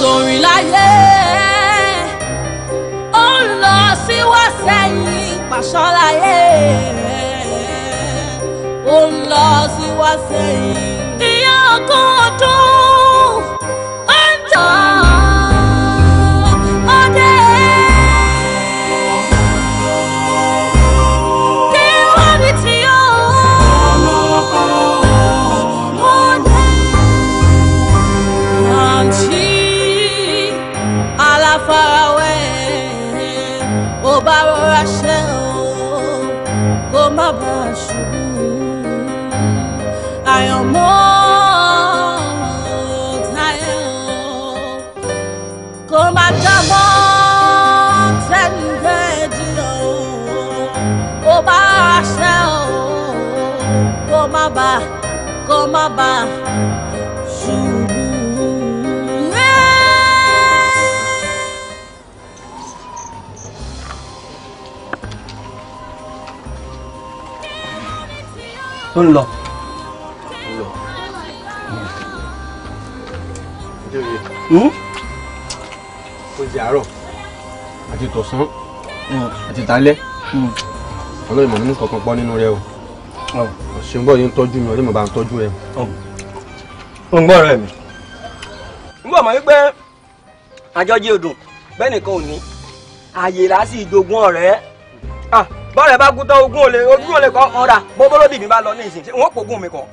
sórin láyé ó ń lọ sí wá sẹ́yìn pàṣọ láyé ó ń lọ sí wá sẹ́yìn. ìyá ọkọ̀ ọdún ó tó ń lọ. oúnjẹ àárọ̀ àti tọ̀sán àti tálẹ́ ọlọ́run ìmọ̀ nínú kankan pọ́n nínú rẹ o ṣeun bọ́ọ̀ yìí ń tọ́jú mi ọdún mi bá ń tọ́jú rẹ. ó ń gbọ́ ọ̀rẹ́ mi. ń bọ̀ mọ́ wípé àjọjì odò bẹ́ẹ̀ nìkan ò ní àyè lásì ìjogún ọ̀rẹ́ bọ́ọ̀rẹ̀ bá gún tán ogún olè ogún olè kọ́ ọ̀rà bọ́bọ́lódì mi bá lọ ní ìsìn wọn kò gún mi kàn.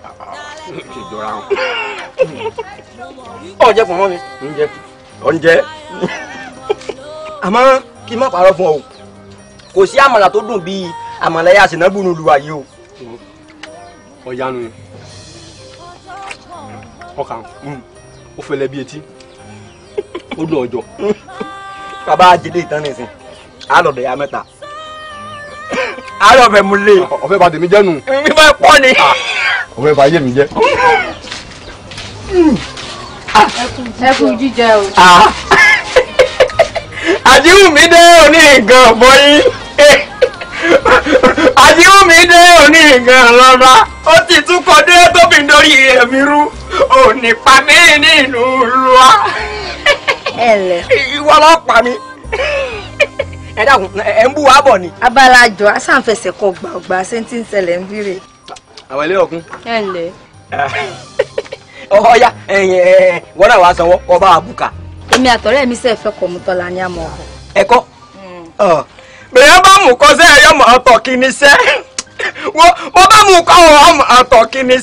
ṣe jọra hàn. ọ̀ jẹ́ pọ̀nmọ́ mi. oúnjẹ oúnjẹ. àmọ́ kí n má parọ́ fún ọ o kò sí àmàlà tó dùn bíi àmàlà yà sìnàbù ní olùwà yìí o. ọ̀yanu ni ọkàn mm, ó fẹlẹ bí etí ó dùn ọjọ́. bàbá àjẹlé ìtàn nìsín á lọ̀dọ̀ mẹ́ta àárọ̀ ọ̀fẹ́ mu lé. ọ̀fẹ́ bá tèmi jẹ́ nù. mi fẹ́ pọ́ ni. Ah, ọ̀fẹ́ bá yé mi jẹ́. ẹkùn jíjẹ o. Ah. àdìhùn mi dé òní nǹkan bọ́yì àdìhùn mi dé òní nǹkan lọ́la ó ti tún kọdé tóbi lórí ẹ̀mí rú òní pa mí nínú ìlú wa. ìwọ lọ pa mi. ẹ abalajọ asanfẹsẹ kan gbà ọgbà ń bírè. àwọn ilé ọkùn. ẹ ǹlẹ́. ọya wọn náà wàá sanwó ọba àbùkà. èmi àtọ̀rẹ́ mi sẹ́ẹ̀ fẹ́ kọ̀mùtọ́lá ní àmọ́ ọkọ̀. ẹ̀kọ́ bẹ̀rẹ̀ hmm. bá mú kọ́ sẹ́ẹ̀ ọ̀tọ̀ sẹ́ wọ́n bá mú kọ́ ọ̀tọ̀ rẹ̀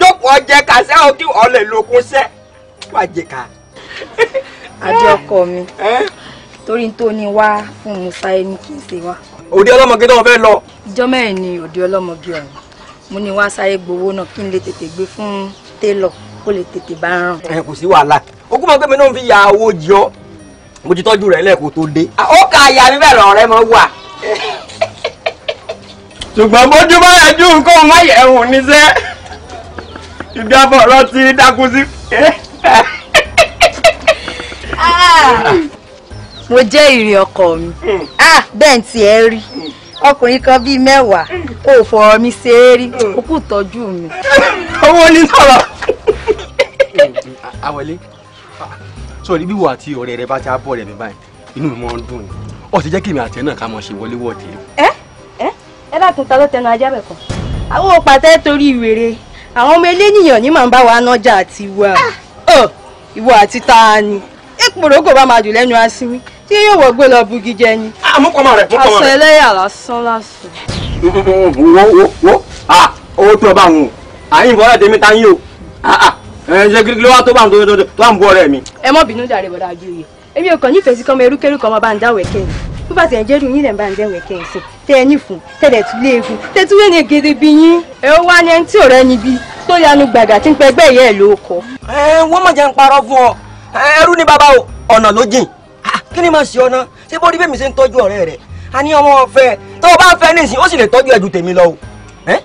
jókòó ọjẹ́ adé eh. ọkọ mi eh. torí n tó ní wá fún musa ẹni kì í ṣe wá. òde ọlọ́mọge tó wọn fẹ́ lọ. ìjọ mẹ́rin ni òde ọlọ́mọge ọ̀hún mo ní wá sáré gbowó náà kí n lè tètè gbé fún télọ̀ kó lè tètè bá ràn. ẹ kò sí wàhálà ogún mọ̀ pé náà fi ya owó jọ mo ti tọ́jú rẹ̀ lẹ́ẹ̀kó tó dé. Ah, ó kà á ya mi bẹ́ẹ̀ lọ́rẹ́ mọ́ wà. ṣùgbọ́n bójú bá yà ju nǹkan ọmọ yẹ̀hùn níṣẹ́ ìdábọ̀ ọ̀rọ̀ ti dákú sí. Ah! mo jẹ́ ìrìn ọkọ mi ah, bẹ́ẹ̀ tí ẹ rí ọkùnrin kan bíi mẹ́wàá o fọ̀rọ̀ mi ṣe é rí ó kù mi. owó ní sọ̀rọ̀. àwọlé sọ̀rọ̀ bí wo àti ọ̀rẹ́ rẹ bá ti bọ̀ rẹ̀ mi báyìí inú mi máa ń dùn ni ó ti jẹ́ kí èmi àti ẹ̀ náà ká máa ṣe wọlé wọ̀de. ẹ ẹ ẹ kan. àwọn torí àwọn ọmọ eléyìí màá mòrógò bá máa jù lẹ́nu aṣíwí tí yóò wọ gbé lọ bugi jẹ ni. àmú ah, kọ́mọ rẹ̀ mú kọ́mọ rẹ̀. aṣọ ẹlẹ́yà lásán lásán. wo wo wo owó tó o bá wọn ah, o àyìn ìfọwọ́lá tèmi ta yín o ah, ṣe kí ló wá tó bá ń tó bá ń bú ọ̀rẹ́ mi. ẹ mọ bínú jàre bọdà ju iye èmi ò kàn nífẹ̀ẹ́ sí kọ́mọ erúkẹ́rú kọ́mọ bá ń dá wẹ̀kẹ́ ni bí bàtà ẹ̀jẹ̀ dùn yín lẹ̀ ń bá ń dẹ́wẹ̀ kẹ́ ẹ̀ sìn tẹ́ ẹ nífun tẹ́lẹ̀ tún lé egun tẹ́ tún wéne gidi bí yín. ẹ wá ní ẹni tí ò rẹ́ níbi tó yanu gbàgà tí ń pẹ́ gbẹ́ ìyá ẹ̀ lóko. ẹ wọ́n mọ̀ jẹ́ ń parọ́ fún ọ ẹrú ni bàbá o ọ̀nà ló jìn kí ni mà sí ọ̀nà ṣé bó rí bẹ́ẹ̀ mi ṣe ń tọ́jú ọ̀rẹ́ rẹ̀ a ní ọmọ ọ̀fẹ́ tó o bá ń fẹ́ nísìnyí ó sì lè tọ́jú ẹ̀dùn tèmi lọ o ẹ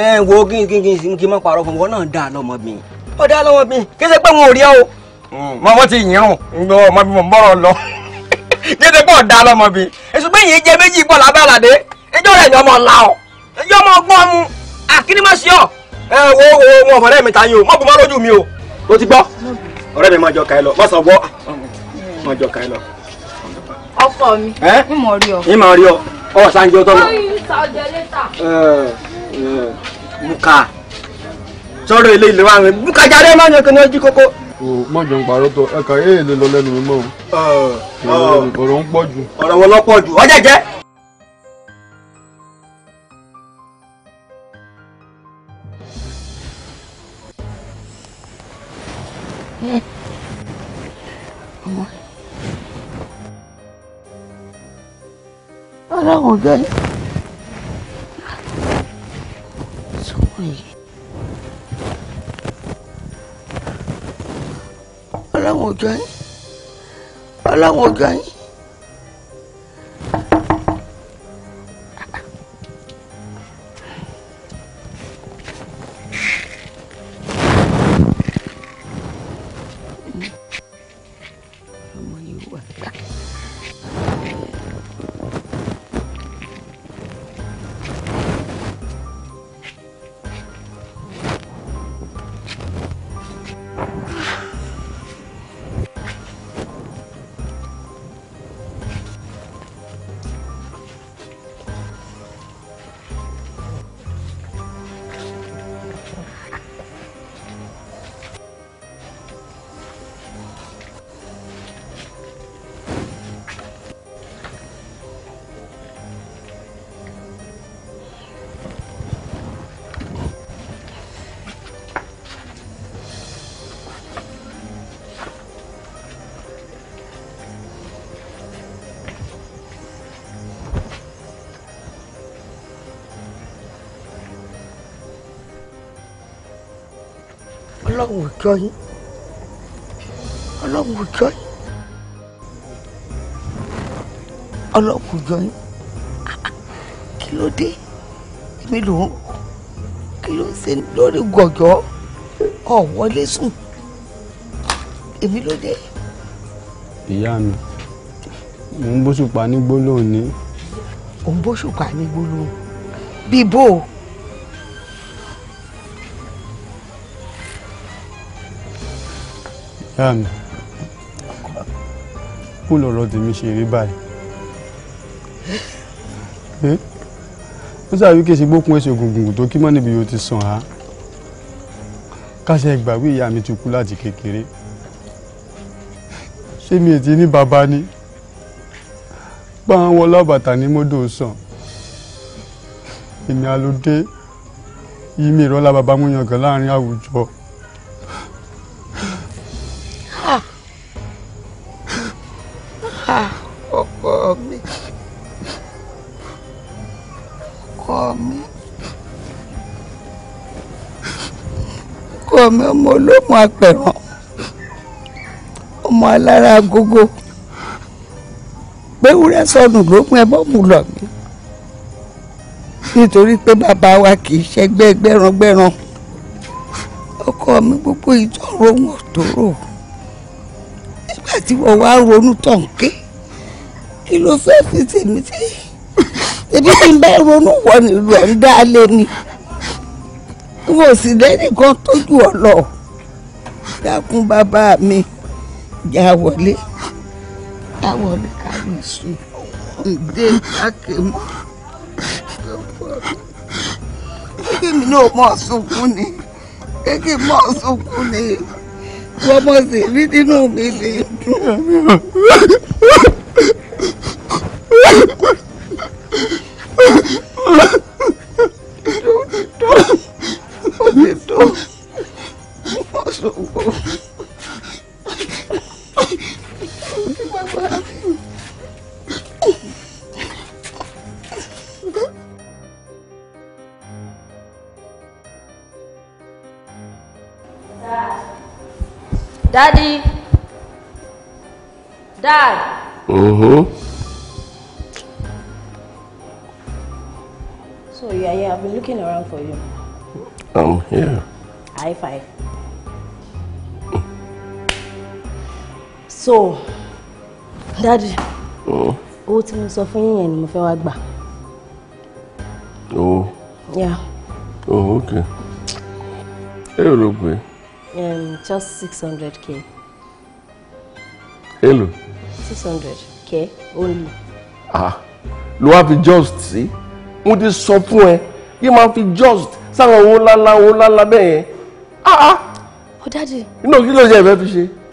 ẹ wo kí kí kí kí má parọ́ fún wọn náà dá lọ́mọbìnrin ó dá lọ́mọbìnrin kí ṣe pé wọn ò rí ọ o. mọ wọn ti yìn ọ gbọ ọmọ bí mo ń bọrọ lọ jẹjẹ pọ dá lọ́mọbìnrin èso pé yìí jẹ méjì pọ lábàlàdé ẹjọ rẹ ni ọmọ la ọ ẹjọ ọmọ ọgbọ́n mu àkíní má sí ọ ẹ wo wo ọmọ ọ̀rẹ́ mi ta yín o mọ bùnmọ́ lójú mi o o ti gbọ́ ọ̀rẹ́ mi máa jọ ka ẹ lọ má sọ bọ́ máa jọ ka ẹ lọ. ọkọ mi ń mọ̀ rí ọ. ń mọ̀ rí ọ ọ sanjọ tọ́ lọ. buka sọ̀rọ̀ ilé ìlú wa buka jáde má ní ọkàn ojú kókó. o má jọ ń parọ́ tó ẹ̀ka ẹ̀ lè lọ lẹ́nu mi mọ́ o. ọ̀rọ̀ ń pọ̀ jù. ọ̀rọ̀ wọn lọ pọ̀ jù ọjà ọmọ ọlọ́run ọ̀gá ẹ̀ ọlọ́run ọ̀gá ẹ̀ ọlọ́run ọ̀gá ẹ̀. ọlọ́run ò jọ yín ọlọ́run ò jọ yín ọlọ́run ò jọ yín kí ló dé èmi ló ń kí ló ń ṣe lórí gọ̀jọ́ ọ̀ sùn èmi ló dé. ìyá mi mò ń bóṣùpá ní gbólóhùn ni. ò ń bóṣùpá ní gbólóhùn bíbó o. yáàmì bó lọ̀rọ̀ tèmi ṣe rí báyìí ó sàbí kí ṣe gbókun ẹsẹ̀ ògùngùn tó kí mọ́ níbi yóò ti sàn á káṣẹ ìgbàwé ìyá mi ti kú láti kékeré ṣé mi ètí ní bàbá ni báwọn wọlé ọ̀bàtà ní mọ́dò sàn èmi àlòdé yìí mi ìrọ́lá bàbá mú yangàn láàrin àwùjọ. ọmọ olómọ apẹ̀ràn ọmọ alára agogo péwúrẹ́ sọnù ló pín ẹbọ mú lọ mí nítorí pé bàbá wa kì í ṣẹgbẹ́ gbẹ́rangbẹ́ran ọkọ mi gbogbo ìtọ́rọ wọn tòrò nígbà tí wọ́n wá ronú tàn ké kí ló fẹ́ fi tèmi sí tèmi tí ń bá ronú wọ nílùú ẹ̀ ń dá lé ni n ò sì lẹ́nìkan tójú ọ lọ dákun bàbá mi já wọlé já wọlé kárí sùn ǹdẹ́ káàkiri mọ́ kémi náà mọ̀ sunkún ni kéèké mọ̀ sunkún ni wọ́n mọ̀ sí rí nínú mi lè dùn. tí mo sọ fún yín yẹn ni mo fẹ́ wá gbà. owó. yeah. oh ok. èlò ló gbé. Um, just six hundred k. èlò. six hundred k only. ah ló wá fi just sí mo ti sọ fún ẹ yìí máa fi just sáwọn owó ńláńlá owó ńláńlá bẹ́ẹ̀ yẹn. ah ah. ó dájú. inú kí ló yẹ ẹ fẹ́ fi ṣe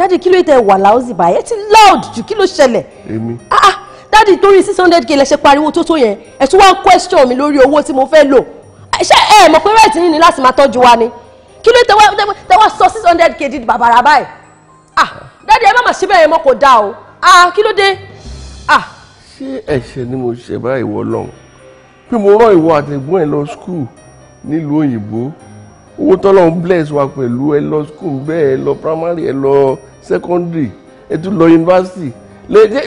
dáàdi kí ló tẹ wà láòsì báyìí ẹ ti loud jù kí ló ṣẹlẹ̀. èmi. ah, ah. dáàdi torí six hundred k lẹ ṣe pariwo tó tó yẹn ẹ tún wá ń question mi lórí owó tí mo fẹ́ lò ṣé ẹ mọ̀ pé rẹ́ẹ̀tì yìí ni láti máa tọ́jú wa ni kí ló tẹ wá sọ six hundred k di bàbàrà báyìí. ah dáàdi ẹ má mà ṣe bẹ́ẹ̀ mọ́ kò dáa o ah kí ló dé. ah. ṣé ẹ̀ṣẹ̀ ni mo ṣe báyìí wọ lọ́hùn pé mo rán ìwọ àtẹ̀gbọ́n ẹ lọ school nílùú òyìnbó owó tọ́lọ́run bless wa pẹ̀lú ẹ lọ school bẹ́ẹ̀ ẹ lọ primary ẹ lọ secondary ẹ tún lọ yunifásitì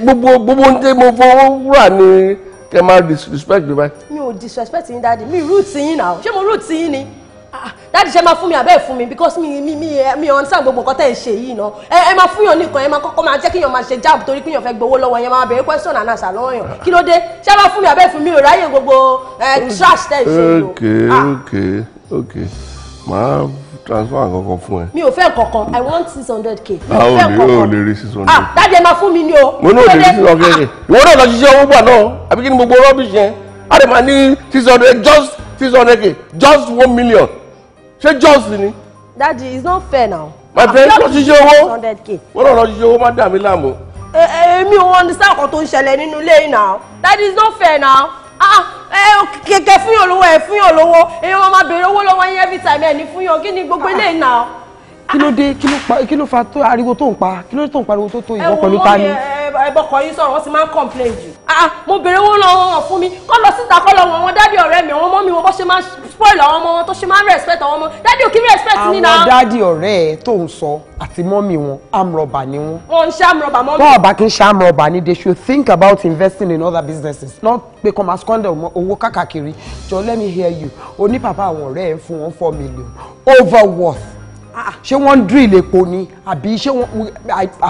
gbogbo gbogbo ń tẹ́ mo fọwọ́ wúrà ni kẹ máa disrespect mi báyìí. mi ò disrespect yín dáàdi mi root yín náà ṣé mo root yín ni ah, ah. dáàdi ṣe máa fún mi àbẹ́ẹ̀ fún mi because mi mi mi eh, mi ọ̀n sáà gbogbo nǹkan tẹ̀ ń ṣe yìí náà ẹ ẹ máa fún yàn nìkan ẹ máa kọ́kọ́ máa jẹ́ kí yàn máa ṣe job torí pé yàn fẹ́ gbowó lọ́wọ́ yẹn máa bẹ̀rẹ̀ question and answer lọ́wọ́ yàn kí ló dé ṣé máa fún mi àbẹ́ẹ̀ fún mi ò ráyè gbogbo eh, trash tẹ̀ ń ṣe yìí o. ok ah. ok ok máa transfer kankan fún ẹ. mi ò fẹ́ kankan i want six hundred k. báwo ni o lè rí six hundred. ah dájú ẹ máa fún mi ní o. mo ní o lè rí six hundred k. Ah. ìwọ náà lọ ṣiṣẹ́ owó gbà náà àbí kí ni gbogbo rubbish yẹn a lè máa ní six hundred just six hundred k just one million ṣé just ni. daddy it's not fair now. my friend lọ ṣiṣẹ́ owó wọ́n náà lọ ṣiṣẹ́ owó má dà mí láàmú. Eh, eh, èmi ò understand ọkọ̀ tó ń ṣẹlẹ̀ nínú ilé yìí now that is not fair now. Ah, eh, kẹ̀kẹ́ fúnyàn lówó ẹ̀ fúnyàn lówó èèyàn máa béèrè owó lọ́wọ́ yín every time ẹ̀ ní fúnyàn kí ni gbogbo eléyìí náà kí ló dé kí ló fa ariwo tó ń pa kí ló tó ń pariwo tó tó ìwọ pẹ̀lú ta ni. ẹbọkọ yìí sọ̀rọ̀ wọn sì máa ń complain jù. Ah, ah, mo béèrè owó lọ́wọ́ wọn fún mi kọ́ lọ síta kọ́ lọ wọn àwọn dádì ọ̀rẹ́ mi àwọn ọmọ mi wọn bó ṣe máa spoil àwọn ọmọ wọn tó ṣe máa ń respect àwọn ọmọ dádì ò kí respect ní náà. àwọn dádì ọ̀rẹ́ ẹ tó ń sọ àti mọ́mì wọn amrọ̀bà ni wọn. wọn ń ṣe amrọ̀bà mọ́mì. they should think about investing in other businesses not pé kọ́ máa squander owó kákàkiri jọ let me hear you oní bàbá àwọn ọ̀rẹ́ ẹ̀ fún wọn four million over worth Ah, ah. ṣé wọ́n drill epo ni àbí ṣé wọ́n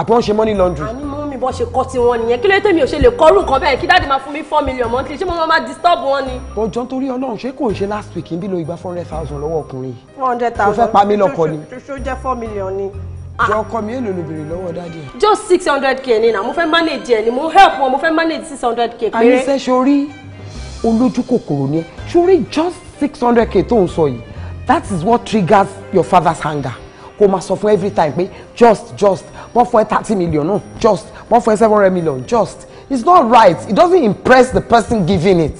àbọ̀n ṣe money laundry. àní mú mi bọ́ ṣe kọ́ tí wọ́n nìyẹn kí ló tẹ̀mí ò ṣe lè kọ́rù nǹkan bẹ́ẹ̀ kí dáàdi máa fún mi four million monthly ṣé mo máa disturb wọn ni. bọ́jọ́ nítorí ọlọ́run ṣé kò ń ṣe last week níbi lo igba four hundred thousand lọ́wọ́ ọkùnrin. four hundred thousand tó fẹ́ pa mí lọ́kọ ni. ṣoṣo jẹ́ four million ni ah. jọ ọkọ mi èlò lóbìnrin lọ́wọ́ dáadé ẹ. just six hundred k ni na mo fẹ́ manage ẹ ni mo help wọn mo fẹ́ manage six hundred k péré. àyíṣẹ́ sori olójú kòkòrò ni ẹ sori just six hundred k tó ń sọ yìí that is what triggers your father's anger kó máa sọ fún every time pé just just wọ́n fún ẹ thirty million no just wọ́n fún ẹ seven hundred million just it's not right it doesn't impress the person giving it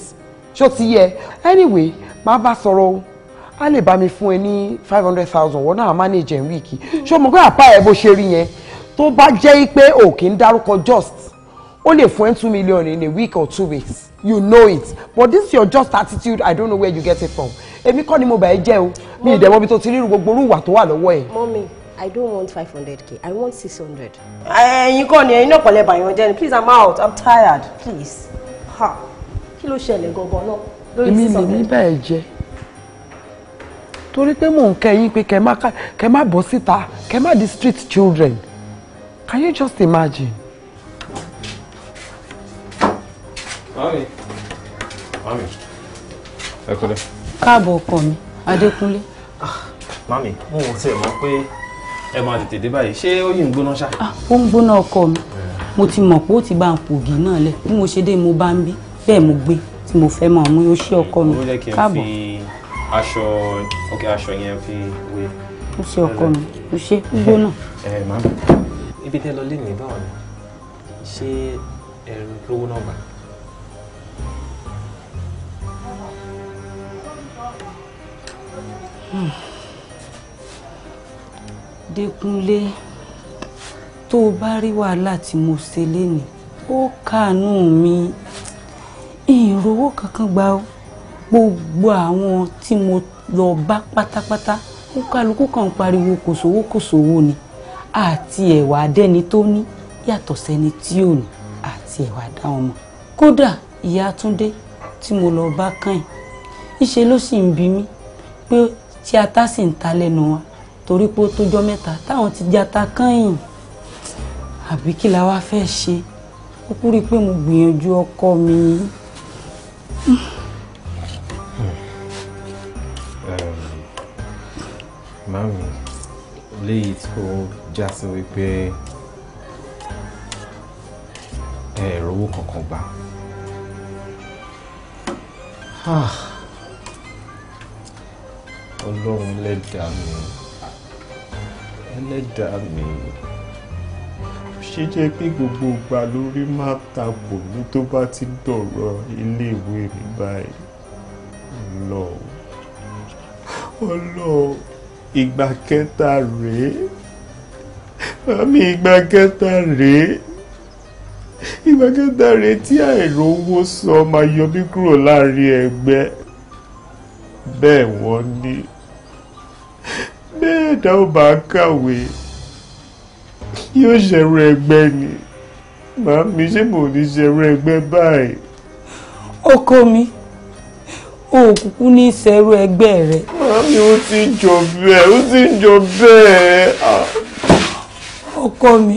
ṣó ti yẹ anyway máa bá sọ̀rọ̀ o a lè bá mi fún ẹ ní five hundred thousand wọ́n náà manage ẹ̀ wíìkì ṣó mo gbé àpá ẹ bó ṣe rí yẹn tó bá jẹ́ pé òkè ń dárúkọ just ó lè fún ẹ two million in a week or two weeks you know it but this your just attitude i don't know where you get it from èmi kọ́ ni mo bàá jẹ́ o mi ì dẹ̀wọ́ bí tó ti rí gbogbo orúwà tó wà lọ́wọ́ ẹ̀. mọ́mí i don't want five hundred k i want six hundred. ẹ̀yin kọ́ ni ẹ̀yin náà pọ̀lẹ́ bàyàn jẹ́ ni please i'm out i'm tired please ha kí ló ṣẹlẹ̀ gangan náà lórí six hundred. èmi lèmi bẹ́ẹ̀ jẹ́ torí pé mò ń kẹ́yìn pé kẹ́ má bọ́ síta kẹ́ má di street children can you just imagine. Mami. Mami. Ẹ kúlẹ̀. Káàbọ̀ ọkọ mi, Adékúnlé. Ah, Mami, mo ò tiẹ̀ mọ̀ pé ẹ máa tètè dé báyìí. Ṣé ó yìí ń gbóná ṣá? Ah, ó ń gbóná ọkọ mi. Mo ti mọ̀ pé ó ti bá ń pògì náà lẹ̀. Bí mo ṣe dé mo bá ń bí, bẹ́ẹ̀ mo gbé tí mo fẹ́ mọ̀ mú yóò ṣe ọkọ mi. Káàbọ̀. Ó yẹ kí n fi aṣọ òkè aṣọ yẹn fi wé. Ó ṣe ọkọ mi, ó ṣe gbóná. Ẹ eh, Mami, ibi tẹ́ lọ lé nìyí báwo ni? Ṣé ẹ rówó náà gbà? Hmm. Dékúnlé tó o bá rí wàhálà tí mo ṣe lénìí ó kàánú mi ìrówó kankan gba gbogbo àwọn tí mo lọ bá pátápátá ó kálukú kan pariwo kòsówó kòsówó ni àti ẹ̀wà dẹ́ni tó ní yàtọ̀ sẹ́ni tí ò ní àti ẹ̀wà dá wọn kódà ìyá Túndé tí mo lọ bá kàn yìí ńṣe ló sì ń bi mí pé tí ata sì ń ta lẹ́nu wọn torí pé ó tójọ́ mẹ́ta táwọn ti di ata kányìn àbí kí la wá fẹ́ ṣe ó kú pé mo gbìyànjú ọkọ mi. mami léyìí tó já sí wípé ẹ̀rọ owó kankan gbà. Ah ọlọ́run ẹlẹ́dàá mi ẹlẹ́dàá mi ṣe jẹ́ pé gbogbo ìgbà lórí máa takò ní tó bá ti dọ̀rọ̀ iléèwé mi báyìí lọ ọlọ ìgbà kẹta rèé màmí ìgbà kẹta rèé ìgbà kẹta rèé tí àìrówó sọ máa yọ mí kúrò láàrin ẹgbẹ́ bẹ́ẹ̀ wọ́n ní bẹ́ẹ̀ dá ò bá kàwé yóò ṣẹ̀rù ẹgbẹ́ ni màmí ṣé mò ní ṣẹ̀rù ẹgbẹ́ báyìí. ọkọ mi òkùnkùn ní ṣẹ̀rù ẹgbẹ́ rẹ. màmí ó ti ń jọ bẹ́ẹ̀ ó ti ń jọ bẹ́ẹ̀. ọkọ mi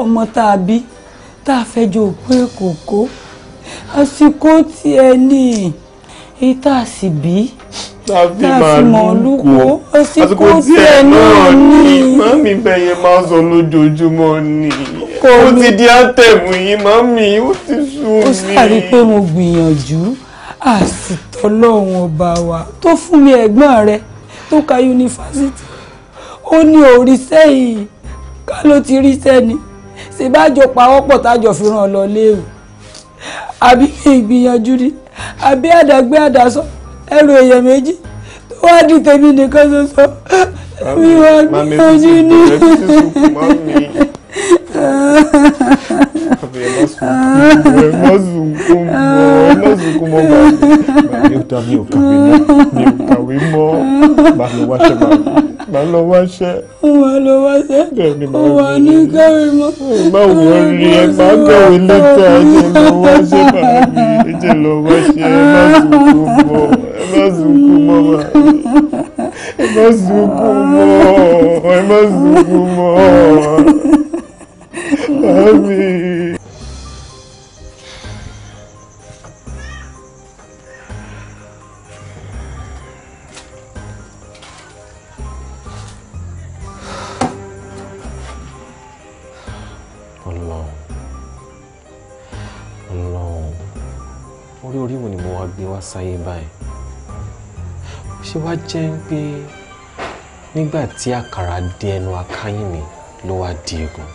ọmọ tá a bí tá a fẹ́ jọ òkú èkókó àsìkò tiẹ̀ ní èyí tá a sì bí tàbí màlúkọ àsìkò díẹ̀ náà ni màmí bẹyẹ máa sọ lójoojúmọ́ ni ó ti di àtẹ̀mù yìí màmí ó ti sú mi. ó sàrí pé mo gbìyànjú àsìtọ́lọ́hún ọba wa tó fún mi ẹ̀gbọ́n rẹ tó ka yunifásitì ó ní orí sẹ́yìn ká ló ti rí sẹ́ni ṣèbájọ pawọ́pọ̀ tájọ fi ràn lọ léwu àbí ìgbìyànjú ni àbí àdàgbé àdàsọ́ ẹrù èèyàn méjì tó wá di tèmi nìkan ṣoṣo mi wá ní ojú ní. Mami, ẹ má sunkún mọ́ lọ́sùnkún mọ́ bàbá mi ò dá mi ò kàwé mọ́ mi ò kàwé mọ́ màá lọ wáṣẹ́ màá lọ wáṣẹ́. màá lọ wáṣẹ́ wà ní kàwé mọ́. má wò ó rí ẹ má kàwé lẹ́tà ẹ jẹ́ lọ wáṣẹ́ bàbá mi ẹ jẹ́ lọ wáṣẹ́ ẹ má sunkún mọ́ ẹ má sunkún mọ́ bàbá mi ẹ má sunkún mọ́ ẹ má sunkún mọ́ bàbá mi. orí orí wo ni mo wá gbé wá sáyé báyìí ṣé wá jẹ́ ń pé nígbà tí àkàrà dé ẹnu akáyín mi ló wá di egun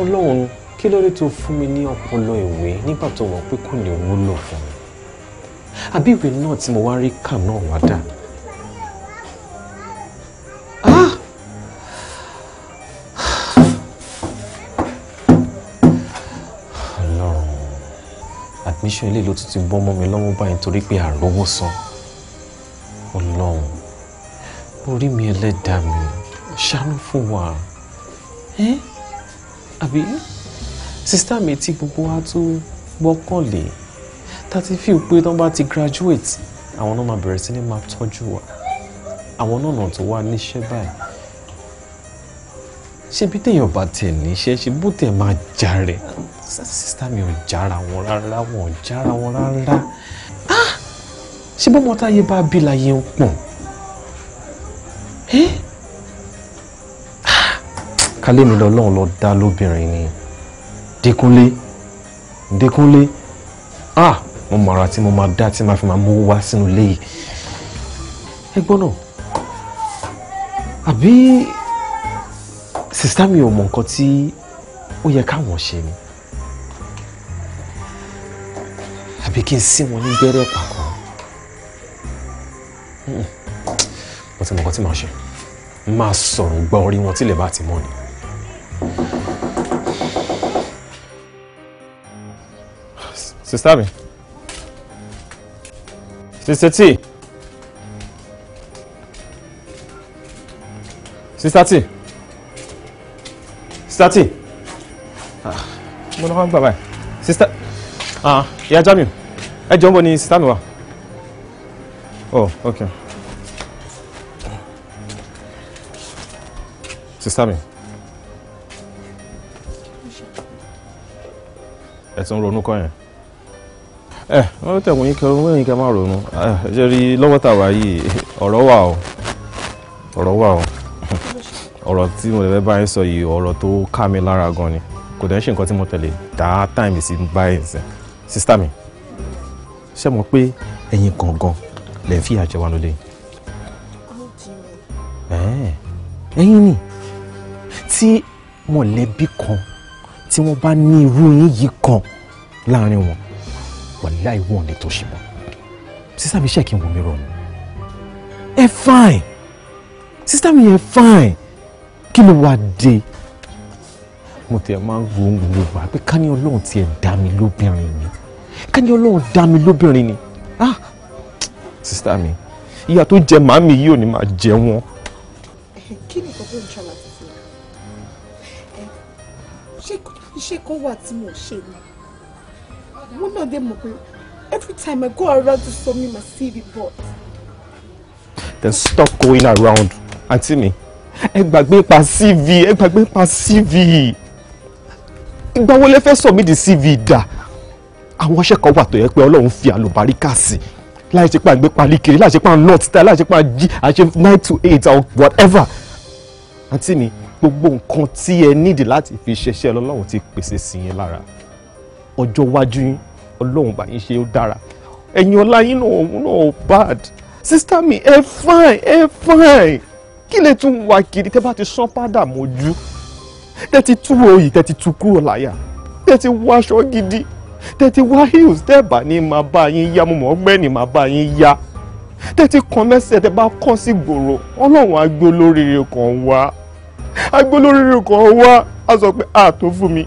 ọlọ́run kí ló dé tó fún mi ní ọpọlọ ìwé nígbà tó mọ̀ pé kò ní wúlò fún mi àbí ìwé náà tí mo wá rí kà náà wá dà mí. iṣẹ́ ilé ló tún ti bọ́ mọ́ mi lọ́wọ́ báyìí torí pé àrówó san ọlọ́run orí mi ẹlẹ́dàá mi ṣàánú fún wa ẹ́ àbí sísítà mi tí gbogbo wa tún gbọ́kànlé tá a ti fi pé tán bá ti graduate àwọn náà máa bẹ̀rẹ̀ sí ní máa tọ́jú wa àwọn náà náà tó wà níṣẹ́ báyìí ṣebí téèyàn bá tẹ̀ níṣẹ́ ṣe bó tẹ̀ máa jà rẹ̀ sísá mi ò jára wọn rárá wọn ò jára wọn rárá ah! ṣé bọ́mọ táyé bá bí láyé ń pọ̀n eh? ah! kálé mi lọ́lọ́run lọ dá lóbìnrin ni Dékúnlé Dékúnlé ah mo mọ ara tí mo máa dá tí máa fi máa mówó wá sínú ilé yìí ẹ gbọ́ náà àbí sista mi ò mọ nǹkan tí ó yẹ káwọn ṣe ni. àbí kí n sí wọn ní gbẹ́rẹ́ pàkọ́ hmm. mo ti mọ̀ nǹkan tí màá ṣe máa sọ̀rọ̀ gbọ́ orí wọn tílẹ̀ bá ti mọ́ ni. sista mi sista t sista t sista t ah. mo lọ́ wá ń gbà báyìí sista ah, ìyá Jamiu ẹ jọ ń bọ̀ ní sítá mi wá oh okay sista mi ẹ tún ronú kọ́ yẹn ẹ wọ́n tẹ̀wọ̀n yín kẹrin wọ́n yín kẹ máa ronú ẹ jẹ́ rí lọ́wọ́ tàwa yìí ọ̀rọ̀ wà o ọ̀rọ̀ wà o ọ̀rọ̀ tí mo lè bá yín sọ yìí ọ̀rọ̀ tó ká mi lára gan ni kò dẹ̀ ń ṣe nǹkan tí mo tẹ̀lé dá táìmì sí báyìí sista mi ṣe mọ̀ pé ẹ̀yin gangan lè fi àjẹ wa lóde. ẹ̀yin ni tí mọ̀lẹ́bí kan tí wọ́n bá ní irú yín yìí kan láàrin wọn wàláì wọn lè tó ṣe mọ́ sísá mi ṣe kí n wò ẹ fine sísá mi yẹn fine kí ló wàá dé mo tẹ̀ máa ń wo ohun gbogbo àpé ká ní ọlọ́run tiẹ̀ dá mi lóbìnrin mi kẹ́ni ọlọ́run dá mi lóbìnrin ni. Ah! sísá mi ìyá tó jẹ màámi yìí ò ní máa jẹ wọn. Eh, kí ni nǹkan tó ń ṣàlàyé fún mi iṣẹ́ kan wà tí mo ṣe ni wọ́n náà dé mọ̀ pé every time I go around to submit my CV report. then stop going around àǹtí mi ẹ gbàgbé pa CV ẹ gbàgbé pa CV ìgbà wo lẹ fẹ́ submit the CV dà àwọn iṣẹ́ kan wà tó yẹ pé ọlọ́run fi àlùbáríkà sí láì ṣe pa àgbẹ̀ palí kiri láì ṣe pa north style láì ṣe pa g àṣe nine to eight or whatever àǹtí mi gbogbo nǹkan tí ẹ nídìí láti fi ṣeṣẹ́ ọlọ́run ti pèsè sí yín lára ọjọ́ iwájú yín ọlọ́run bá yín ṣe ó dára ẹ̀yin ọlá yín náà òun náà bad sister mi ẹ fine ẹ fine kí lè tún wá kiri tẹ́ bá ti sán padà mọ́jú tẹ́ ti tú òòyì tẹ́ ti tú kúrò láyà tẹ́ ti wọ aṣọ gidi tẹ́tí wá hills tẹ́ẹ̀bà ní máa bá yín yá mo mọ̀ ọgbẹ́ ní máa bá yín yá tẹ́tí kan mẹ́sẹ̀ tẹ́ bá kọ́ sí gbòòrò ọlọ́run agbólóríire kan wá agbólóríire kan wá a sọ pé a ah, tó fún mi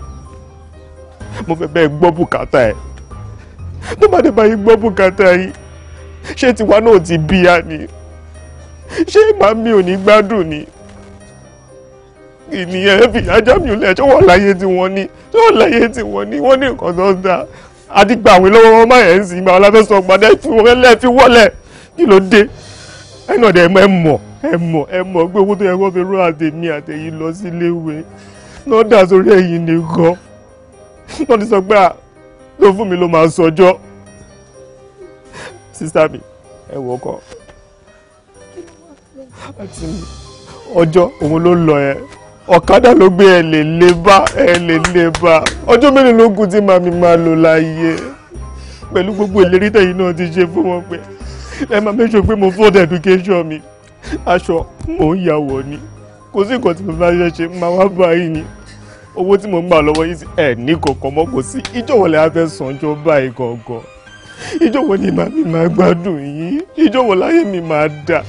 mo fẹ́ bẹ́ẹ̀ gbọ́ bùkátà ẹ̀ tó bá dé bá yín gbọ́ bùkátà yìí ṣé tiwa náà ti bíyà ni ṣé màmí ò ní gbádùn ni ènìyàn fi ajámiulẹ̀ ṣé wọ́n láyé tí wọ́n ní ṣé wọ́n láyé tí wọ́n ní wọ́n ní nǹkan tó ń da àdìgbà àwọn lọ́wọ́ wọn máa yẹn ń sìn ìgbà wọn láfẹ́ sọ gbadẹ́ fi wọ́n lẹ́ fi wọ́lẹ̀ kí ló dé ẹnu ọ̀dẹ̀ ẹ mọ̀ ẹ mọ̀ ẹ mọ̀ pé owó tó yẹ kó fi rú àtẹ̀mí àtẹ̀yìn lọ síléèwé náà dà sórí ẹ̀yìn nìkan wọ́n ti sọ pé ló fún mi ló máa sọjọ́ sísá mi ẹ wọ ọkọ àti òun ló lọ ẹ ọ̀kadà ló gbé ẹ lè lé bá ẹ lè lé bá ọjọ́ mélòó ló kù tí màmí máa lò láàyè pẹ̀lú gbogbo ìlérí tẹ̀yìn náà ti ṣe fún wọn pé ẹ máa mẹ́sọ̀ pé mo fọ́ọ̀dà education mi aṣọ mò ń yà wọ̀ ni kò sí nǹkan tí mo bá ṣe ṣe máa wá báyìí ni owó tí mo ń gbà lọ́wọ́ yìí sí ẹ̀ ní kọ̀ọ̀kan mọ́ kò sí ìjọ̀wọ́ lè fẹ́ sàn jọ báyìí kọ̀ọ̀kan ìjọ̀wọ́ ni màmí máa gbádùn yìí ìjọ̀wọ́ láyé mi máa dà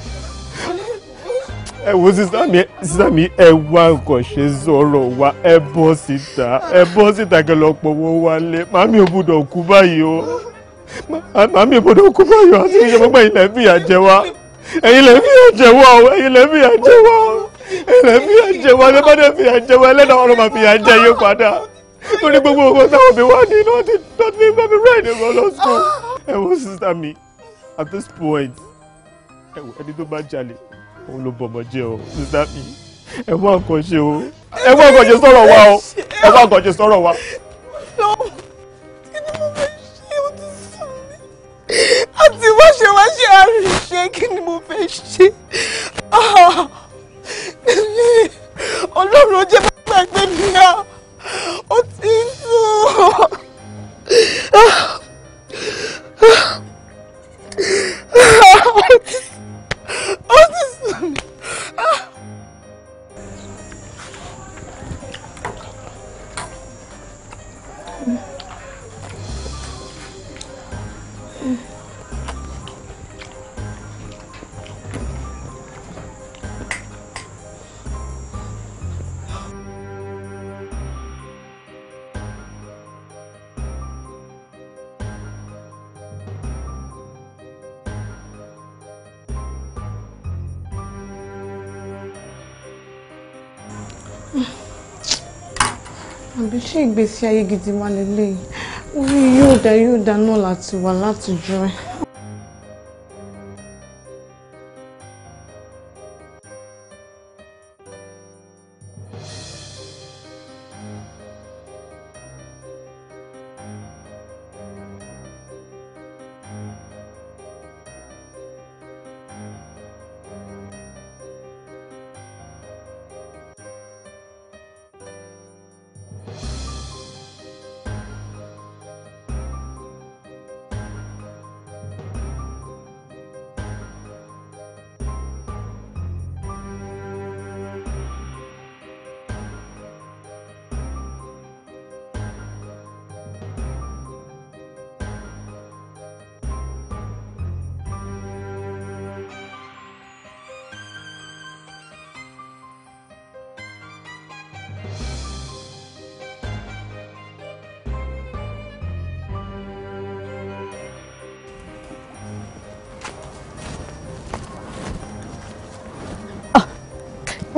ẹ wo sísá mi sísá mi ẹ wá nǹkan ṣe sọ̀rọ̀ wa ẹ bọ́ síta ẹ bọ́ síta kẹ lọ pọ̀wọ́ wálé màmí ò gbọ́dọ̀ kú báyìí o màmí ò gbọ́dọ̀ kú báyìí o àti ìṣẹ́ gbọ́gbọ́ ilẹ̀ fìyà jẹ wá ẹ̀yin lẹ̀ fìyà jẹ wá o ẹ̀yin lẹ̀ fìyà jẹ wá o ẹ̀yin lẹ̀ fìyà jẹ wá ẹ̀yin lẹ̀ fìyà jẹ wá ẹlẹ́dàá ọ̀rọ̀ màá fìyà jẹ yín padà lórí gbogbo ògbó táwọn mi wá ní náà ti náà ti fẹ́ mi rẹ́ẹ̀dì rọ lọ sùn ẹ wo òun ló bọ̀mọ̀ jẹ́ o sísá mi ẹ mú àkànṣe o ẹ mú àkànṣe sọ̀rọ̀ wa o ẹ mú àkànṣe sọ̀rọ̀ wa. àti wọ́n ṣe wá ṣe àrìṣe kí ni mo fẹ́ ṣe ọlọ́run ó jẹ́ gbàgbé mi á ó ti ń sùn. Ah. ó ti sùn ó ti sùn mí. Ah. àbí ṣé ìgbésí ayé gidi wà lélẹ́yìí orí yóò dá yóò dá náà láti wà látijọ́ ẹ̀.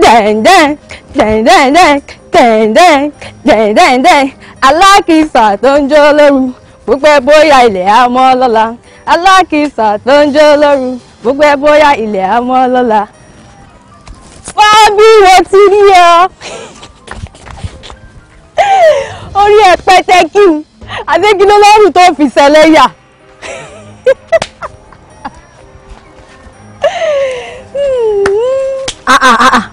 Dang dang, dang dang, dang, dang, dẹ̀ǹdẹ̀ǹ dẹ̀ǹdẹ̀ǹdẹ̀ǹ dẹ̀ǹdẹ̀ǹ dẹ̀ǹdẹ̀ǹdẹ̀ǹ alákìsà tó ń jó lóru púpẹ́ bóyá ilẹ̀ á mọ́ lọ́la alákìsà tó ń jó lóru púpẹ́ bóyá ilẹ̀ á mọ́ lọ́la. wá bí mo ti rí ọ orí ẹ pẹtẹ kí n adégínlọ́rùn tó fi ṣẹlẹ̀ yà.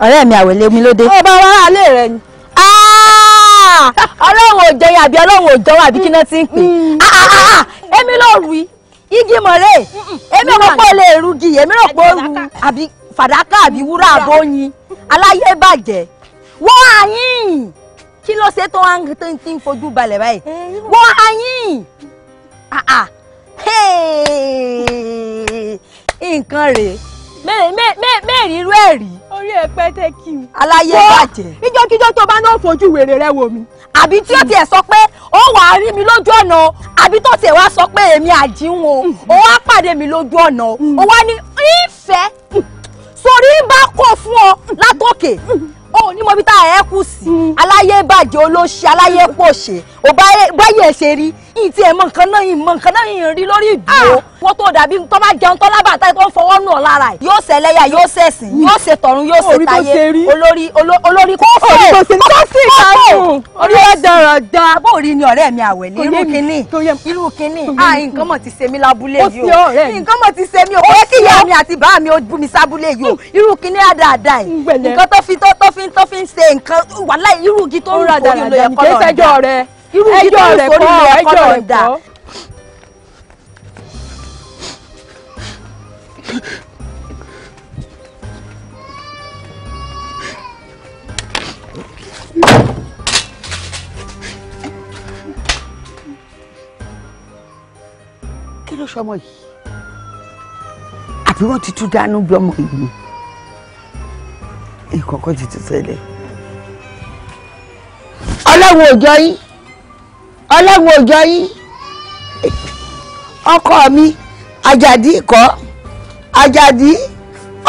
ọ̀rẹ́ mi àwẹ̀lé mi lóde. ọba wa alẹ rẹ ni. Ah! ọlọ́run ò jẹyìn àbí ọlọ́run ò jọwọ́ àbí kíná ti ń pè. Mm. Ah, ah, èmi ló rù í igi mọ̀rẹ́ èmi rò pé o lè rugi èmi rò pé o ru àbí fàdákà àbí wúrà àbóyin aláyé bàjẹ́ wọ́n àyìn kí ló ṣe tó ń tí ń fojú balẹ̀ báyìí eh, wọ́n àyìn nǹkan rèé mẹ́rin rú ẹ̀ rí orí ẹ pẹ́ tẹ́ kí n. aláyé bàjẹ́. ìjọ́kíjọ́ tó bá náà fojú wèrè rẹ wò mí. àbí tí ó tiẹ̀ sọ pé ó wà á rí mi lójú ọ̀nà àbí tó tiẹ̀ wá sọ pé èmi àjíwọ̀n ó wá pàdé mi lójú ọ̀nà ó wá ní ìfẹ́ sórí bá kọ̀ fún ọ látòkè ó ní mọ̀bí tá a ẹ̀ kù sí mm. aláyé bàjẹ́ olóṣì aláyé pòṣè ò báyẹ̀ ṣe rí ìtì ẹ̀ mọ̀ nǹkan náà yìí mọ̀ nǹkan náà yìí rí lórí ìdúró ah! wọ́n tó dàbí tó bá jẹun tó lábàtà tó ń fọwọ́ nù ọ́ lára ẹ̀ yóò ṣẹlẹ́yà yóò ṣẹ̀sìn hmm. yóò ṣe tọ̀run yóò ṣe táyé olórí olórí kò fò kò fò kò fò orí wa dara da. bó rí ni ọ̀rẹ́ mi àwẹ̀ ní irú kínní irú kínní à nǹkan mọ̀ ti ṣe mí lábúlé yìí o nǹkan mọ̀ ti ṣe mí o kò kí ìyá mi àti bàá mi bú mi sábúlé yìí o hmm. irú kínní irú ẹjọ́ rẹ̀ kọ́ ẹjọ́ rẹ̀ kọ́. kí ló sọmọ yìí àbí wọ́n ti tún dánú bí ọmọ yìí ìkọ̀kọ̀ ti tún ṣẹlẹ̀ ọlọ́run ò jọ yín ọlọ́run òjọ yín ọkọ mi ajadi ikọ́ ajadi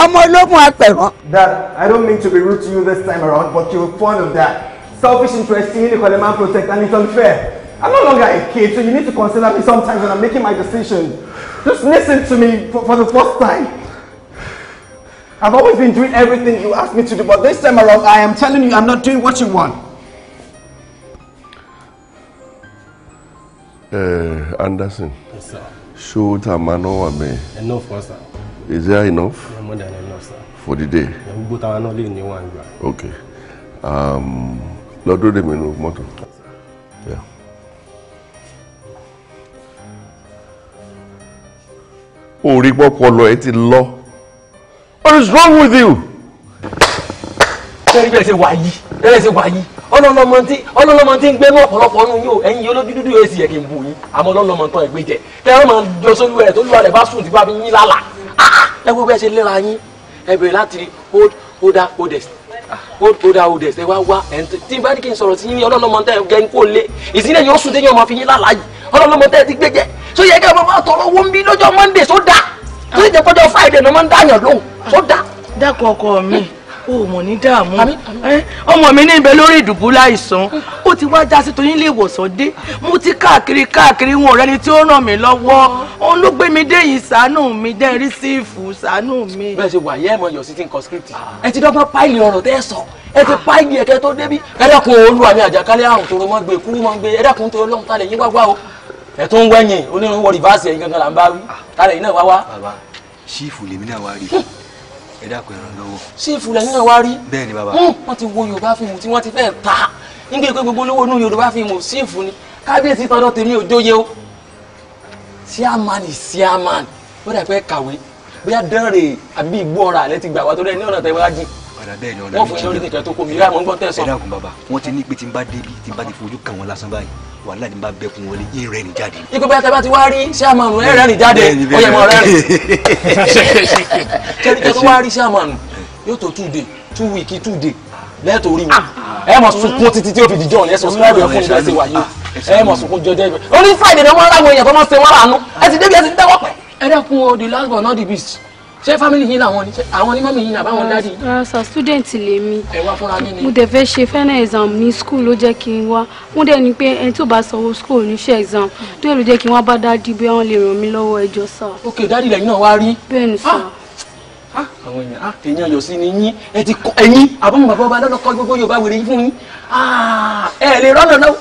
ọmọ ológun apẹ̀rán. Dad, I don't mean to be rude to you this time around but you were fond of that selfish interest in the coleman protect and it's unfair. I'm no longer a kid, so you need to consider me sometimes when I'm making my decision. Just listen to me for, for the first time. I've always been doing everything you ask me to do, but this time around, I am telling you I'm not doing what you want. Uh, Anderson. Yes, sir. Show Tamano me. Enough for sir. Is there enough? Yeah, more than enough, sir. For the day. Gbogbo táwọn náà lè ní wọn àgbà. Okay. Um, lọ́dún dèmi nu mọ́tò. Yeah. orí pọ́pọ́lọ ẹ ti what is wrong with you. ṣé ẹ ṣe wáyé ẹ ṣe wáyé ọlọ́lọ́mọ tí ń gbé ní ọ̀pọ̀lọpọ̀ nù yín o ẹ̀yin olójú dúdú yóò sì yẹ kí n bù yín àmọ́ ọlọ́lọ́mọ tán ẹ̀gbẹ́ jẹ tẹ ẹ máa lọ sórí rẹ tó lù rẹ bá sùn tí bá fi yín lálà ah, ẹ wo bẹ́ẹ̀ ṣe léra yín ẹ bẹ̀rẹ̀ láti hold holder holders hold ah, Hold, holder holders ẹ wá wá ẹ̀ tí bá ní kí n sọ̀rọ̀ sí yín ọlọ́lọ́mọ tẹ gẹ́ ń kó lé ìsílẹ̀ yóò sùn téèyàn máa fi yín lálà yìí ọlọ́lọ́mọ tẹ ti gbé jẹ so yẹ kẹ́ ẹ máa tọrọ owó ń bí lọ́jọ́ Monday so dá tó sì jẹ́ kọjọ́ Friday ni wọ́n máa ń dáyàn lóhùn so dá. dákun ọkọ mi o mọ̀ ní dààmú ọmọ mi ní ibẹ̀ lórí ìdùbú láìsàn ó ti wá já sí toyún ilé ìwòsàn dé mo ti káàkiri káàkiri wọn ọ̀rẹ́ ni tí ó ràn mí lọ́wọ́ òun ló gbé mi dé yìí ṣàánú mi dẹ́ rí sí ìfù mi. bẹ́ẹ̀ ṣe wà yẹ́ ẹ̀mọ yọ̀ sí ti ń conscript ẹ ti dọ́gbọ́n páìlì ọ̀rọ̀ tẹ́ ẹ sọ ẹ ti páìlì ẹ̀kẹ́ tó débi ẹ olúwa mi àjàkálẹ̀ àrùn tòrò mọ́ gbé kúrú mọ́ gbé ẹ dákun tó lọ́hùn tálẹ̀ yín wáwá o ẹ tó ń wẹ̀yìn onírúurú rìvásì ẹ̀yìn gangan là ń bá wí tálẹ̀ ṣífù lèmi náà wá rí i ẹ dákun ìrànlọ́wọ́. ṣé ìfúlẹ̀ náà wá rí. bẹ́ẹ̀ ni bàbá. wọ́n ti wo yorùbá fíìmù tí wọ́n ti fẹ́ẹ́ ta nígbà pé gbogbo olówó inú yorùbá fíìmù sí ìfún ni kábíyèsí tọdọ tèmi ò jóye o. chairman is chairman ó dà pé kàwé bóyá dẹ́rẹ̀ àbí ìgbó ọ̀rọ̀ àlẹ́ ti gbà wá torí ẹ ní ọ̀nà tẹ́ wá jìn padà bẹ́ẹ̀ ni ọ̀la méjì lọ wọ́n fún yín lórí kẹ̀kẹ́ tó kó mi rí àwọn gbọ́n tẹ̀sán. ẹ dákun bàbá wọ́n ti ní pé tí n bá débi tí n bá ti fojú kàn wọ́n lásán báyìí wàhálà ni bá bẹ kun wọlé yín rẹ ní jáde. ikú bẹ́ẹ̀ tẹ́lá ti wá rí sàmánù ẹ̀ rẹ́ ní jáde ọyẹ mọ̀ rẹ́ kẹ́ríkẹ́ tó wá rí sàmánù yóò tó two day two week two day lẹ́ẹ̀tọ́ orí wọn ah. ẹ mọ̀ sunkún títí tí ó fi dijọ́ yẹn subscribe yẹn fún mi lẹ́sẹ̀ wáyé ah. ẹ mọ̀ sunkún jọjọ́ ibẹ̀ orí friday ni wọ́n rà èèyàn tó máa ṣe wọ́n rà nú ẹ ti débi ẹ ti dẹ́wọ́ pẹ́. ẹ dẹ́kun o the last but not the beast ṣé family yín làwọn ni àwọn ni mọ́mí yín ni àbáwọn dáàdì. rárá sà student lèmi mo dẹ̀ fẹ́ ṣe final exam ní school ló jẹ́ kí n wá wọ́n dẹ̀ ní pé ẹni tó bá sanwó school níṣẹ́ exam tó yẹ ló jẹ́ kí n wá bá dáàdì bí wọ́n lè ràn mí lọ́wọ́ ẹjọ́ sà. ok dáàdì lẹ́yìn náà wá rí. bẹ́ẹ̀ ni sà ah! Ah! àwọn èèyàn á ah! èyí ayọ̀ sí ni yín ẹ ti kọ ẹ̀yìn àbọ̀mọ̀ bàbá ọba lọ́lọ́kọ́ gbogbo yorùbá wèrè yín fún yín ẹ lè rọ́nà náà.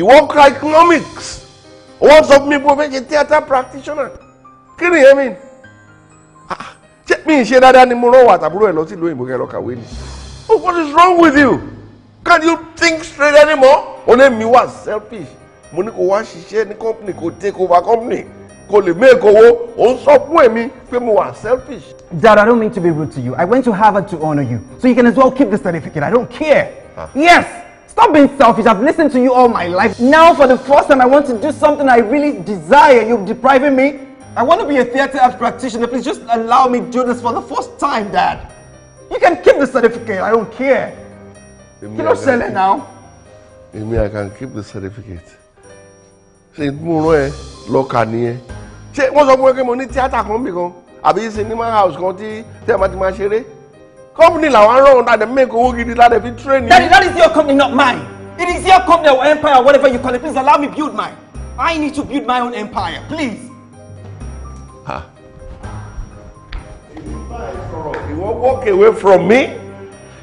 ìwọ ka economics wọ́n sọ fún mi bó fẹ́ ṣe theatre practitioner kí ni yẹn mi mi ṣe dáadáa ni mo rán wà tàbúrò ẹ̀ lọ sí ìlú òyìnbó kẹ́ kàwé ni oh what is wrong with you can't you think straight anymore o lè mi wá selfish mo ní kó wá ṣiṣẹ́ ní company kó take over company kó lè make owó o ń sọ fún èmi pé mo wà selfish. Dad, I don't mean to be rude to you. I went to Harvard to honor you. So you can as well keep the certificate. I don't care. Huh? Ah. Yes! Stop being selfish. I've listened to you all my life. Now, for the first time, I want to do something I really desire. You're depriving me I want to be a theatre arts practitioner. Please just allow me to do this for the first time, Dad. You can keep the certificate. I don't care. Emi, you know, sell it now. Èmi, I can keep the certificate. Ṣé mo rán ẹ lọ́ka nìyẹn? Ṣé wọ́n sọ fún ẹ pé mo ní tíátà kan bì kan? Àbí sinimá house kan tí tẹ́ ẹ Company, I want to run that. arán ọ̀hún láti make owó gidi láti fi train. Daddy, that is your company, not mine. It is your company or empire whatever you call it. Please allow me build mine. I need to build my own empire, please. ìwọ walk away from me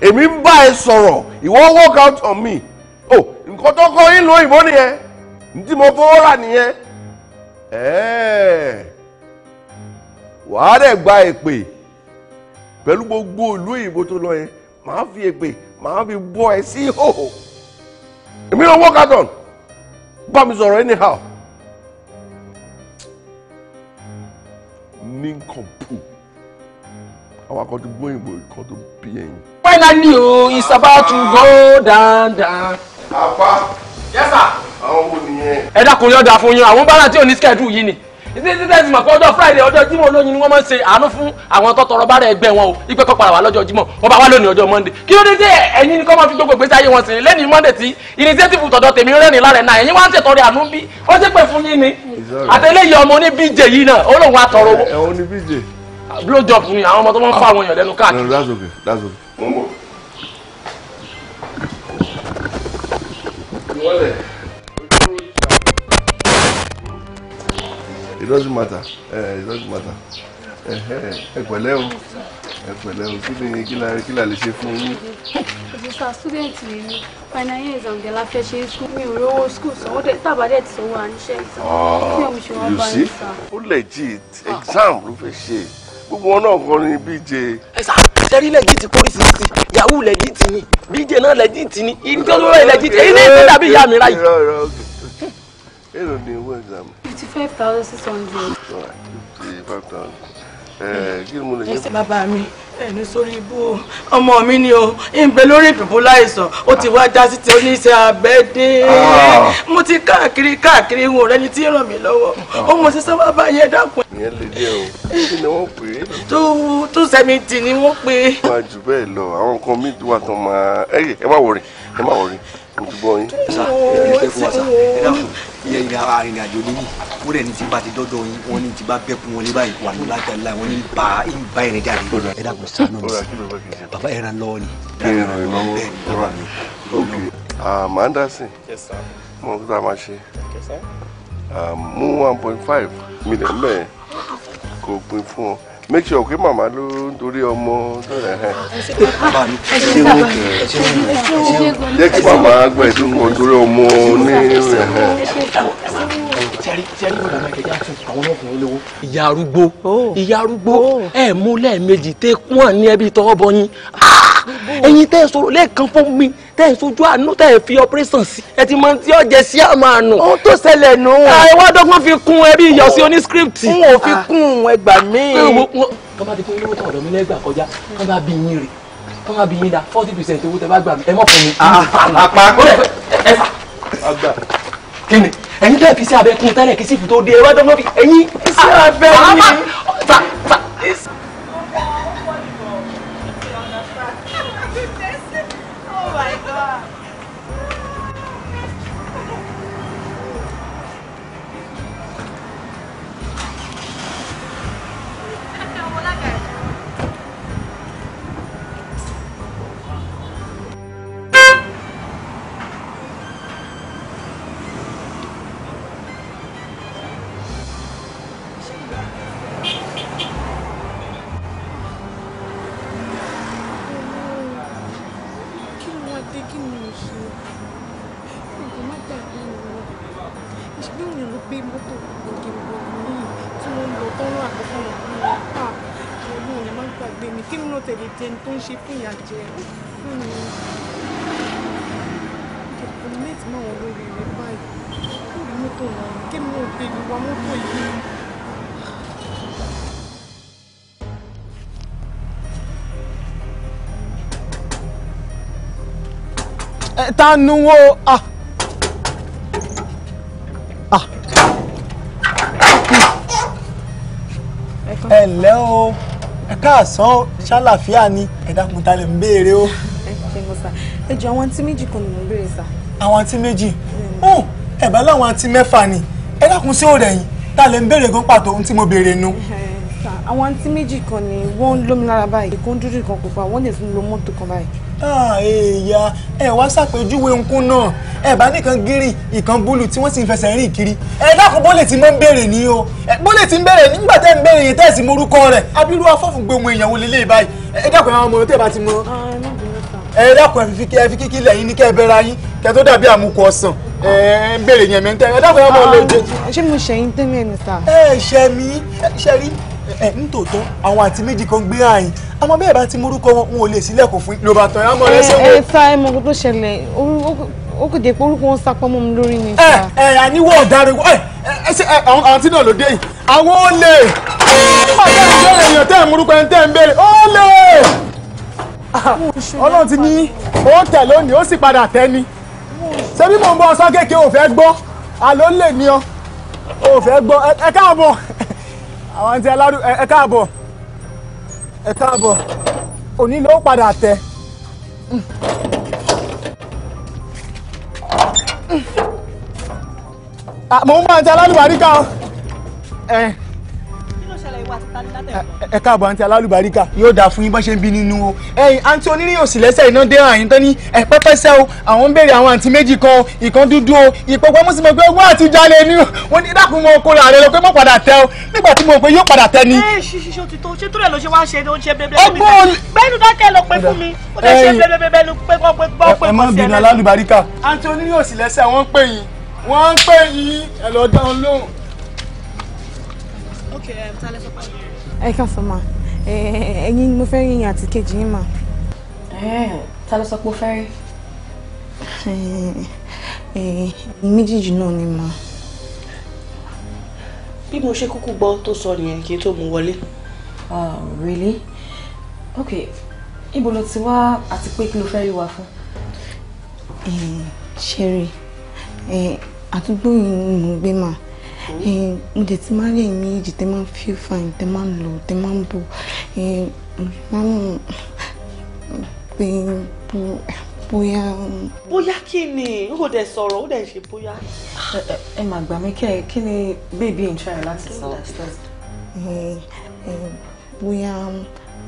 èmi ń bá ẹ sọ̀rọ̀ ìwọ walk out on me o oh, nǹkan tó kọ́ yín lóyìnbó niye ntí mo fowó rà nìyẹn wàá dẹ̀ gba epe pelu gbogbo ìlú òyìnbó to lọ yẹn màá fi èpè màá fi bọ́ e si ìhòòhò emi ló walk out on ba mi sọ̀rọ̀ anyhow. Nincompoop. àwọn akọ tó gbóyìnbó ikọ to bí ẹyin. finally o it's about to go down down. àpá. yes sir. àwọn wo nìyẹn. ẹ dákun yọ̀dà fún yín àwọn bára tí ò ní schedule yìí ni títí tẹ̀sí mọ̀ pé ọjọ́ friday ọjọ́ jímọ̀ olóyin ni wọ́n máa ń ṣe àánú fún àwọn tó tọrọ bára ẹgbẹ́ wọn o ìpè kọ́ padà wá lọ́jọ́ jímọ̀ wọ́n bá wá lónìí ọjọ́ monday kí ló dé dé ẹ̀yin ni kọ́ máa fi gbogbo ìgbésí ayé wọn sìn lẹ́nu monday tí initiative tọ̀dọ̀ tèmi rẹ́rìn lára ẹ̀ náà ẹ̀yin wá ń ṣètọrẹ àánú bí wọ́n ṣe pé fún yín ni àtẹlẹ́yìn ọmọ oníbíje yìí náà olóhùn àtọ̀rọ̀ owó blow job ni àwọn ọmọ tó máa ń fà àwọn èèyàn lẹ́nu káàkiri. that's okay that's okay. it doesn't matter eh, it doesn't matter eh, eh, ẹ pẹ̀lẹ́ o ẹ pẹ̀lẹ́ o kí ni kila la kí la lè ṣe fún yín. òṣìṣẹ́ ṣúdẹ̀ǹtì mi ni final year exam dẹ̀ la fẹ́ ṣe school mi ò rí owó school sanwó dẹ̀ tàbá dẹ̀ ti sanwó àníṣe exam kí ni mo ṣe wá ah, bá yín sá. ó lè exam ló fẹ́ ṣe gbogbo wọn náà kọ́ ni bíje. ẹ sá sẹ́rí lẹ́gìtì póríṣiríṣi yahoo lẹ́gìtì ni bíje náà lẹ́gìtì ni ìjọba lẹ́gìtì èyí ní ìtúndà bí ìyá mi ráyè. èrò ni owó exam. fifty five thousand six hundred. fifty five thousand. Eh, ẹsẹ bàbá mi ẹni sórí ibú ọmọ mi ni o ìgbẹ́ lórí ìdùnnú láìsàn ó ti wá já sí ti oníṣẹ́ abẹ dé ah. mo ti káàkiri káàkiri ń rẹ ni tí ràn mí lọ́wọ́ ah. ó mo ṣiṣẹ́ bàbá yẹn dákun. ìyẹn lè dé o kí ni wọ́n pè é. tó tó sẹ́mi tì ni wọ́n pè é. máa jù bẹ́ẹ̀ lọ àwọn nǹkan mi wà tán máa ẹ má wọrí ẹ má wọrí mo ti gbọ́ yín. sá ẹ fẹ́ fún wa sá ẹ dàpọ̀ iye ìrìn arìnrìn àjò níbí wọ́n rẹ̀ ní ti bá ti dọ́dọ̀ yín wọ́n ní ti bá bẹ́kun wọn lé báyìí wà ní láti àlá wọ́n ní bá ń bá ẹ̀rẹ̀ jáde. ẹ dàpọ̀ sànù mi bàbá ẹ̀ràn lọ́wọ́ ni. kí mo ń tà máa ṣe mú one point five mílíọ̀n bẹ́ẹ̀ kò pin fún ọ make sure pé màmá ló ń torí ọmọ tó rẹ̀ hẹ́. jẹ́ kí màmá gbọ́ ẹ̀ tó kọ́ torí ọmọ ní rẹ̀ hẹ́. ìyá arúgbó oh. ìyá arúgbó oh. ẹ̀ mú lẹ́ẹ̀mejì tẹ́ kún àní ẹbí tọwọ́ bọ yín ah! ẹ̀yin tẹ́ sọ̀rọ̀ lẹ́ẹ̀kan fún mi tẹ́ ẹ̀ sojú àánú tẹ́ ẹ̀ fi operation sí ẹ ti mọ tí ọ̀jẹ̀ sí àmọ́ àánú. ohun tó ṣẹlẹ̀ nù. ẹ wá dọ́gbọ́n fi kún ẹbí iyọ̀ sí oníscript. n ò fi kún ẹgbà míì. kọ́ bá ti pín owó tọ̀dọ̀ mi lẹ́gbàá kọjá kọ́ bá bí ẹ fi sí abẹ́kún tẹ́lẹ̀ kí sífù tó dé ẹ wá dọ́gbọ́n fi ẹ̀yin sí abẹ́ mi. tanuwo ah ah. ẹ o ẹ káàsán ṣàlàfíà ni ẹ dákun ń béèrè o. ẹ jọ àwọn àǹtí méjì kan ni béèrè sá. àwọn àǹtí méjì ẹ bá láwọn àǹtí mẹ́fà ni ẹ sí òòrẹ̀ yìí ta ń béèrè gan pàtó ohun tí mo béèrè nu àwọn àǹtí méjì kan ni wọ́n ń lómi lára báyìí kó ń dúdú kan kò pa wọ́n lè tún lo mọ́tò kan báyìí èèyà ah, ẹ wá ṣàpèjúwe nkún náà ẹ bá nìkan gírì ìkan búlù tí wọ́n sì ń fẹsẹ̀ rìn kiri ẹ dákun bólè tí mọ́ ń béèrè ní o bólè tí ń béèrè nígbà tẹ́ ń béèrè yẹn tẹ́sí morúkọ rẹ̀ abirú afọ́fún gbé ohun èèyàn wọlé báyìí ẹ dákun àwọn ọmọ tẹ́ bá ti mọ ah, ẹ dákun ẹ fi kíkí lẹ́yìn ní kẹ́ ẹ bẹ́ra yín kẹ́ tó dàbí àmukù ọ̀sán ẹ yẹn mẹ́ntẹ́ ẹ dákun ọmọ lè ah, jẹ. ṣé mo ṣẹ̀yìn àmọ́ bẹ́ẹ̀ bá ti múrúkọ wọn wọn ò lè sílẹ̀kùn fún ló bá tán àmọ́ rẹ ṣe wọ́n. ẹ sá ẹ mọ nǹkan tó ṣẹlẹ̀ ó kò dé pé orúkọ wọn sá pọ́nmọ́ mi lórí mi. ẹ ẹ àníwọ̀ ọ̀daràn ẹ ẹ ṣe àwọn àǹtí náà ló dé yìí àwọn ó lè ọ̀dọ́ ìjọ èèyàn tẹ́ ẹ̀ múrúkọ ẹni tẹ́ ẹ̀ ń béèrè ó lè. ọlọ́run ti ní ó tẹ̀ lónìí ó sì padà tẹ́ ni ṣé bí mò ń bọ́ ọ sọ kéèké ò fẹ́ gbọ́ àló lè ní ọ ò fẹ́ gbọ́ ẹ káàbọ̀ àwọn àǹtí aládùn ẹ káàbọ̀ ẹ káàbọ̀ òní ló padà tẹ. Ah, mò ń máa ń ta alálùbáríkà ọ ẹ káàbọ̀ àǹtí alálùbáríkà yóò dáa fún yín bá ṣe ń bí nínú o ẹ̀yin àǹtí onírìyàn sì lẹ́sẹ̀ iná dé àyín tán ní ẹ pẹ́pẹ́sẹ́ o àwọn ń béèrè àwọn àǹtí méjì kan ìkan dúdú o ìpọ̀pọ̀ mú sí mọ̀ pé wọ́n àti jalè ni wọ́n ní dákun mọ́ okòrò ààrẹ lọ pé mọ́ padà tẹ o nígbà tí mo pe yóò padà tẹ ni. ẹ ṣiṣẹ́ òtítọ́ ṣé tó rẹ̀ ló ṣe wá ṣe ló ń ṣe bẹ́ẹ̀ bẹ́ẹ̀ bẹ́ẹ̀ bẹ́ẹ̀ bẹ́ẹ̀ ok um, ta lẹ sọ pàdé. ẹ ká sọ ma ẹyin mo fẹ́ yín àti kejì yín mà. ta ló sọ pé o fẹ́ rí. ẹyin méjèèjì náà ni mà. bí mo ṣe kúkú gbọ́ tó sọ nìyẹn kí n tó mú wọlé. ah really ok ibo ló ti wá àti pé kí ló fẹ́ rí wa fún. ṣeré àdúgbò yìí ni gbé mà mo dẹ̀ ti máa rí ẹ̀yin méjì tẹ́ máa ń feel fine tẹ́ máa ń lò tẹ́ máa ń bò bóyá. Um, bóyá kí ni ó dẹ̀ sọ̀rọ̀ ó dẹ̀ ṣe bóyá. ẹ mà gbà mí kẹ́ kí ni bébí ń ṣàyẹ̀ láti sọ. bóyá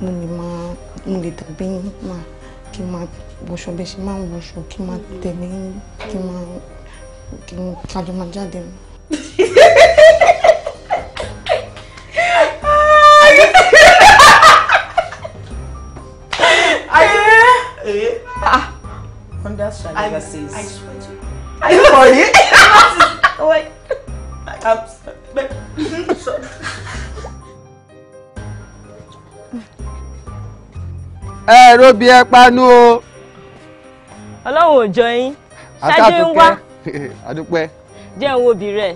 mo lè máa mo lè tàbí máa kí n máa wọṣọ bẹ́ẹ̀ ṣe máa ń wọṣọ kí n máa tẹ̀lé kí n máa kájọ máa jáde. That's Shani I, says. I swear to you. Are you for it? Wait. I'm sorry. I'm sorry. Ẹ ro bí ẹ panu o. Ọlọ́run ò ń wá. Adúpẹ́. jẹ́ òun obì rẹ̀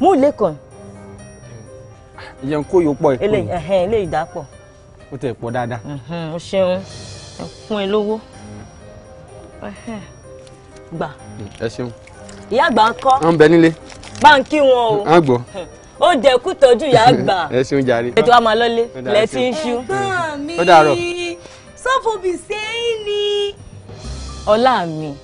mú ilé kan. Hmm. ìyẹn kó yóò pọ̀ ìpò yìí eléyìí dápọ̀. ó tẹ̀ pọ̀ dáadáa. o ṣeun ẹ fún ẹ lówó gbà. ẹ ṣeun. ìyá àgbà ń kọ́. wọ́n ń bẹ nílé. bá ń kí wọn o. wọ́n gbọ́ ó jẹ kú tọ́jú ìyá àgbà ẹ ṣeun jàre ètò àmàlọ́lé lẹ́tí ṣú. ó dàárọ̀. sọ́fọ̀bì sẹ́yìn ni ọlá mi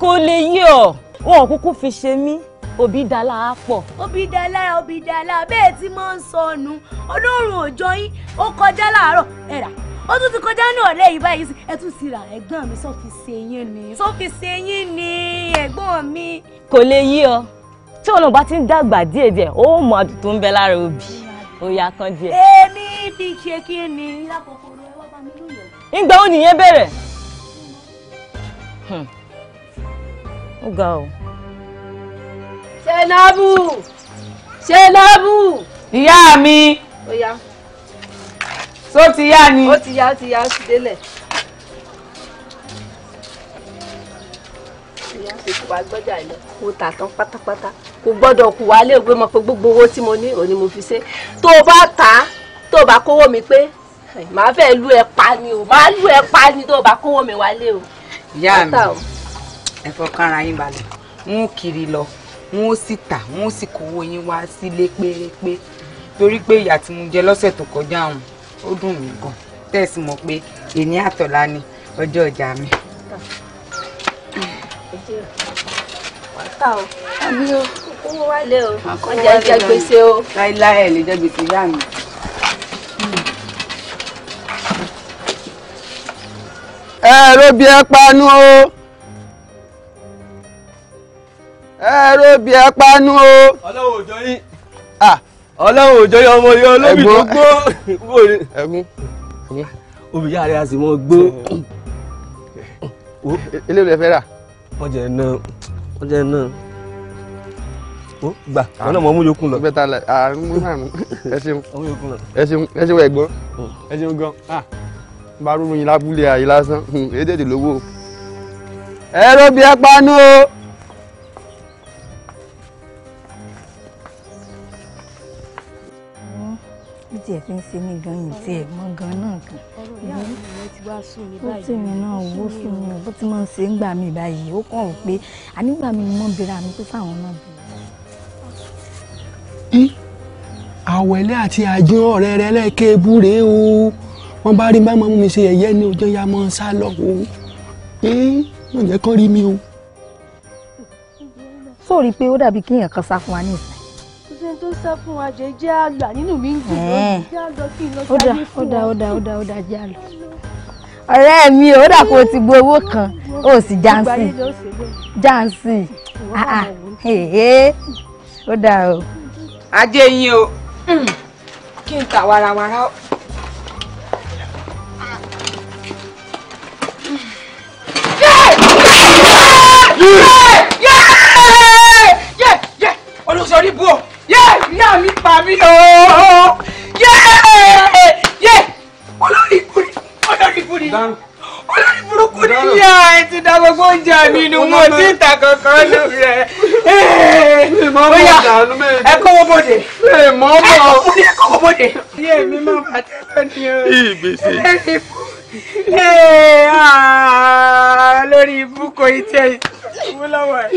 kò lè yé ọ wọn ò kúkú fi ṣe mí òbídàlá á pọ̀. òbídàlá òbídàlá bẹ́ẹ̀ tí mo ń sọnù ọlọ́run òjọ yín ó kọjá láàárọ̀ ẹ̀rà ó tún ti kọjá ní ọ̀rẹ́ yìí báyìí sí ẹ tún ti rà ẹ̀gbọ́n mi sọ́fi ṣe ni sọ́fi ṣe ni ẹ̀gbọ́n mi. kò lè yí ọ tí òun bá ti ń dàgbà díẹ̀ díẹ̀ ó mọ àdùtù ń bẹ lára òbí òyà kan díẹ̀. èmi fi ṣe kí ni. ìgbà wo nìyẹn bẹ̀rẹ̀ ó ga o. ṣẹ́nàbù ṣẹ́nàbù. ìyá mi. ó yá. tó ti yá ni. ó ti yá ó ti yá ó ti délẹ̀. ìyá ṣe kó wa gbọ́jà ilẹ̀ kó tà tán pátápátá kò gbọ́dọ̀ kù wá lé ògbé mọ̀ pé gbogbo owó tí mo ní òní mo fi ṣe tó o bá tà á tó o bá kówó mi pé màá fẹ́ lu ẹ̀ pa ni o màá lu ẹ̀ pa ni tó o bá kówó mi wálé o ìyá mi ẹ fọkàn ara yín balẹ̀ wọn ò kiri lọ wọn ò sì tà wọn ò sì kówó yín wá sílé pérépé torí pé ìyà tí mo jẹ lọ́sẹ̀ tó kọjá ọ̀hún ó dùn mí gan tẹ̀sí mọ̀ pé èní àtọ̀lá ni ọjọ́ ọjà mi. o owó wálé o ọjà jẹ gbèsè o. láíláí ẹ̀ lè jẹ gbèsè yá mi. ẹ̀rọ bí ẹ panu o ẹ̀rọ bí ẹ panu o. ọlọ́wọ́ òjò yín ọlọ́wọ́ òjò yín ọmọ yín olóbì tó gbó. ẹ̀gún ẹ̀gún. obì yá rẹ̀ a sì mọ gbó. ilé ìwé fẹ́ rà. wọ́n jẹ náà wọ́n jẹ náà ó gbà wọn náà mọ ọmú yòókù lọ. bẹ́ẹ̀ ta la àrùn mú àrùn ẹ ṣeun ẹ ṣeun ẹ ṣeun ẹ̀gbọ́n ẹ ṣeun gan bá rúru yín lábúlé ayé lásán hmm, èyí lówó. ẹ bí ẹ panu o. tí ẹ fi ń ṣe mí gan yìí tí ẹ mọ gan náà kan ó tì mí náà owó sùn mí bó ti máa ń ṣe ń gbà mí báyìí ó kàn ó pé ànígbà mi mọ bira mi pé fáwọn náà bí. àwẹ̀lẹ́ àti àjọ ọ̀rẹ́ rẹ lẹ́kẹ́ búre o wọ́n bá rí bá máa mú mi ṣe ẹ̀yẹ́ ní ọjọ́ ya máa ń sá lọ o wọ́n jẹ́ kán rí mi o. sóòrí pé ó dàbí kéèyàn kan sá fún wa ní ìsìn. kò sẹ́ni tó sá fún wa jẹ́ jẹ́ àlọ́ ànínú mi ń gùn lọ jẹ́ àlọ́ kí n lọ sáré fún wa. ó dà ó dà ó dà jẹ́ àlọ́. ọ̀rẹ́ mi ò dà kó o ti gbọ́ owó kan o sì jáǹsì jáǹsì ah, ah. ó dà o. ajé yín o kí n ta warawara o. olùsọ̀rí bù ọ́ ìyá mi pa mí o olórí ìkúri olórí ìkúri olórí burúkú ni ìyá ẹ ti da gbogbo oúnjẹ mi nu mo ti ń ta kankan lù rẹ. bóyá ẹ kọ́wọ́ bòde. ẹ mọ́ mọ́. ẹ kọ́wọ́ bòde. iye mi máa bàtẹ́ lónìí o. ìgbésẹ̀. Ah, lórí ibùkọ etí ẹ wọ́n lọ́wọ́ ẹ̀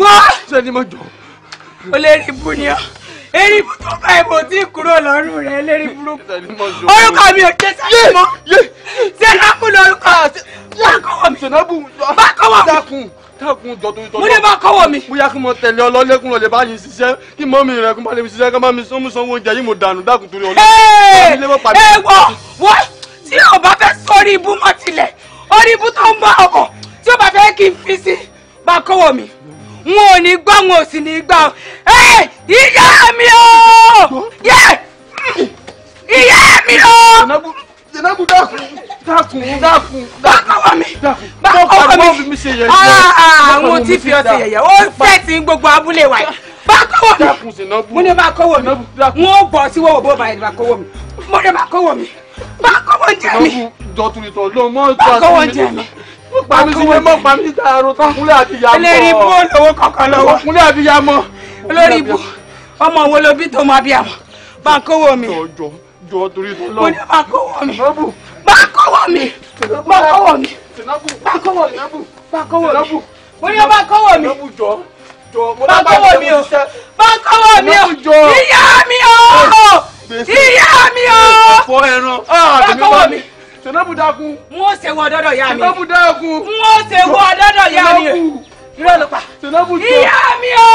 wá. sẹ́ni mo jọ. o lè rí ibú ni ọ eré ibú tó bá ibò tí kúrò lọ́rùn rẹ̀ lérí burúkú orúkọ mi ò jẹ́ sẹ́ni mọ́ sẹ́nàkú lórúkọ ah, bákọ́wọ́ mi bákọ́wọ́ mi dákun jọ torí tọ́jú. mo ní bá kọ́wọ́ mi. bóyá kí mo tẹ̀lé ọlọ́lẹ́kùn lọ lè bá ṣiṣẹ́ kí mọ́mí rẹ̀ kó má lè fi ṣiṣẹ́ ká má mi sanwó oúnjẹ yìí mo dànù dákun torí ọlọ́run. ẹ ẹ wọ wọ tí o bá fẹ́ sórí ibú mọ́ tilẹ̀ orí ibú tó ń bá ọkọ̀ tí o bá fẹ́ kí n fi sí bá kọ́wọ́ mi wọn ò ní gbọ́ wọn ò sì ní gbà ọ́ ìyá mi o ìyá mi o. jẹnabu dákun dákun dákun bákọ́wọ́ mi bákọ́wọ́ mi ah, ah, àwọn tí fi ọtí yẹ̀yẹ́ ó fẹ́ ti gbogbo abúlé wa yìí bákọ́wọ́ mi mo ní bá kọ́wọ́ mi wọn ò bọ̀ sí wọ́wọ́ bó ba yẹn bá kọ́wọ́ mi mo ní bá kọ́wọ́ mi bá kọ́wọ́ jẹ mi. jọtun ìtàn ló mọ ìtàn àti mi. bá kọ́wọ́ jẹ mi. pàmí sí mi mọ pàmí síta àrò tán kúnlẹ̀ àti ìyá mọ́. olórí ibú olówó kankan lọ́wọ́. kúnlẹ̀ àti ìyá mọ́. olórí ibú ọmọ wo ló bí tó máa bí àmọ́. bá kọ́wọ́ mi. jọ jọ torí ìtàn lọ. mo ní bá kọ́wọ́ mi. bá kọ́wọ́ mi. bá kọ́wọ́ mi. bá kọ́wọ́ mi. bá kọ́wọ́ mi. mo ní bá kọ́wọ́ mi bá kọ́wọ́ mi o bá kọ́wọ́ mi o ìyá mi o ìyá mi o bá kọ́wọ́ mi sinamu dákun. n ó ṣe wọ dọdọ ya mi. sinamu dákun. n ó ṣe wọ dọdọ ya mi. irọ́ ló pa. sinamu jọ ìyá mi o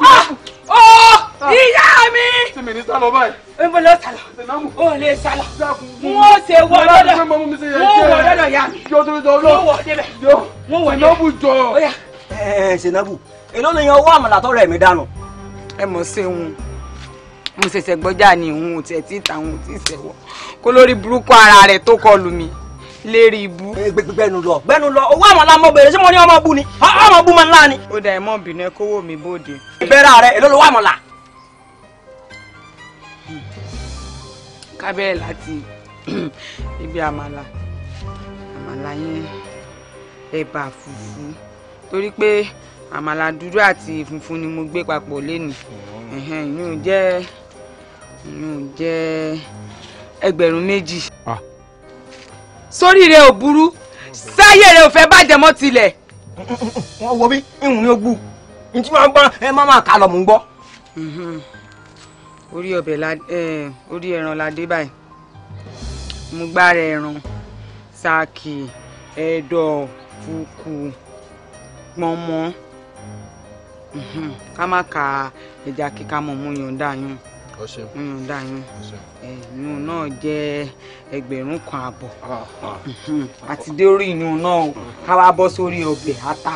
ah, o oh, ah. ìyá mi. ti mínísítà lọ báyìí. n bolo sálọ. sinamu o lè sálọ. n ó ṣe wọ dọdọ n ó wọ dọdọ ya mi. jọ lọ. n ó wọ débẹ̀. n ó wọ débẹ̀. sinamu jọ èló lè yan owó àmàlà tọrọ ẹ̀mí dànù. ẹ mọ̀ sí òun mo ṣẹ̀ṣẹ̀ gbọ́jà ní òun tiẹ̀ tí ìta òun tí ìṣẹ̀wọ̀ kó lórí burúkú ara rẹ̀ tó kọlù mi lérí ibú. gbẹnu lọ gbẹnu lọ owó àmàlà mọ bèrè sí mo ní ọmọ bú ni ọmọ bú máa ń lá ni. ó dà ẹ mọ bínú ẹ kówó mi bóde. ìbẹ́rẹ̀ rẹ èló lọ́wọ́ àmàlà. kábẹ́ẹ̀ láti ibi àmàlà àmàlà yẹn ẹ̀bà fùfú torí pé àmàlà dúdú àti funfun ni mo gbé papọ̀ lẹ́nu ìyún jẹ́ ìyún jẹ́ ẹgbẹ̀rún méjì. Ah. sórí rẹ ò burú sáyé rẹ ò fẹ́ bàjẹ́ mọ́ tilẹ̀. wọ́n wo bí ìhùn mi ò gbù ní tí wọ́n gbọ́ ẹ má máa kà lọ mò gbọ́. orí ọbẹ̀ orí ẹran la dé báyìí mo gbára ẹran sáàkì ẹ̀dọ̀ fùkù pọ̀nmọ́. Mhm. ká má ka ẹja kíkà mọ̀ mo yọ̀ǹda yín mo yọ̀ǹda yín ìyún náà jẹ́ ẹgbẹ̀rún kan àbọ̀ àti ah, ah. mhm. dórí ìyún náà ká wá bọ́ sórí ọbẹ̀ ata.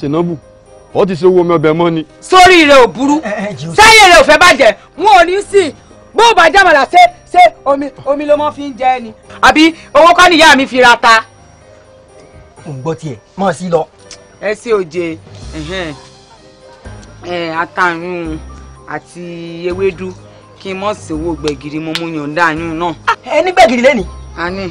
sinabu ó ti ṣe owó mi ọbẹ̀ mọ́ ni. sórí rẹ ò burú sáyé rẹ ò fẹ́ bàjẹ́ wọn ò ní sìn bó o bá jàmàlà ṣe ṣe omi omi ló mọ́ fi ń jẹ ẹ ni àbí owó kọ́ níyà mi fi ra ta. n gbọ́ tiẹ̀ mọ̀ sí lọ. ẹ ṣe òjè àtàrùn àti ewédú kí n mọ̀ sí owó gbẹ̀gìrì mo mú yọ̀ǹda yún náà. ẹ ní gbẹ̀gìrì lẹ́nìí. a ní.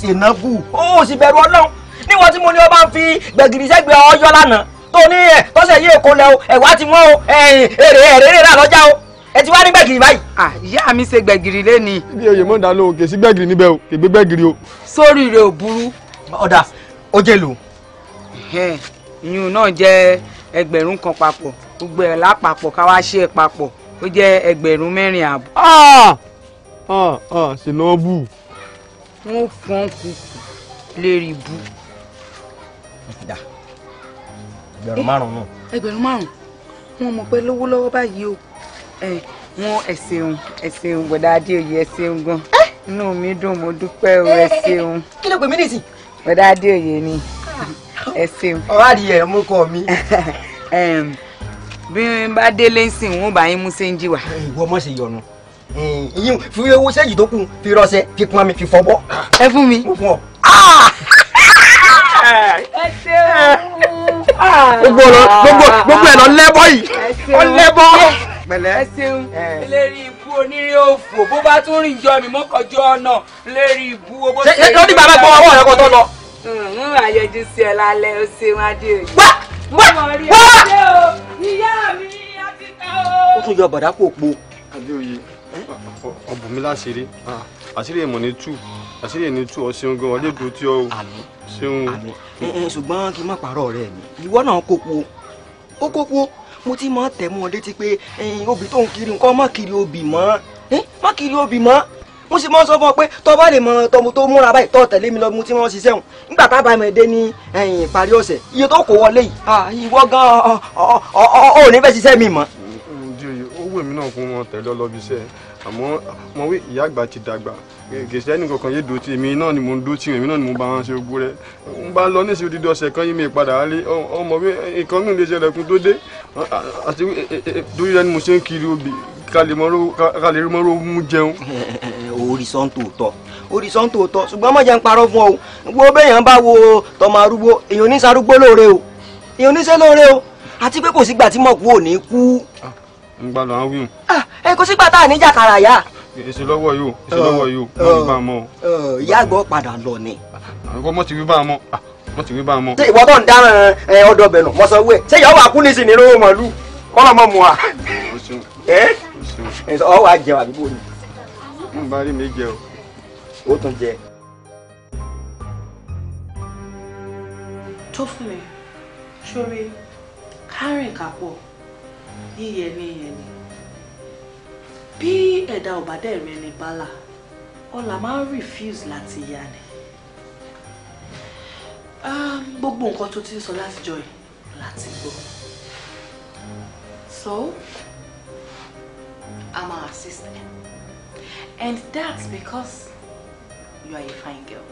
ṣe ná bù ó sì bẹ̀rù ọlọ́run níwọ̀n tí mo ní o bá ń fi gbẹ̀gìrì sẹ́gbẹ̀ẹ́ ọyọ́ lánàá tó ní ẹ̀ tọ́sẹ̀ yé èkó lẹ ẹ̀wá ti wọ́n o èrè èrè rẹ̀ lọ́jà o ẹ ti wá ní gbẹ̀gìrì báyìí. ìyá mi ṣe gbẹ̀gìrì lẹ́nìí. bí oyè mọ̀dà ló kè sí gbẹ̀gìrì níbẹ̀ o kè gbé o. sórí rẹ̀ ò burú. ọ̀dà ó jẹ́ lò. ìyún náà jẹ́ ẹgbẹ̀rún kan papọ̀ gbogbo ẹ̀ lápapọ̀ ká wá ṣe é papọ̀ ó jẹ́ ẹgbẹ̀rún mẹ́rin ààbọ̀. ọ̀ ọ̀ Tinubu. wọ́n fọ́n kùkù lérí bú. dà ẹgbẹ̀rún márùn-ún nù. ẹgbẹ̀rún márùn-ún wọn mọ̀ pé lówó lọ́wọ́ báyìí o wọn ẹ ṣeun ẹ ṣeun gbọ̀dá adéoyè ẹ ṣeun gan inú mi dùn mo dúpẹ́ o ẹ kí ló pè mí nìsín. gbọ̀dá adéoyè ni. Ah ẹ ṣeun. ọ̀rá di ẹ̀ mú kọ mi. bí n bá délé ń sìn wọn bá yín mú séńjì wá. Eh, ìwọ mọ̀ ṣe yọnu eh, yín fi owó sẹ́yìn tó kù fi rọṣẹ fi pọn mi fi fọbọ́. ẹ fún mi. mo fún ọ. Ah! ẹ ṣeun. gbogbo ọ̀nà gbogbo ẹ̀ lọ lẹ́bọ̀ yìí ọ lẹ́bọ̀. ẹ ṣeun eléyìí ikú onírí òfò bó bá tún rìn jọ mi mọ́kànjọ́ ọ̀nà lérí ibú owó. ṣé ló ní bàbá gbọ́ ọwọ́ rẹ kó tó lọ. Mm, mo máa yọjú sí ẹ lálẹ́ ó ṣe wá dé òye. wá wá wá ìyá mi á ti tẹ o. ó tún yọ bàdá kó po. adéoyè ọbùn mi láṣìírí ah, àṣírí èèmọ̀ ní tù àṣírí èèmọ̀ ní tù ọ ṣeun gan ọdẹ dùn tí ọ ṣeun. ṣùgbọ́n kí n má pààrọ̀ rẹ̀ mi ìwọ náà kó po ó kó po mo ti máa tẹ̀ mọ́ ọ létí pé obì tó ń kiri nǹkan má kiri obì mọ́ má kiri obì mọ́ mo sì mọ sọ fún ọ pé tó bá lè mọ tọmọ tó múra báyìí tó tẹ̀lé mi lọ mu tí wọ́n ṣiṣẹ́ hùn nígbà tá a bá mi dé ní ìparí ọ̀sẹ̀ iye tó kó wọlé yìí ìwọ gan ọ ò ní fẹ́ ṣiṣẹ́ mi mọ́. owó mi náà kún wọn tẹ̀lé ọlọ́bí iṣẹ́ àmọ́ mo wí ìyá àgbà ti dàgbà kìsìtẹ́nì kankan yé dòtí èmi náà ni mo ń dòtí èmi náà ni mo bá wọn ṣe ogun rẹ n bá lọ níṣẹ́ odidi ọ̀sẹ̀ kan yìí mi padà wálé ọmọ mi nǹkan mi lè ṣe ẹlẹ́kùn tó dé àti torí rẹ ni mo ṣe ń kiri obì ká lè mọ́ rówó mú jẹun orísọ́ǹtò tọ̀ orísọ́ǹtò tọ̀ ṣùgbọ́n má jẹ́ ń parọ́ fún ọ o gbogbo bẹ́yàn bá wo tọmọ arúgbó èèyàn ní sarúgbó lóore o èèyàn ní sẹ́ lóore o àti pé kò sígbà tí mọ̀kú ò ní kú. ń ah, gbàdọ̀ àwọn wíwù. Ah, ẹ kò sígbà tá à ní jàkàrà yá èsì lọ́wọ́ yìí o èsì lọ́wọ́ yìí o wọ́n ti bá a mọ́ o. ìyá àgbọ̀ padà lọ ni. àwọn ọmọ ti wí bá a mọ́ wọ́n ah, ti wí bá a mọ́. ṣé ìwọ tó ń dáràn ọ̀dọ̀ bẹ̀rù mọ sọ wẹ́ ṣé ìyàwó àkú ní sinmi lówó màlúù kọ́lọ́ mọ́ mu wa. ẹ ọ wà jẹ wà bíbó ni n bá rí mi jẹ o. ó tún jẹ. tó fún mi sórí kárìn kápọ̀ yíyẹ ní yẹ ni bí ẹ̀dá ọ̀bá dẹ̀ rẹ ni bálà ọ̀là máa ń refuse láti yá ni gbogbo nǹkan tó ti ń sọ látijọ́ yìí láti gbọ́ so I'm assistant. And that's because you are a fine girl.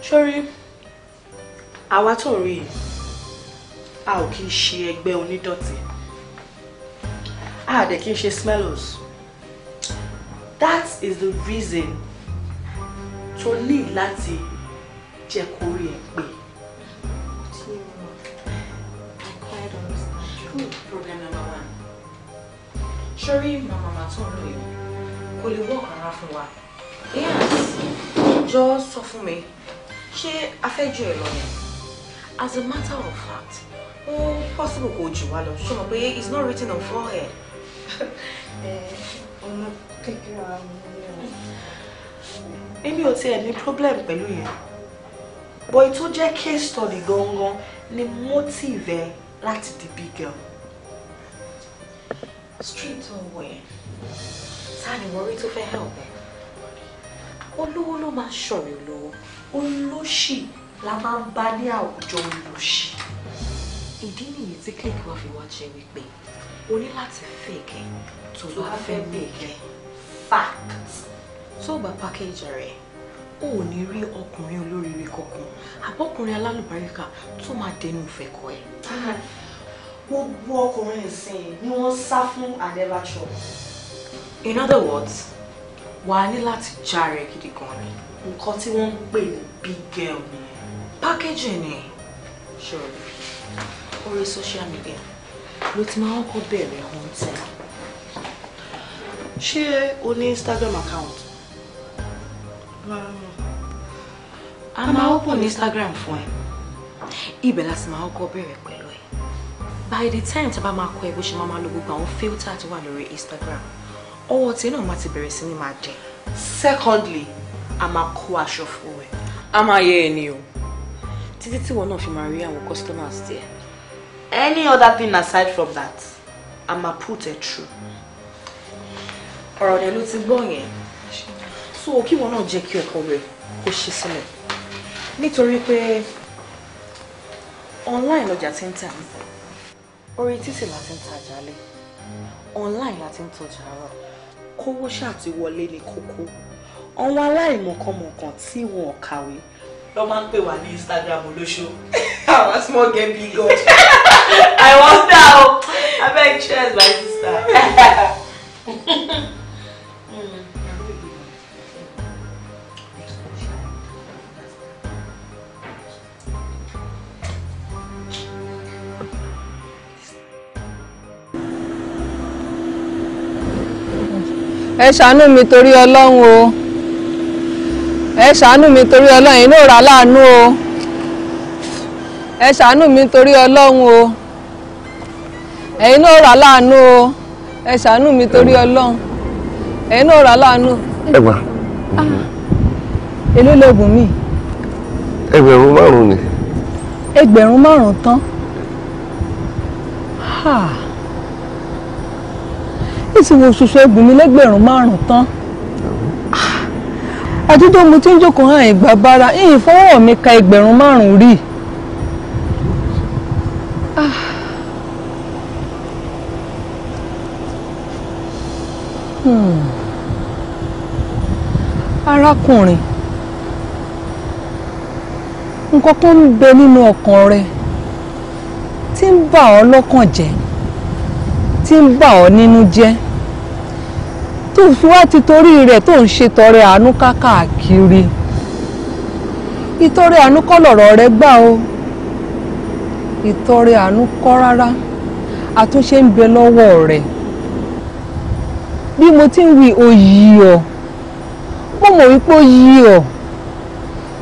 Sorry, àwa tó rí a ò kí ń ṣe dirty. onídọ̀tí. A dẹ̀ kí ń ṣe smellers. That is the reason to need Lati. jẹ́ kó sórí màmá tó ń lò yìí kò lè wọ́ ọ̀kan rá yes jọ sọ fún mi ṣé afẹ́jù ẹ̀ lọ as a matter of fact oh, possible kò jù wá lọ ṣé mo it's not written on forehead. Eh, ọmọ kékeré wa ni problem pẹ̀lú yẹn bọ́ì tó case study gangan ni motive ẹ the di big girl street tó ń wọ yẹn ta ni wọ́n rí tó fẹ́ help ẹ̀ eh? olówó ló máa ṣọ̀rẹ́ olówó olóṣì la máa ń bá ní àwùjọ olóṣì ìdí nìyí tí click wa fi wá jẹ wípé o ní láti fake tó bá fẹ́ make fact tó bá package rẹ̀ o ò ní rí ọkùnrin olóríire kankan àbọ̀kùnrin alálùbáríkà tó máa dẹnu ìfẹ́ kọ ẹ̀. Ah, gbogbo ọkùnrin ìsìn ni wọ́n sá fún and in other words wà á ní láti járe gidi gan ni. nǹkan tí wọ́n ń pè ní big girl ni packaging ni Sure. orí social media ló ti máa ń kọ́ bẹ̀rẹ̀ hunting. ṣé o ní instagram account? a máa ń pò ní instagram fún ẹ ibẹ̀ la sì máa ń kọ́ bẹ̀rẹ̀ pẹ̀lú by the time tí a bá máa kọ ẹ bó ṣe máa máa filter tó wà lórí Instagram ọwọ́ tí náà máa ti bẹ̀rẹ̀ sí ni máa jẹ secondly a máa kó aṣọ fún ẹ a máa yẹ ẹ ni o títí tí wọn náà fi máa rí àwọn customers there any other thing aside from that a máa put ẹ through ọ̀rọ̀ rẹ ló ti gbọ́ yẹn so kí wọn náà jẹ́ kí ọkọ rẹ kó ṣe sílẹ̀ nítorí pé online lọ́jà ti ń tà mí orí títì la ti ń tajà lé online la ti ń tọjà àárọ̀ kówó ṣàti wọlé ní kókó àwọn aláìmọ̀kànmọ̀kàn tí wọn ò kàwé lọ máa ń pè wá ní Instagram olóṣó àwọn small game big god I wonder o abeg cheers my sister. Hmm. ẹ ṣàánú mi torí ọlọ́run o ẹ ṣàánú mi torí ọlọ́run inú òrà láàánú o ẹ ṣàánú mi torí ọlọ́run o ẹ̀yin náà rà láàánú o ẹ ṣàánú mi torí ọlọ́run ẹ̀yin náà rà láàánú. ẹgbà. Ah, èló lóògùn mi. ẹgbẹ̀rún márùn-ún ni. ẹgbẹ̀rún márùn-ún tán. Ha nísìnyí wo ṣoṣo ẹgbùn mi lẹ́gbẹ̀rún márùn-ún tán ah, àdúgbò mo ti ń jókòó hàn ìgbà bára ìyìn fọwọ́ mi ka ẹgbẹ̀rún márùn-ún rí. Ah. Hmm. arákùnrin nǹkan tó ń bẹ nínú ọkàn rẹ tí ń bà ọ́ lọ́kàn jẹ́ tí ń bà ọ́ nínú jẹ́ tó fi wá ti torí rẹ̀ tó ń ṣe tọrẹ àánú káàkiri ìtọrẹ àánú kọ́ lọ̀rọ̀ rẹ gbà o ìtọrẹ àánú kọ́ rárá àtúnṣe ń bẹ lọ́wọ́ rẹ̀ bí mo ti ń wí oyì ọ́ mo mọ̀ wípé oyì ọ́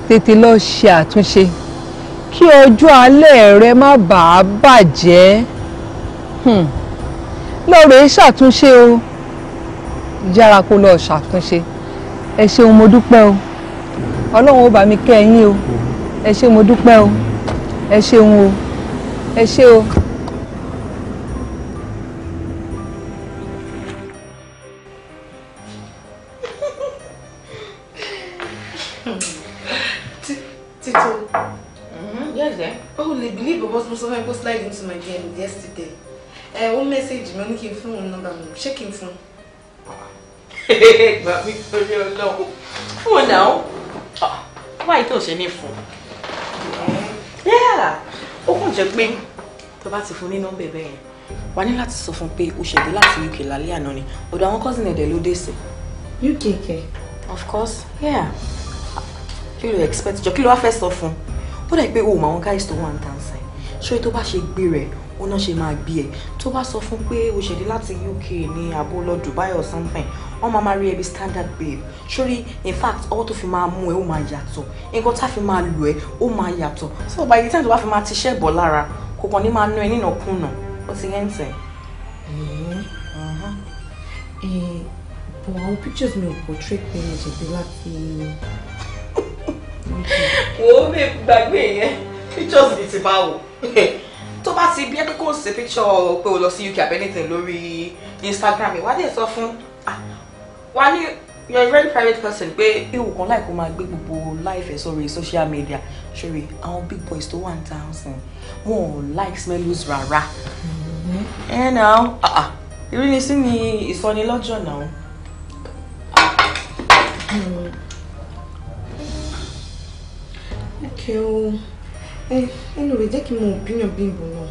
tètè lọ ṣe àtúnṣe kí ọjọ́ alẹ́ rẹ má bàa bàjẹ́. Hmm lọ́ọ̀rẹ́ ṣàtúnṣe o yára kó lọ ṣàtúnṣe ẹ ṣeun mo dúpẹ́ o ọlọ́run ó bá mi kẹ́ ẹ̀yìn o ẹ ṣe mo dúpẹ́ o ẹ ṣeun o ẹ ṣe o. mẹ́sẹ̀gì mi ó ní kí n fún òun nọ́mbà mi ṣé kí n fún un. gbà mí torí ọlọ́run fún un náà ah, wáyé tó ṣe ní fún un. ó kàn jẹ́ pé tó bá ti fún ní nọ́mbà ẹ̀bẹ̀ yẹn wà ní láti sọ fún pé o ṣèdè láti UK lálẹ́ àná ni ọ̀dọ̀ àwọn cousin ẹ̀dẹ̀ ló dé sí. UK kẹ. of course yeah kí ló expect jọ kí ló wá fẹ́ sọ fún un ó dẹ̀ pé o mọ àwọn guys tó wà ń tàn sẹ́yìn ṣé tó bá ṣe gbé rẹ̀ ó náà ṣe máa gbé ẹ tó bá sọ fún pé o ṣẹ̀dí láti UK ní àbò Dubai or something wọ́n máa máa rí ẹbí standard babe sórí in fact ọwọ́ tó fi máa mú ẹ ó máa yàtọ̀ nǹkan tá a fi máa lò ẹ ó máa yàtọ̀ so by the time tó bá fi máa tiṣẹ́ bọ̀ lára kò kàn ní máa ná ẹ nínà kùnà ó ti yẹn tẹ̀. Eh, eh, but àwọn pictures mi ò portray pé mo ṣẹ̀dí láti. wo mi gbàgbé yẹn pictures mi ti bá wò. tó bá ti bí ẹ kò sí picture pé o lọ sí UK àbẹ́ anything lórí Instagram wà á dẹ̀ sọ fún ah, wa ní you are a very private person pé. ewu kan láì kó máa gbé gbogbo life ẹ sórí social media sórí àwọn big boys tó wà ní townsend wọn ò like smells rárá. Mm-hmm. ẹ ah, ah, náà ìrínisí ni ìsọnilọ́jọ́ náà. Okay. Well ẹ ẹnu rẹ jẹ́ kí mo bíyàn Bimbo? náà.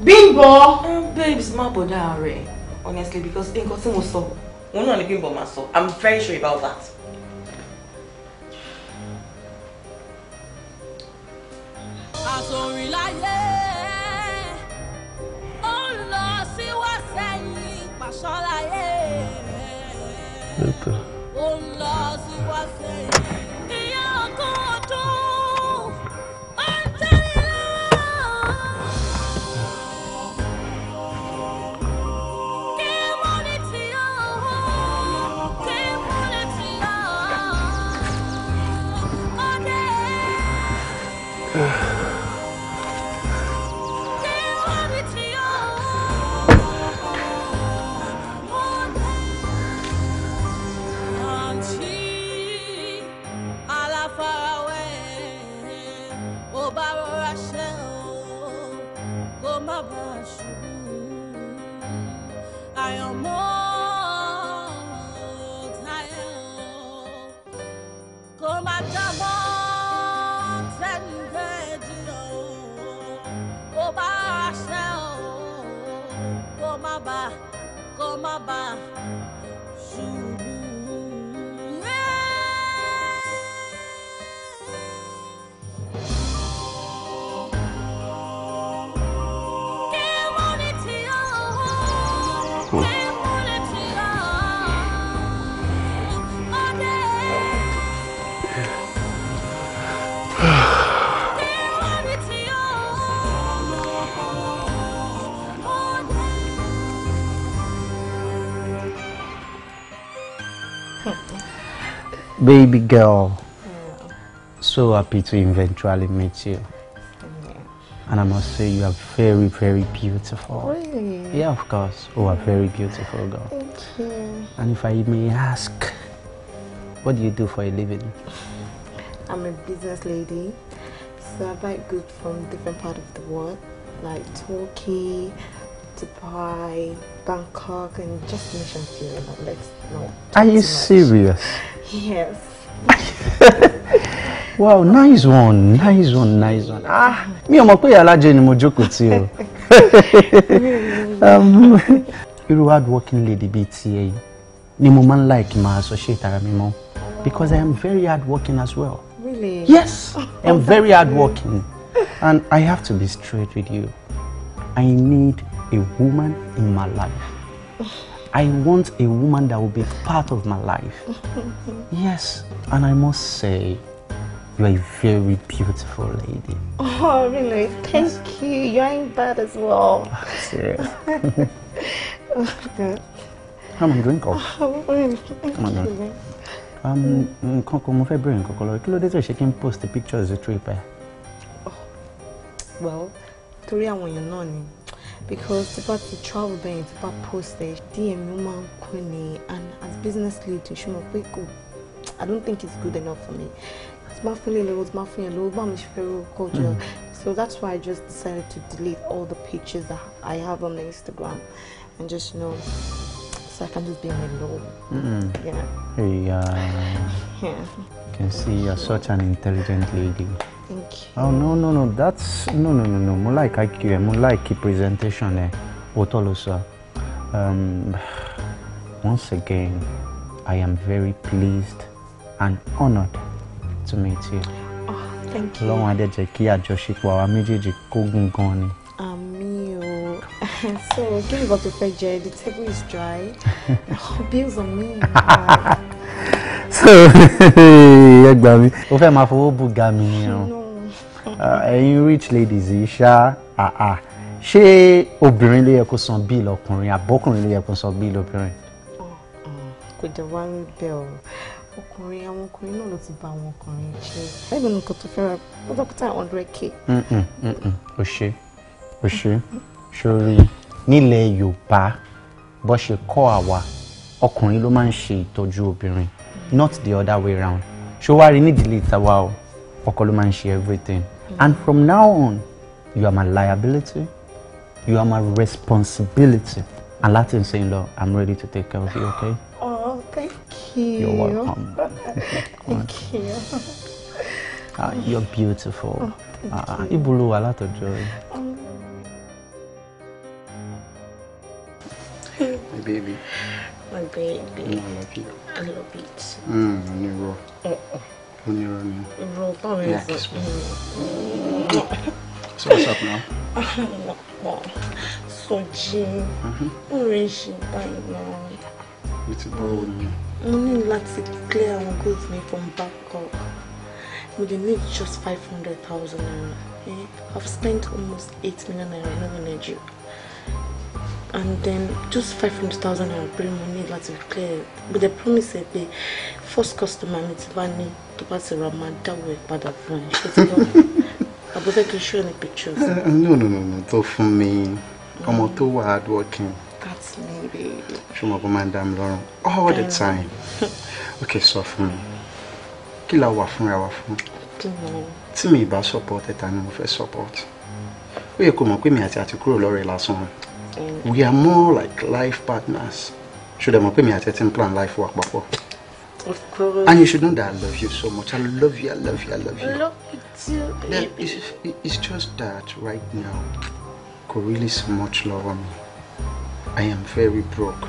bímbọ. Eh, babes má bọ̀dá rẹ̀ honestly because nǹkan tí mo sọ òun náà ni Bimbo, máa sọ i'm very sure about that. àsòrìn láyé ó ń lọ sí wá sẹ́yìn pàṣọ láyé ó ń lọ sí wá sẹ́yìn. má bà kó má bà. Baby girl. Yeah. So happy to eventually meet you. Yeah. And I must say, you are very, very beautiful. Really? Yeah, of course. You are very beautiful girl. Thank you. And if I may ask, what do you do for a living? I'm a business lady. So I buy goods from different part of the world, like Turkey, Dubai, Bangkok, and just mention few. Let's not. Are you serious? Yes. wow nice one nice one nice one ah mi ò mọ̀ pé alájẹ ni mo jókòó tí o um, irú hard working lady BTA. ni mo man like máa associate ara because I am very hardworking as well. Really? Yes, I'm very hardworking, and I have to be straight with you I need a woman in my life. I want a woman that will be part of my life. yes, and I must say, you are a very beautiful lady. Oh, really? Thank yes. you. You ain't bad as well. Come and drink up. Oh, oh Come on, Drink. Um, nǹkan mm, kan mo fẹ́ bẹ̀rẹ̀ nǹkan kan lọ kí ló dé post the pictures of the trip ẹ. well torí àwọn èèyàn náà ni because tí bá the travel ban, tí bá postage, ẹ̀ díẹ̀ mi and as business lead ṣe mọ̀ I don't think it's good enough for me It's bá fún ilé lówó tí bá fún culture so that's why I just decided to delete all the pictures that I have on my Instagram and just you know so I can just be on my low mm you yeah uh, yeah can see you're such an intelligent lady. think. Oh no no no that's no no no no mo like IQ ẹ mo like presentation ẹ òótọ́ ló sọ. Once again I am very pleased and honoured to meet you. Oh, thank you. Ọlọ́run adé jẹ́ kí àjọṣepọ̀ àwa méjèèjì kógun gan ni. Àmì o. So kí ni ìbọ̀tò fetch jẹ? The table is dry. Oh, bills on me. so ẹ gbà mí. O fẹ́ máa fowó bù ga mi ni o. Eh, ẹ̀yin rich ladies yìí ṣá àà ṣé obìnrin ló yẹ kó san bíìlì ọkùnrin àbọ́kùnrin ló yẹ kó san bíìlì obìnrin. kò jẹ́ wá ń bẹ̀ ọ́ ọkùnrin àwọn ọkùnrin náà ló ti bá àwọn ọkùnrin ṣe ẹgbẹ́ mi kò tó fẹ́ràn pátápátá hundred k. o ṣe o ṣe sórí nílẹ̀ Yorùbá bó ṣe kọ́ àwa ọkùnrin ló máa ń ṣe ìtọ́jú obìnrin not the other way round ṣó wá rí nídìílé ìtawá o ọkọ ló máa ń ṣe everything And from now on, you are my liability, you are my responsibility. And Latin saying, Lord, I'm ready to take care of you, okay? Oh, thank you. You're welcome. thank you. Ah, you're beautiful. Oh, ah, you. Ibulu, a lot of joy. Um, my baby. My baby. Mm, I love you. I love you too. Mm, I knew wọ́n ní irọ́ ni. irọ́ táwọn ẹ̀ sọ. so what's up now. lọ́pọ̀ sọ́jí orin ṣì báyìí náà. mi ti bọ́ ọ ni. mo ní láti clear and good mi from Bangkok we need just five hundred thousand naira. Eh, I've spent almost eight million naira in Nigeria and then just five hundred thousand naira bring money. ní láti clear but they promise ẹ the first customer mi ti bá ní tó bá ti ra máa dáwọ́ ẹ̀ padà fún ẹ ṣé ti lọ́wọ́ àbúfẹ́ kì í ṣó ní pictures. no no no no tó fún mi ọmọ tó wà hard working. that's me baby. ṣùgbọ́n kó máa ń dá mi lọ́rùn all the time okay sọ fún mi kí la wà fúnra wa fún tí mi ì bá support ẹ̀ta ni mo fẹ́ support ó yẹ kó mọ̀ pé mi àti àti kúrò lọ́rẹ̀ẹ́ lásán Mm. we are more like life partners Should I make me a certain plan life work before? Of course. And you should know that I love you so much. I love you, I love you, I love you. I love you too, baby. it's, it's just that right now, kò really so much love on me. I am very broke.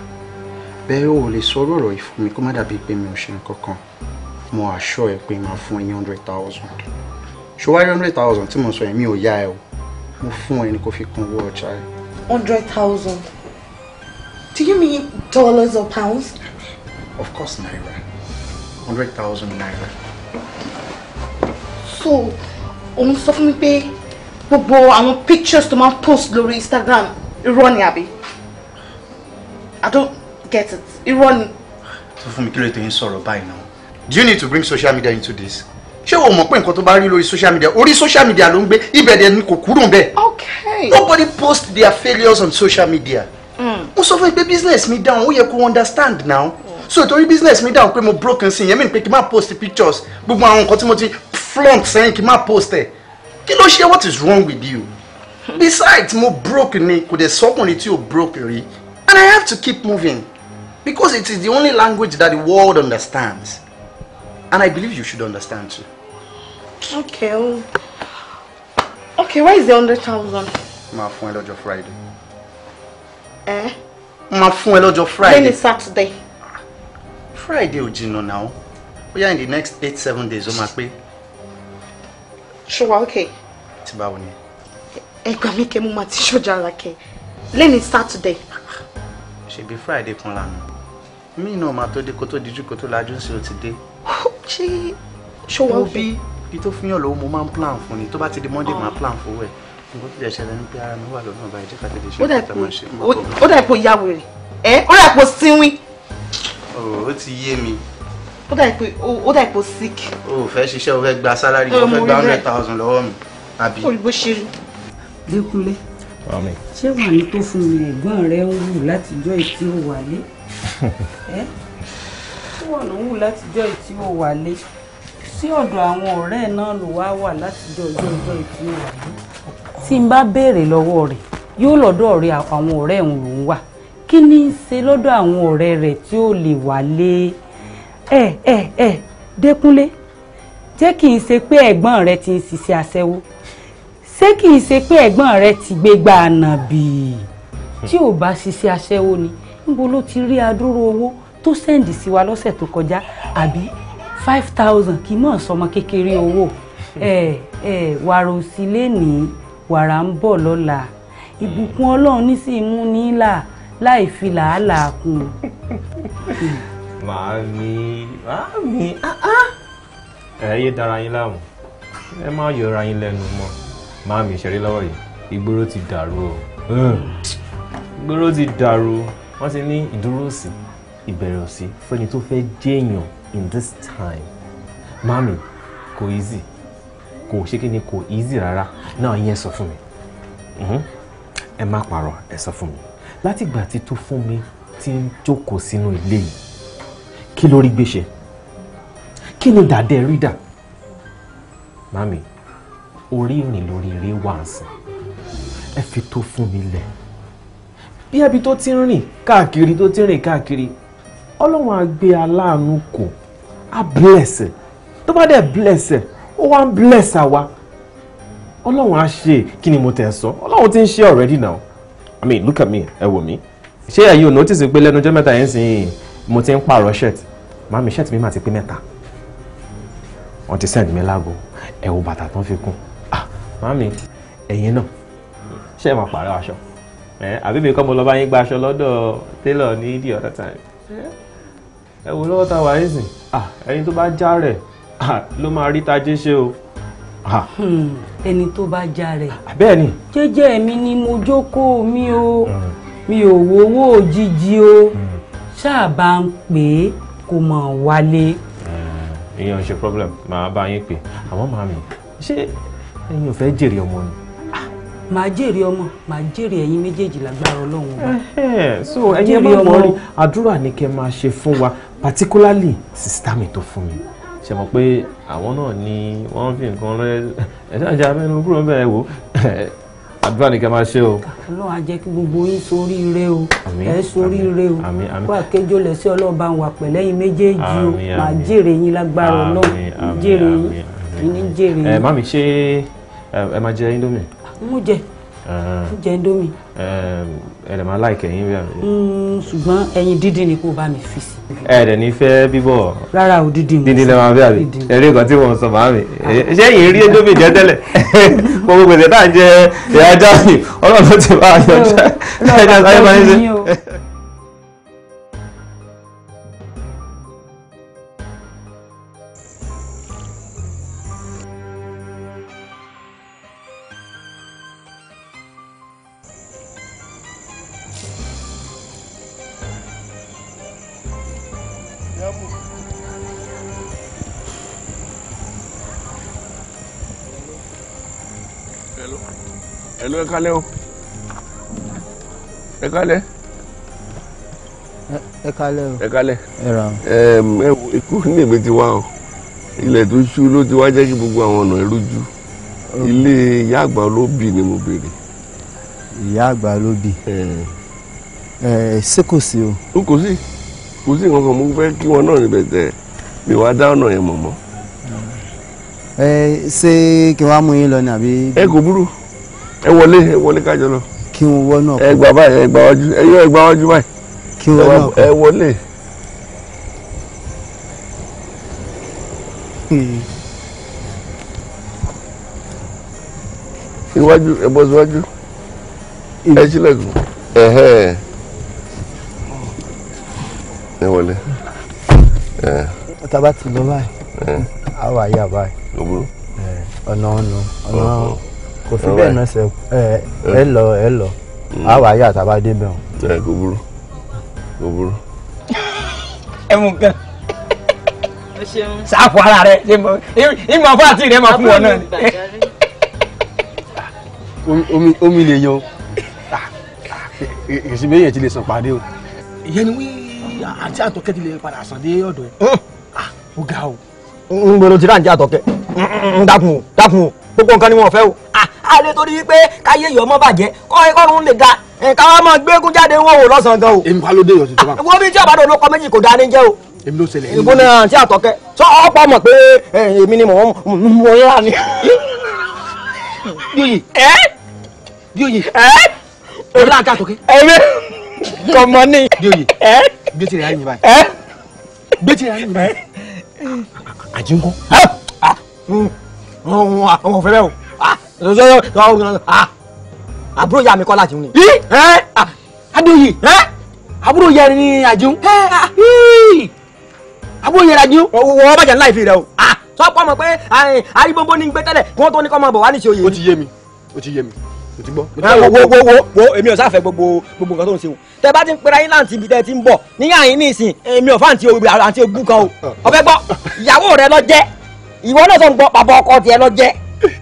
Bẹ́ẹ̀ o lè sọ̀rọ̀ ọ̀rọ̀ ìfún mi kó má dàbí pé mi ò ṣe nǹkan kan. Mo àṣọ ẹ pé màá fún ẹ ní hundred thousand. Ṣé wáyé hundred thousand tí mo sọ yẹn mi ò yá ẹ o? Mo fún ẹ ní kó fi kún owó ọjà rẹ hundred thousand. Do you mean dollars or pounds? Of course, naira. Hundred thousand naira. So, òun sọ fún mi pé gbogbo àwọn pictures to my post lórí Instagram irọ́ ni àbí? I don't get it. Irọ́ ni. Sọ fún mi kí ló tó ń sọ̀rọ̀ Do you need to bring social media into this? ṣé o mọ̀ pé nǹkan tó bá rí lórí social media orí social media ló ń gbé ibẹ̀ dẹ̀ ni kò kúrò bẹ́ẹ̀. okay. nobody post their failures on social media. Hmm. mo sọ fún ẹ pé business mi down ó yẹ kó understand now. so torí business mi down pé mo broken sí yẹn mi pé kí n má post pictures gbogbo àwọn nǹkan tí mo ti flaunt sẹ́yìn kí n má post ẹ̀ kí ló ṣe what is wrong with you. Hmm. besides mo broke ni kò dẹ̀ sọkùnrin tí o broke rí and i have to keep moving because it is the only language that the world understands. And I believe you should understand too. Okay. Oh. okay, where is the 100,000? Màá fún ẹ lọ́jọ́ Friday. Eh? Ma fun ẹ lọ́jọ́ Friday. Then it's Saturday. Friday ò jino now. We are in the next eight seven days ó máa pé. Ṣùgbọ́n okay. Ti báwo ni? Ẹgbà mi ke mu máa ti ṣọ́jà ara kẹ́. Lẹ́ni Saturday. Ṣèbí Friday kan lánàá. Mí náà máa tó dé kó tó dijú kó tó lajú sí o ti dé ṣé ṣó wọ́n fi. ibi tó fihàn lọ́wọ́ mo máa ń plan fún ni tó bá ti di monday máa ah. plan fún ẹ̀ nǹkan tó lè ṣẹlẹ̀ ní pé ara mi wà lọ́nà báyìí jẹ́ ká tètè ṣe nǹkan tó máa ṣe. ó dà ipò ìyá wèrè ẹ ó dà ipò sínwín. Oh, ó ti yé mi. ó dà ipò ó dà ipò sick. o ò fẹ́ ṣiṣẹ́ o fẹ́ gba sálárì o fẹ́ gba hundred thousand lọ́wọ́ mi àbí. olùbó ṣe rí. lẹ́kúnlé ṣé wà ní tó fún mi ẹ̀gbọ́n rẹ̀ ń wù látijọ́ ìtí ò wálé. tí wọ́n ń wù látijọ́ ìtí ò wálé sí ọ̀dọ̀ àwọn ọ̀rẹ́ náà ló wá wà látijọ́ ọjọ́ ìjọ ìtí ò wálé. tí n bá béèrè lọ́wọ́ rẹ̀ yóò lọ́dọ̀ rẹ̀ àwọn ọ̀rẹ́ òun lòún wà kí ni í ṣe lọ́dọ̀ àwọn ọ̀rẹ́ rẹ̀ tí ó lè wálé ẹ ẹ ẹ Dékúnlé jẹ́ kì í ṣe pé ẹ̀gbọ́n rẹ ti ń ṣiṣẹ́ aṣẹ́wó ṣé kì í ṣe pé ẹ̀gbọ́n rẹ ti gbégbá ànàbì tí ò bá ṣiṣẹ́ aṣẹ́wó ni níbo ló ti rí adúrú owó tó sẹ́ǹdì sí wa lọ́sẹ̀ tó kọjá àbí five thousand kì í mọ̀ sọmọ kékeré owó ẹ ẹ wàrà òsì lénìí wàrà ń bọ̀ lọ́la ìbùkún ọlọ́run ní sì mú ní là láì fi làálàá kún un. màámi màámi ah, ah. ẹ yé dára yín láwọn ẹ má yọra yín lẹ́nu mọ́ màámi ṣeré lọ́wọ́ yìí ìgboro ti dàrú o hmm. ìgboro ti dàrú wọ́n ti ní ìdúrósì ìbẹ̀rẹ̀ òsì fẹ́ni tó fẹ́ jẹ́yàn in this time mami kò easy kò ṣe kí ni kò easy rárá náà yẹn sọ fún mi mhm. ẹ má parọ́ ẹ sọ fún mi látìgbà tí tó fún mi ti ń jókòó sínú ilé yìí kí ló rí gbéṣe kí ni dàdé rí dà mami orí ìrìn lórí eré wà ń sìn ẹ fi tó fún mi lẹ̀ bí ẹbí tó ti ń rìn káàkiri tó ti ń rìn káàkiri ọlọ́run á gbé aláàánú kò á bless ẹ̀ tó bá dẹ̀ bless ẹ̀ ó wá ń bless àwa ọlọ́run á ṣe kí ni mo tẹ̀ sọ ọlọ́run ti ń ṣe already now i mean look at me ẹ wò mí ṣé ẹ̀yin ò notice pé lẹ́nu ọjọ́ mẹ́ta yẹn sìn mo ti ń pààrọ̀ shirt màmí shirt mi mà ti pé mẹ́ta wọ́n ti send mi láago ẹ wo bàtà tó ń fi kún ah màmí ẹ̀yin náà ṣé ẹ máa pààrọ̀ aṣọ ẹ àbí mi kọ́ mo lọ bá yín gba aṣọ lọ́dọ̀ tailor ní the other time ẹ wò lọ́wọ́ ta wàá ẹ̀sìn ẹni tó bá já rẹ̀ ló máa rí tajé ṣe o. Hmm, ẹni tó bá já rẹ̀. bẹ́ẹ̀ ni. jẹ́jẹ́ mi ni mo jókòó mi o hmm. mi ò wowó òjijì o hmm. ṣáà bá ń pè é kó mọ̀ wálé. ìyẹn ò ṣe problem màá bá yín pè àmọ́ màmí ṣé ẹ̀yin ò fẹ́ jèrè ọmọ ni màá jèrè ọmọ màá jèrè ẹ̀yin méjèèjì lágbára Ọlọ́run ọba. so ẹ̀yin máa mọ àdúrà ni kẹ́ máa ṣe fún wa particularly sista mi tó fún mi ṣe mọ̀ pé àwọn náà ni wọ́n fi nǹkan rẹ ẹ̀ṣẹ́ àjẹ́ abẹ́nu kúrò ń bẹ̀rẹ̀ wò àdúrà ni kẹ́ máa ṣe o. Ọlọ́run á jẹ́ kí gbogbo yín sórí ire o ẹ sórí ire o kó àkéjọ lẹ̀ sí Ọlọ́run bá ń wà méjèèjì o màá jèrè yín lágbára Ọlọ́run jèrè yín jèrè yín. ẹ má mi ṣe ẹ má jẹ indomie mo jẹ eh. mo jẹ indomie. Eh, ẹ lè máa láìkẹ́ yín bí àná. Hmm, ṣùgbọ́n ẹyin dídín ni kò bá mi fi sí. ẹ dẹ̀ ní fẹ́ bíbọ̀. rárá o dídín mo. dídín lè máa bí àbí eré nǹkan tí wọ́n sọ màá mi ah. ṣé yìí rí indomie jẹ tẹ́lẹ̀ mo gbogbo ìṣẹ̀dá ń jẹ ìyá jáde ọlọ́run ti bá a yọjá ẹ̀ka sáyé máa ń ṣe. ẹ kalẹ́ o ẹ kalẹ́ ẹ kalẹ́ o ẹ kalẹ́ ẹ wo ikú ní èmi ti wá o ilẹ̀ tó ṣú ló ti wá jẹ́ kí gbogbo àwọn ọ̀nà ìrújú ilé ìyá àgbà olóbì ni mo béèrè. ìyá àgbà olóbì ẹ ṣé kò sí o. n kò sí kò sí nǹkan kan mo fẹ́ kí wọn náà níbẹ̀ tẹ̀ mi wá dá ọ̀nà yẹn mọ̀ mọ́. ẹ ṣé kí wọ́n á mú yín lọ ni àbí. ẹ kò burú ẹ wọlé ẹ wọlé kájọ lọ. kí n wọ náà. ẹ gbà báyìí ẹ gbà wájú ẹ yọ ẹ gbà wájú báyìí. kí n wọ náà kọ ẹ wọlé. Hmm. iwájú ẹ bọ́ síwájú ẹ sílẹ̀kùn ẹ wọlé. tabati ti lọ báyìí a wà yà báyìí. ọ̀nà ọ̀nà ọ̀nà kò fi bẹ́ẹ̀ náà sẹ́kù ẹ ẹ lọ ẹ lọ a wà yà tàbá dé bẹ́ẹ̀ o. ẹ kò burú kò burú. ẹ mú nǹkan sáàpù ara rẹ ìmọ̀ fún àti rẹ máa fún wọn náà ni. omi lè yan èsì méjì ti lè sàn pàdé o. ìyẹn ni wí àti àtọkẹ́ ti lè padà sàn dé ọ̀dọ̀ ẹ̀ ó ga o. n gbọ́dọ̀ ti rà ní àtọkẹ́ n dákun o dákun o gbogbo nǹkan ni wọ́n fẹ́ o alẹ́ torí pé káyé yìí ọmọ bàjẹ́ kọ́rin kọ́run lè ga nǹkan wa máa gbégún jáde wọn wò lọ́sàn-án gan o. èmi bá ló dé ìyọ̀sìn tó bá. wo bí tí ọ̀bàdàn olóko méjì kò dáa ní jẹ́ o. èmi ló ṣẹlẹ̀. ìbò náà tí àtọ́kẹ́ sọ ọ̀pọ̀ mọ̀ pé èmi ni mò ń mú ọ yára ni. yóyè ẹ́ yóyè ẹ́ èmi láǹkà àtọ́kẹ́. èmi kọ̀mọ́ ni. yóyè ẹ́ gbé tirẹ̀ ayé mi báyìí. ẹ́ gbé tirẹ̀ ayé báyìí. àjíǹkọ́. àwọn ah! hmm. ò o àbúrò ìyá mi kọ́ láti ní. Ah! adóyè àbúrò ìyá rẹ ní àjùn àbúrò ìyá rẹ àjùn. wọ́n bàjẹ́ ńlá ìfì rẹ o. Ah! sọ pé ọmọ pé arígbóngbó ní gbé tẹ́lẹ̀ kí wọ́n tó ní kọ́ ọmọ bọ̀ wá níṣẹ́ òye. ó ti yé mi ó ti yé mi ó ti gbọ́. wo wo wo wo èmi ò sáfẹ́ gbogbo gbogbo nǹkan tó ń ṣe o. tẹ bá ti ń pera yín láǹtí ibi tẹ ti ń bọ̀ níyà yín ní ìsìn èmi ò fáǹtì òwe àǹtí ogún kan o. Ah. ọbẹ̀ gbọ́ ìyàwó rẹ lọ jẹ́ ìwọ náà sọ ń gbọ́ bàbá ọkọ tiẹ̀ lọ jẹ́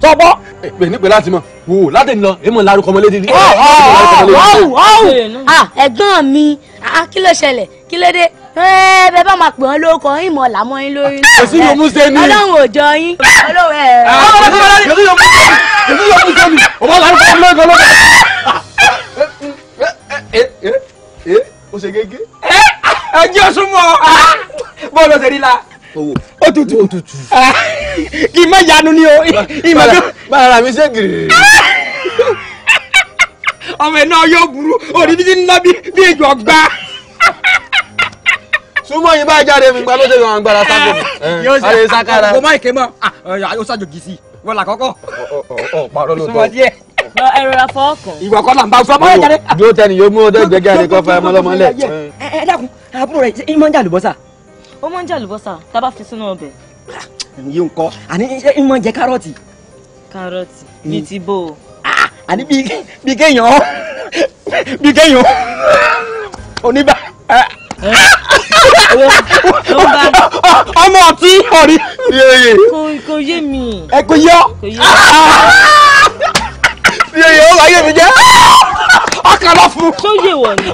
tọ́gbọ́. pè ní pé láti mọ wò láti lọ èèmọ̀ larúkọ ọmọlé dídí. ẹ̀gbọ́n mi ah, kí ló ṣẹlẹ̀ kí ló dé bẹ́ẹ̀ bá máa pè wọ́n lórúkọ yín mọ̀ làmọ́ yín lórí. kò sí yomú ṣe ni. ọlọ́run ò jọ yín. ọlọ́run ẹ̀. Ah, kò sí yomú ṣe ni kò sí ọmọ larúkọ ọmọlé kan ah, eh, eh, eh, ó ṣe gégé. ẹ jẹ́ súnmọ́ bọ́ọ̀lù ṣe rí owó òtútù òtútù kì ah, í má yanu ni o ìmọ̀ bí. bàrà mi ṣe gèrè. Ah! ọmọ ẹ̀ náà yóò burú òní bí ti ń ná bí èjò ọgbà. súnmọ́ yín bá jáde mi gbà ló ṣe wọn agbára sáko mi. Ah, eh, yóò ṣe àkàrà ọmọ ìké mọ́ ó ṣàjò gìsì wọn là kọ́kọ́. ọ̀ pàrọ̀ ló tọ́ ẹ rọra fọwọ́ kàn. ìwà kan là ń bá a sọ ọmọ yẹn jáde. dúró tẹni yóò mú ọdọ ìgbẹ́gẹ́ àdìgọ́ fún ọmọ ọlọ́mọ lẹ̀. ẹ eh. eh, ẹ dákun àbúrò rẹ ìmọ̀ ń jà lùbọ́sà o máa ń jẹ àlùbọ́sà tá a bá fi sínú ọbẹ̀. yìí ńkọ́ àní ń máa ń jẹ kárọ̀tì. kárọ̀tì bíi mm. ti bó o. Ah, àní bíi kéèyàn bíi kéèyàn oníbà. ọmọ ọtí ọ̀rí. kò yé mi. ẹ kò yọ. kò yé mi. bí ah. oyè ó wáyé mi jẹ́ ọkàn lọ fún. tó yé wọ ni.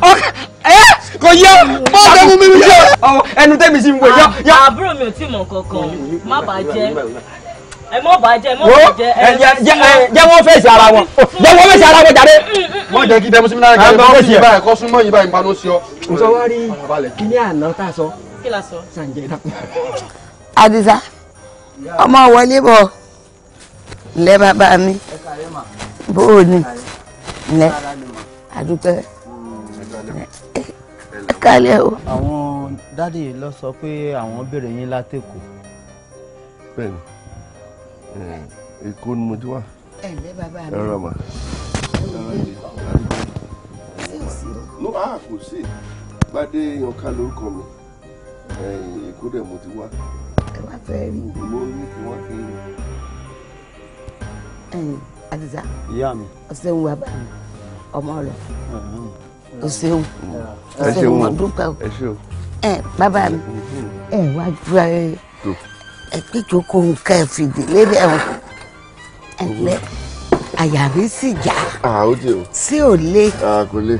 ẹ kò yẹ mọ ọkàn mú mi yẹ. ẹnu tẹ́mi sí wẹ̀ yá. Ah, àbúrò mi ò tí mọ̀ kankan má bàa jẹ́ ẹ mọ bàjẹ́ mọ bàjẹ́ ẹ jẹ́ wọ́n fèsì ara wọn mm, mm, mm. jẹ́ wọ́n fèsì ara wọn jáde. wọ́n jẹ́ kí dẹ́mu sinmi náà kẹ́lẹ́ wọ́n fèsì ẹ̀. báyìí kọ́ súnmọ́ yìí báyìí ń paná sí ọ. ǹjọ́ wá rí kíní àná tá a sọ. kí la sọ. sànjẹ́ dà. Àdìsá ọmọ wọlé bọ̀ ǹlẹ́ bàbá mi bó o ní ǹlẹ́ àdúpẹ́ ẹ kálẹ̀ o. àwọn dádì lọ sọ pé àwọn béèrè yín látẹ̀kọ̀. bẹ́ẹ̀ni èkó ni mo ti wà. ẹ ǹlẹ́ bàbá mi. ẹ rọra mà. no a ah, kò sí gbadé yanka lórúkọ mi èkó dẹ̀ mo ti wà. ẹ wá fẹ́ rí. mo ní kí wọ́n kí n. àdìsá. ìyá mi. ọ̀sẹ̀ ń wá bá hmm ọmọ lọ o mm-hmm. ṣeun o ṣeun mo dúpẹ́ o ẹ bàbá mi mm-hmm. ẹ wá ju ẹ ẹ pé jókòó nǹkan ẹ fìdí lébẹ o ẹ lẹ mm-hmm. àyà mi sì já sí ò lé kò lé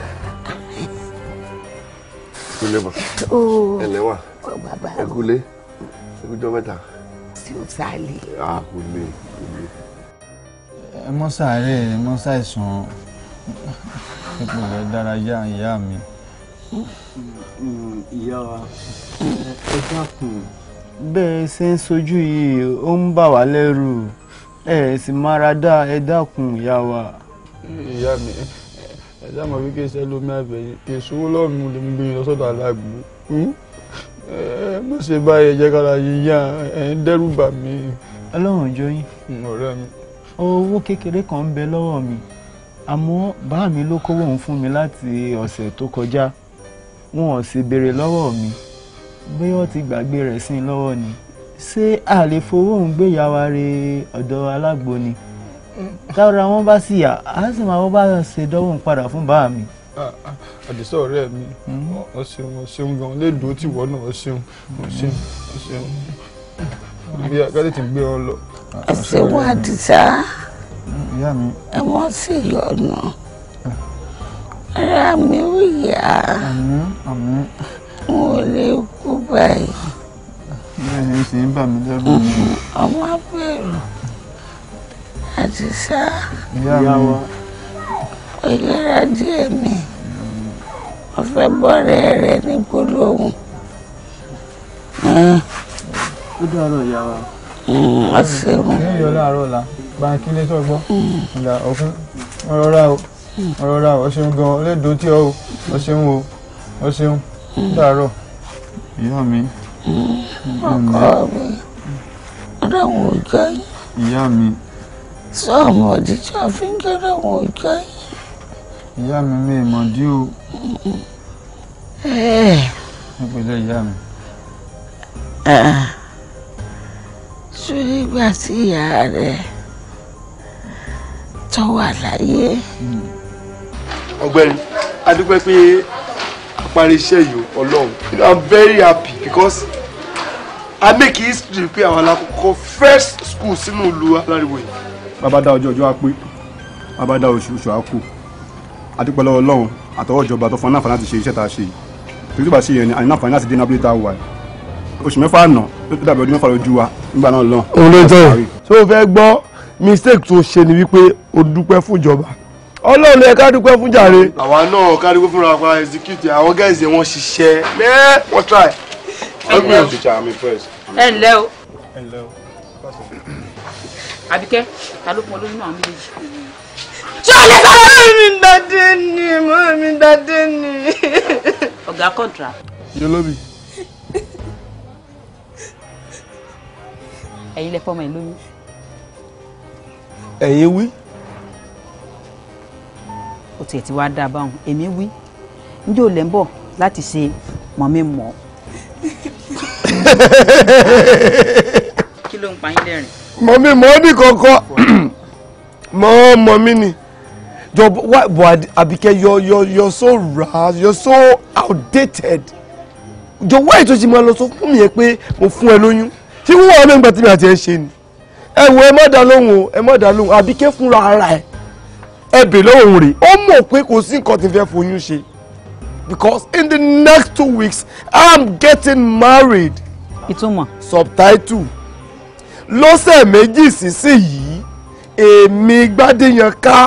kò lé mọ ẹ lẹ wà ẹ kò lé ẹ kò jọ mẹ́ta tí o sáré. a kò lè kò lè. ẹ mọ sáré ẹ mọ ṣàìsàn ìpínlẹ̀ ìdárayá ìyá mi. ìyá wa ẹ ṣe ń sojú yìí ó ń bà wá lẹ́rù ẹ sì mára dá ẹ dákun ìyá wa. ìyá mi ẹ dá mọ̀ wípé iṣẹ́ lómi àbẹ̀yìn kì í sówó lọ́rùn mo lè mú gbìyànjú sọ́dọ̀ aláàgbò ẹ má ṣe báyìí jẹ́ kára yíyá ẹ ń dẹ́rù bà mí. ọlọ́run jọyìn. ọ̀rẹ́ mi. owó kékeré kan ń bẹ lọ́wọ́ mi àmọ́ bá mi ló kówó òun fún mi láti ọ̀sẹ̀ tó kọjá wọn ò sì béèrè lọ́wọ́ mi bí wọ́n ti gbàgbé rẹ̀ sí i lọ́wọ́ ni ṣé a lè fowó òun gbéyàwó re ọ̀dọ̀ alágbo ni tára wọn bá sì yà á sì máa wọ́n bá ṣe dánwò ń padà fún bá mi. àdìsá ọ̀rẹ́ mi o hmm? ṣeun o ṣeun gan lẹ́dùn tí wọ́n náà o ṣeun o hmm. bí akadé ti gbé ọ lọ. ọ̀sẹ̀ wá àdìsá ìyá mi. ẹ wọ́n sì yọ̀nà ara mi ò yá n ò lè kú báyìí. bẹ́ẹ̀ ni ṣe ń bà mí lẹ́rù mi. ọmọ bẹ̀rù àti sá. ìyá wa. ó yára díẹ̀ mi wọ́n fẹ́ bọ́ọ̀rẹ́ rẹ̀ ní gbólóhùn. ó dára ìyá wa. ọ̀sẹ̀ wọn. kí ni láàárọ̀ la báńkì lé tó gbọ́ ìlà ọ̀fun ọ̀rọ̀ra o ọ̀rọ̀ra o ọ̀ṣun gan ọ̀lẹ́dọ̀ tí ọ o ọ̀ṣun o ọ̀ṣun dàárọ̀ ìyá mi. ọkọ mi ọ̀dọ̀ àwọn òjá yìí. ìyá mi. sọ àwọn òjijì àfihàn ọ̀dọ̀ àwọn òjá yìí. ìyá mi mi ìmọ̀ dí o. ìpínlẹ̀ eh. ìyá mi. sórí eh. ìgbà tí ìyá rẹ̀ tó wà láyé. ọ̀gbẹ́ni a dúpẹ́ pé a parí iṣẹ́ yìí ọlọ́run i'm very happy because i make history pé àwọn alákọ̀ọ́kọ́ first school sínú ìlú aláriwo yìí. bàbá dá ọjọ́ ọjọ́ á pé bàbá dá oṣù oṣù á kú a dúpẹ́ lọ́wọ́ ọlọ́run àtọwọ́ ìjọba tó fún anáfààní láti ṣe iṣẹ́ tá a ṣe yìí torí tó bá ṣe yẹn ni anáfààní láti dé nábìlì tá a wà yìí oṣù mẹ́fà àná ló tó dàbí ọdún mẹ́fà lójú wa nígbà náà lọ. òun ló jẹ́ tó fẹ́ gbọ́ mistake tó ṣe ni wípé ó dúpẹ́ fún ìjọba ọlọ́run ẹ ká dúpẹ́ fún jàre. àwa náà ká dúpẹ́ fúnra wa execute àwọn guys yẹn wọ́n ṣiṣẹ́ ẹ wọ́n try. ẹ ǹlẹ́ o. àbíkẹ́ ta ló pọn lórí náà méjèèjì. ṣọlẹ̀ sọ̀rọ̀ mi dàdé ni mo mi dàdé ni. ọ̀gá kọ̀ǹtra. yolóbi. ẹ̀yin lẹ fọmọ ẹ̀ lóyún. ẹ̀yin wí. Oui? ó tiẹ̀ ti wáá dáa báwọn èmi wí njẹ́ ò lẹ́ ń bọ̀ láti ṣe mọ̀mí mọ̀. kí ló ń you're so so outdated tó ṣe máa lọ sọ fún mi mo fún ẹ lóyún ṣé mi àti ẹ ṣe ni ẹ wo ara ẹ ẹbí lóhùn rè ó mọ̀ pé kò sí nǹkan tí n fẹ́ foyún ṣe because in the next two weeks i'm getting married. ìtumọ̀. subtitle lọ́sẹ̀ méjì sísìnyí èmi Gbádéyanká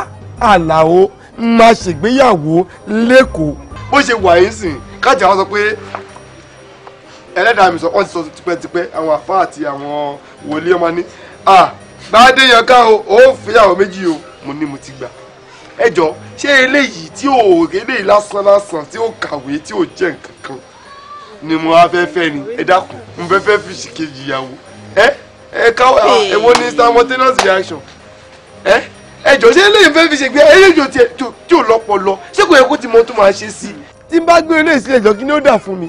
Àlàó máa ṣègbéyàwó lẹ́kọ̀ọ́ bó ṣe wà yín sìn kájà wọn sọ pé ẹlẹ́dàá mi sọ wọ́n ti sọ tipẹ́tipẹ́ àwọn àfa àti àwọn wòlíì ọmọ ní à Gbádéyanká o ò fìyàwó méjì o mo ní mo ti gbà ẹ jọ ṣé eléyìí tí ò eléyìí lásán lásán tí ò kàwé tí ò jẹ́ nǹkan kan ni mo wá fẹ́ fẹ́ ni ẹ dákun mo fẹ́ fẹ́ fi ṣìkejì ìyàwó ẹ ẹ káwọ ẹ wo ni simultaneous reaction ẹ ẹ jọ ṣé eléyìí fẹ́ fi ṣègbè eléyìí tí ò lọ́pọlọ ṣé kò yẹ kó ti mọ tó máa ṣe sí i tí n bá gbé eléyìí sílẹ̀ jọ kí ni ó dà fún mi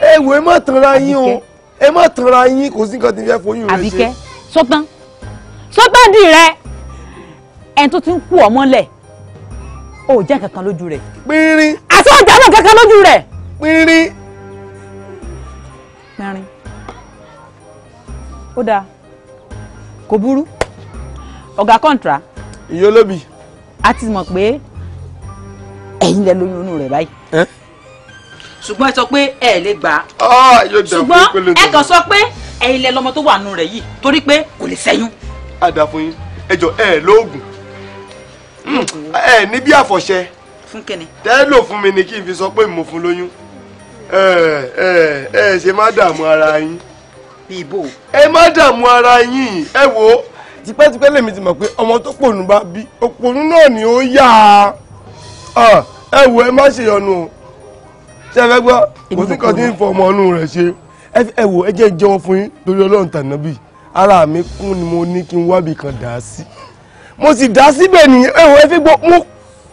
ẹ wò ẹ má tanra yín o ẹ má tanra yín kò sí nǹkan tí n fẹ́ foyín rẹ ṣe. àbíkẹ́ sọ́tán sọ́tán dì rẹ ẹni tó ti ń kú ọmọ lẹ̀ o jẹ́ kankan lójú rẹ̀. pínrín. àti ọjà náà kankan lójú rẹ̀. pínrín. pínrín. ó dáa kò burú ọ̀gá kọ́ńtà. ìyá olóbì. a ti mọ̀ pé ẹ̀yin lẹ lóyún inú rẹ̀ báyìí. ṣùgbọ́n ẹ sọ pé ẹ lè gbà á. ṣùgbọ́n ẹ kàn sọ pé ẹ̀yin lẹ lọmọ tó wà nù rẹ̀ yìí torí pé kò lè ṣẹ́yún. a dà fún yín ẹ jọ ẹ lóògùn ẹ ní bí àfọ̀ṣẹ tẹ́lò fún mi ni kí n fi sọ pé mo fún lóyún ẹ ẹ ẹ ṣe má dààmú ara yín ẹ má dààmú ara yín ẹ wo. tipẹ́tipẹ́ lèmi ti mọ̀ pé ọmọ tó pònú bá bí òpònú náà ni ó yá ẹ wo ẹ má ṣèyọnu o ṣe fẹ́ gbọ́ kò sí kan tí ń fọ ọmọ ọnù rẹ̀ ṣe ẹ wo ẹ jẹ́ jẹ́wọ́ fún yín torí ọlọ́run tànàbì ara mi kún ni mo ní kí n wábì kan dà á sí mo sì dá síbẹ̀ ní ẹ̀wọ̀n ẹ fi gbọ́ mo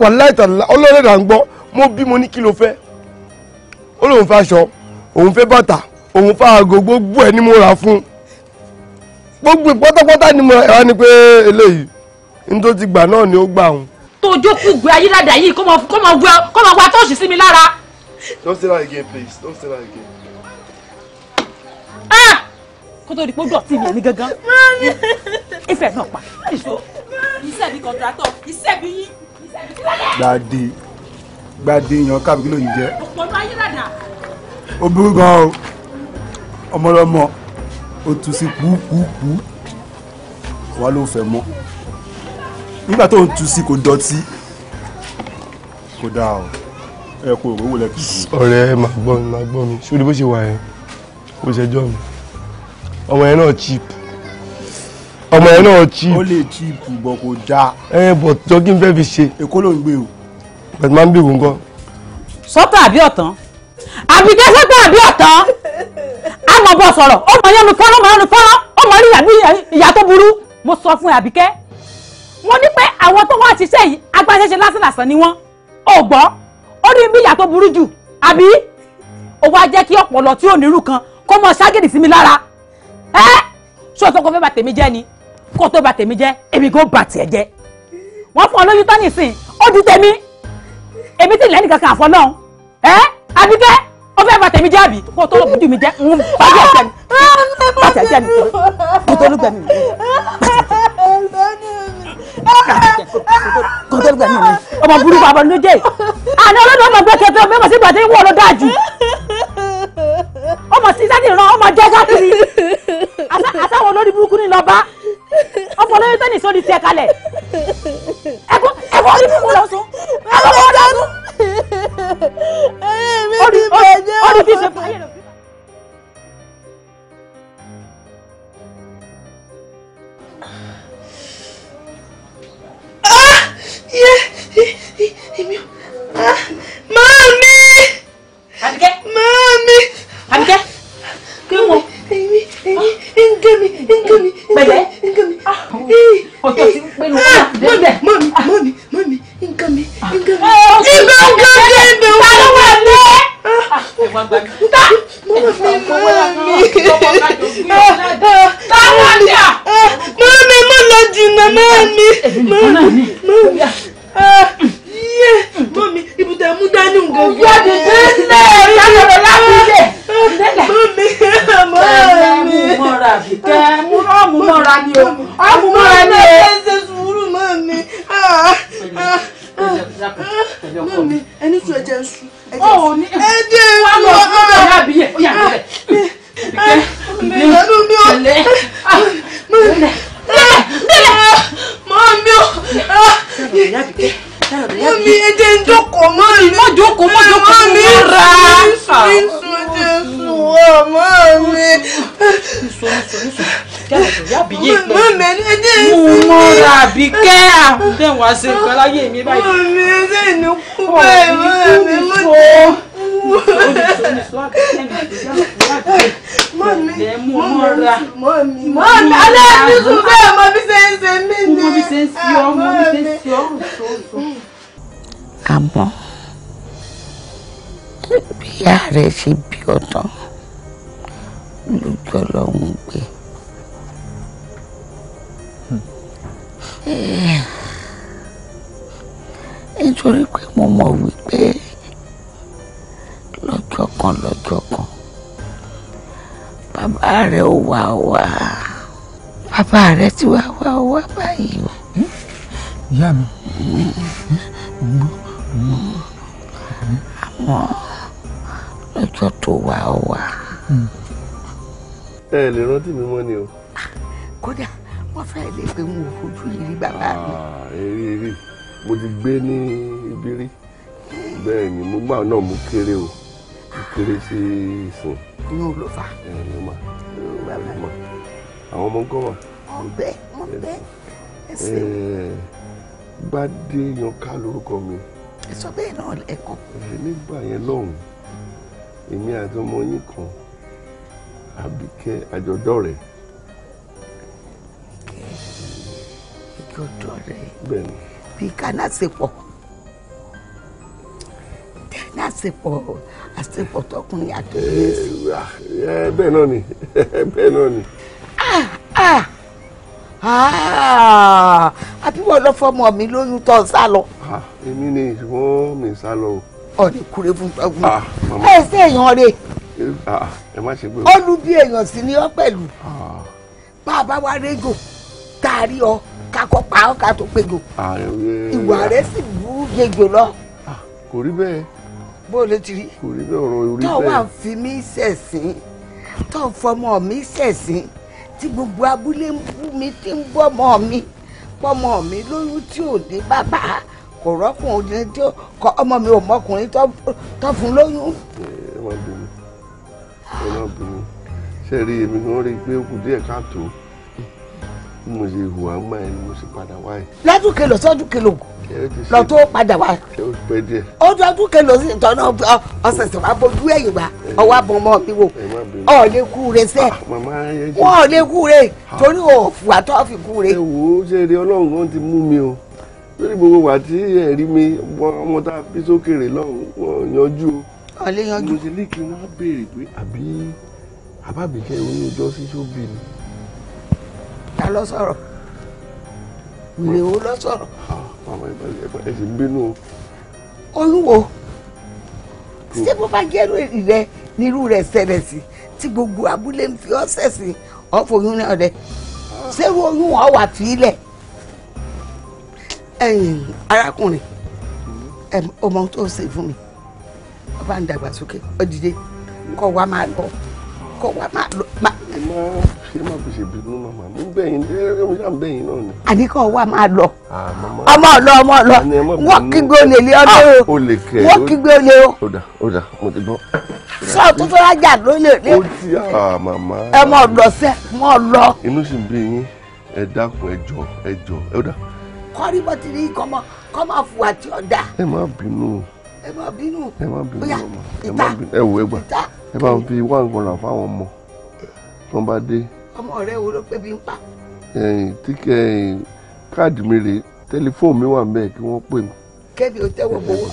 wà láìta ọlọ́rẹ̀ là ń gbọ́ mo bí mo ní kí ló fẹ́ ó lóun fẹ́ aṣọ òun fẹ́ bàtà òun fẹ́ aago gbogbo ẹ̀ ni mo rà fún gbogbo pátápátá ni mo rà ni pé eléyìí ní tó ti gbà náà ni ó gbà òun. tó jókòó gbé ayélujára yìí kó máa wá tóòṣì sí mi lára. don't say that again please don't say that again kó tó di pé dọ̀tí mi ẹ̀mí gangan. ìfẹ́ náà pa. iṣẹ́ mi kọ̀ǹtrátọ̀ iṣẹ́ mi yín. gbàdé gbàdé yan káàbí kí ló ń jẹ. òpònú ayélujára. ó burú gan o ọmọlọmọ ó tu sí kúkúkú wa ló fẹ́ mọ́ nígbà tó ń tu sí kò dọ̀tí kò dáa o ẹ kò rówó lẹ fi. ọ̀rẹ́ màá gbọ́ mi màá gbọ́ mi ṣé o ní bó ṣe wà yẹn kò ṣẹjọ́ mi ọmọ yẹn náà cheap ọmọ yẹn náà cheap. ó lè cheap bọ̀ kò dáa. ẹ bọ̀ jọ kí n fẹ́ fi ṣe. èkó ló ń gbé o. bẹ̀rẹ̀ máa ń bí òun kọ́. sọ́tọ̀ àbí ọ̀tán àbíké sọ́tọ̀ àbí ọ̀tán a mọ̀ bọ̀ sọ̀rọ̀ ó mọ̀ yẹnu fọ́nrán mọ̀ yẹnu fọ́nrán ó mọ̀ rí ìyá tó burú mo sọ fún àbíké mo ní pé àwọn tó wá ṣiṣẹ́ yìí agbáṣẹ́ṣe lásán lásán ni wọ́n ò gbọ́ ó ní bí ìyá tó burú jù àbí ó wá jẹ́ kí ọ̀pọ̀lọ tí ò nírú kan kó mọ ságìrì sí mi lára ẹ́ ṣọ́ọ̀tún kò fẹ́ bà tèmi jẹ́ ni kó tó bà tèmi jẹ́ èmi kò bà tiẹ̀ jẹ́ wọ́n fún ọ lóyún tán nìsín ó di tèmi èmi ti lẹ́nu kankan àfọ́ náà ẹ́ Àbíkẹ́ ó fẹ́ bà tèmi jẹ́ àbí kó tó lójú mi jẹ́ ń bà jẹ́ jẹ́ ni bà tẹ̀ jẹ́ ni kó tó lójú mi kó tó lójú mi ọmọ burúkú abọ́nú jẹ́ àná olódò ọmọ gbẹ́kẹ̀ tó mẹ́mọ̀ sí gbàdé wọ́ọ̀ ló dáa jù ọmọ sísá nìran ọmọ jẹ́ káàkiri olórí burúkú ni lọ bá ọ̀fọ̀ lórí tẹ́nì sórí tiẹ̀ kalẹ̀ ẹ̀kọ́ ẹ̀kọ́ orí burúkú lọ sùn ẹ̀kọ́ ọ̀dọ́ sùn. ẹ̀yẹ́ mi ti o. orí ti ṣe fún ṣe nǹkan láyé mi báyìí. sí ìsìn. inú ló fà. àwọn ọmọ nǹkan wà. wọn bẹ wọn bẹ ẹsẹ. Gbádé Yanká lórúkọ mi. ẹ sọ bẹ́ẹ̀ náà lẹ́kọ̀ọ́. nígbà yẹn lọ́hùn-ún èmi àti ọmọ yín kan Àbíkẹ́ àjọ̀dọ̀rẹ́. àjọ̀dọ̀rẹ́. bẹ́ẹ̀ni. bí ká náà ṣe pọ̀ àṣepọ̀ àṣepọ̀ tọkùnrin àtòyìn eh, sí. Ah, eh, bẹ́ẹ̀ náà ni bẹ́ẹ̀ náà ni. Ah, ah, àbíwọ̀ lọ́fọ́mọ mi lóyún tó ń sá lọ. èmi ni ìṣùgbọ́n mi sá lọ o. ọ̀nì kúrẹ́ fún tọ́gùn. ẹ ṣe èèyàn rẹ̀. Eh, ẹ má ṣe gbé o. ó lu bí èèyàn sí ni ọ pẹ̀lú. bàbá wa rẹ́gò tá a rí ọ kakọ pa ọ ká tó pego ìwà rẹ sì burú jẹjọ lọ. kò rí bẹ́ẹ̀ bó lè ti rí. kò rí bẹ́ẹ̀ ọ̀rọ̀ orí bẹ́ẹ̀. tó wà fi mí ṣẹ̀sín tó fọmọ mi ṣẹ̀sín tí gbogbo abúlé ń bú mi tí ń bọ́mọ mi pọ́mọ mi lóyún tí ò ní bàbá kò rọ́kùnrin tí ọmọ mi ò mọkùnrin tó fún lóyún. ẹ má bínú ẹ má bínú ṣe rí èmi náà rí i pé ó kù díẹ̀ káàtó mo ṣe hùwà máa ẹni mo ṣe padà wáyé. lọ́dún kelo sọ́dún kelo lọ tó padà wá ọdún ọdún kan lọ sí ìtọ́nà ọ̀sẹ̀sẹ̀ wá bójú ẹ̀yìn wá ọwọ́ àbọ̀mọ́ mi wò ọ̀ lè kú re sẹ́ ah, wọ́n ọ̀ lè kú re ah. torí òfùwà tó fi kú re. ẹ wò ó ṣe eré ọlọ́run kan ti mú mi o lórí gbogbo wà tí ẹ̀rí mi ọmọ tá a fi sókèrè lọ́hùn wọn yanjú o ọ̀lẹ́ yanjú. mo ṣe ní kí wọ́n béèrè pé àbí àbábìkẹ́ oníjọ́ sí ṣóbì ni. ta ló sọ̀rọ̀ wèrè wo ló sọ̀rọ̀. Ah ẹ sì ń bínú o. olúwo ṣé bó bá jẹ́rú èrì rẹ nírú rẹ̀ ṣẹlẹ̀ sí tí gbogbo abúlé ń fi ọ́sẹ̀ sí ọ̀fọ̀yún náà rẹ̀ ṣé oyún ọ̀ wà fílẹ̀ arákùnrin ọmọ tó ṣe fún mi ọba ń dàgbàsókè ọdìdé kọ wa máa lọ kọ́ wa máa lọ. ẹ má ṣe má fi ṣèbínú màmá mi bẹ́yìn ní ẹ̀rọ mi yàn bẹ́yìn náà ni. àní kọ́ wa máa lọ ọmọ ọlọ ọmọ ọlọ wọ́n kígbe olè lé ọdún ah, o wọ́n kígbe olè o. ó dà ó dà mo ti gbọ́. sọ tuntun ajá ló lè lé. ó ti à màmá. ẹ mọ lọ sẹ mọ lọ. inú sì ń bí yín ẹ dákun ẹ jọ ẹ jọ ẹ ó dà. kọ́rí bọ́tìrì kọ́mọ kọ́mọ fùwà tí ọ̀dà. ẹ má bínú o ẹ má bínú ẹ má bínú ọmọ ẹ má bínú ẹ wò ẹ gbà ẹ bá fi wá nǹkan rà fáwọn ọmọ tó ń bá dé. ọmọ rẹ wo ló pé bí ń pa. tíkẹ́ káàdì mi rèé tẹlifóònù mi wà mẹ́ẹ̀ kí wọ́n pè mí. kẹ́mi ò tẹ́wọ́ gbowó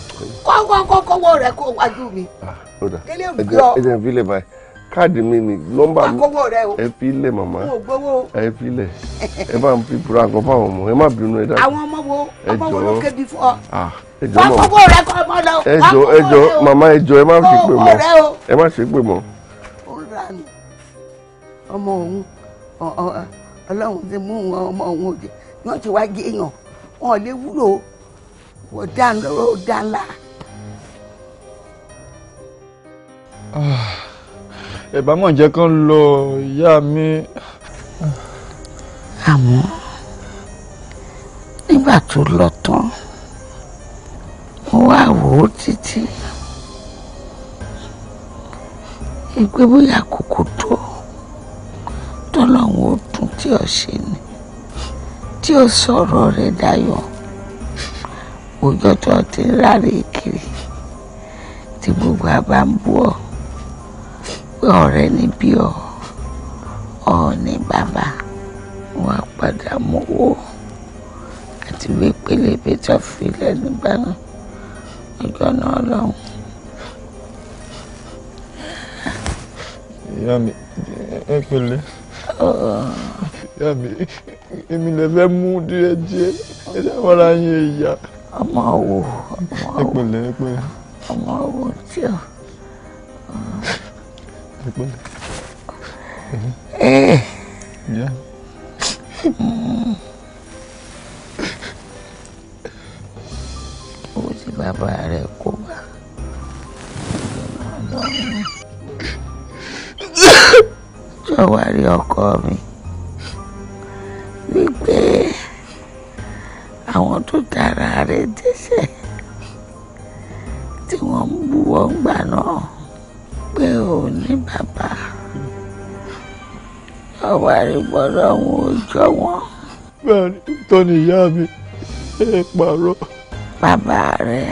kọ́kọ́kọ́wọ́ rẹ kó wájú mi. kẹ́lẹ́ òbí ọ ẹ jẹ́ ìfilẹ̀ báyìí káàdì mi ni nọ́mbà mi ẹ fi lẹ̀ màmá ẹ fi lẹ̀ ẹ bá ń fi bùrọ̀ àgọ́ fáwọn ọmọ ẹ má bínú ẹ dáa. àwọn ọmọ wo ọmọ wo ló kébi fún ọ. Ah ẹjọ mọ wàá rẹ kọ mọ lọ. ẹjọ ẹjọ màmá ẹjọ ẹ má ṣe pé mọ́ ẹ má ṣe pé mọ́. ọmọ òun ọlọ́run ti mú wọn ọmọ òun òde wọ́n ti wá gé èèyàn wọn ò lè wúlò wọ́n dá lọ́wọ́ dá ńlá. Ah, ẹ jẹ́ kán lọ ìyá mi. àmọ́ nígbà tó lọ tán mo wá wò ó títí ìgbé bóyá kòkó tó tọ́lọ́hún ó dùn tí ó ṣe ni tí ó sọ̀rọ̀ rẹ̀ dayọ̀ òjò tó ti ń ráre kiri tí gbogbo àbá ń bú ọ pé ọ̀rẹ́ ni ọ ọ ní bàbá wọn padà mọ́wọ́ àti wípé lè bẹ́tọ̀ fi lẹ́nu bá ìkànnì ọlọ́run. ìyá mi ẹ pẹ̀lẹ́ ìyá mi èmi lè fẹ́ mú díẹ̀ díẹ̀ ẹ ṣàwárà yín ìyá. ọmọ wo ọmọ ẹ pẹ̀lẹ́ ẹ pẹ̀lẹ́. ọmọ wo tí o. ẹ pẹ̀lẹ́. ẹ. Eh. ìyá ṣàwárí ọkọ mi wípé àwọn tó tara rẹ̀ dẹ́ṣẹ̀ tí wọ́n ń buwọ́ gbà náà pé ò ní bàbá ọwọ́ àrígbọ́dọ̀ wọn ò jọ wọn. bẹ́ẹ̀ ni tó ní ìyá mi ẹ pààrọ̀. bàbá rẹ̀.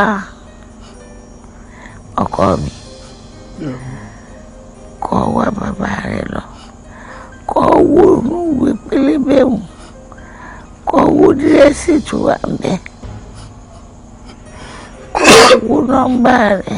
Ah. ọkọ mi kọ́ wá bàbá rẹ lọ kọ́ wo ìwé pélébé mu kọ́ wo dírẹ́sì tó wà ń bẹ́ kọ́ wo nọ́mbà rẹ.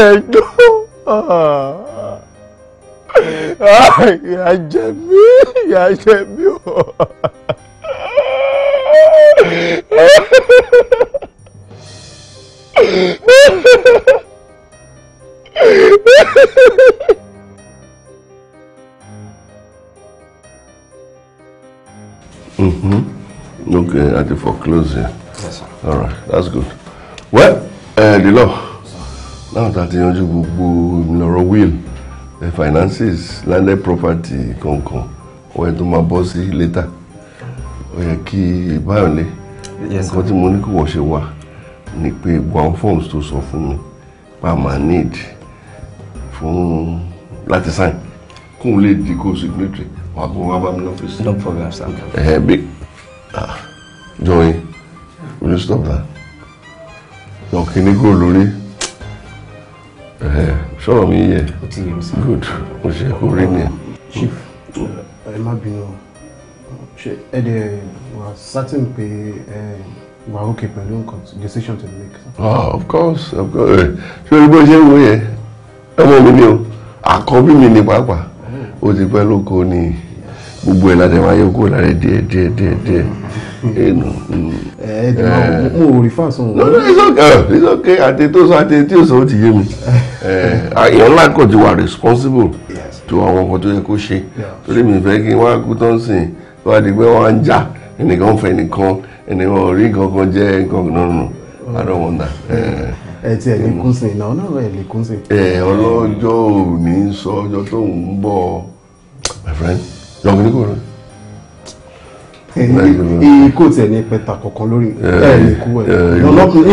ẹ̀gbọ́n ìyà jẹ mí ìyà jẹ mí o mm-hmm. Okay, at the foreclosure. Yes, sir. All right, that's good. Well, uh, the law náà tá a ti yanjú gbogbo ìmìlọ̀rọ̀ will eh, finances landed property kankan ọ̀yẹ́ tó máa bọ́ sí later ọ̀yẹ́ kí ìbáyọ̀lé nǹkan tí mo ní kí wọ́n wà ni pé one forms tó sọ fún mi pa máa need fún láti sign kóun lè di kó signatory wà bó wá bá mi lọ́fíìsì. no problem sir. ẹ eh, bí jọyìn will you stop that? yọ̀kì ní kò lórí sọ̀rọ̀ mi yẹ good mo ṣe kó rí ni. chief ẹ má bínú ṣe ẹ dẹ̀ wà certain pé ẹ wà okay pẹ̀lú nǹkan decision to make. ah of course of course eh, ṣé o rí bó ṣe ń wo yẹn ọmọ mi ni o àkọ́bí mi ni pàápàá o ti pẹ́ lóko ni gbogbo ẹ̀ láti máa yọ kúrò lára díẹ̀ díẹ̀ díẹ̀ díẹ̀ ẹnu. ẹ ẹ dì máa mú orí fásun. lọ́nà ìsọ̀kẹ́ àti tó sọ àti tí ò sọ ó ti yé mi èèyàn eh, ńlá kò ti wà responsible to àwọn nǹkan tó yẹ kó ṣe torí mi fẹ́ kí wọ́n á kú tán sìn wọ́n á di pé wọ́n á ń jà ẹnìkan fẹ́ ẹnìkan ẹnìkan rí kankan jẹ́ nǹkan náà nù àdọ́wọ̀nà ẹ ti ẹ lè kún sí ìlànà náà ẹ lè kún sí. Eh, ẹ ọlọ́jọ́ òní sọ ọjọ́ tó ń bọ̀ my friend yọ̀mí kò rán. Èyí kò tẹ̀ ní pẹ̀tà kankan lórí ẹ̀ ní kú ẹ̀.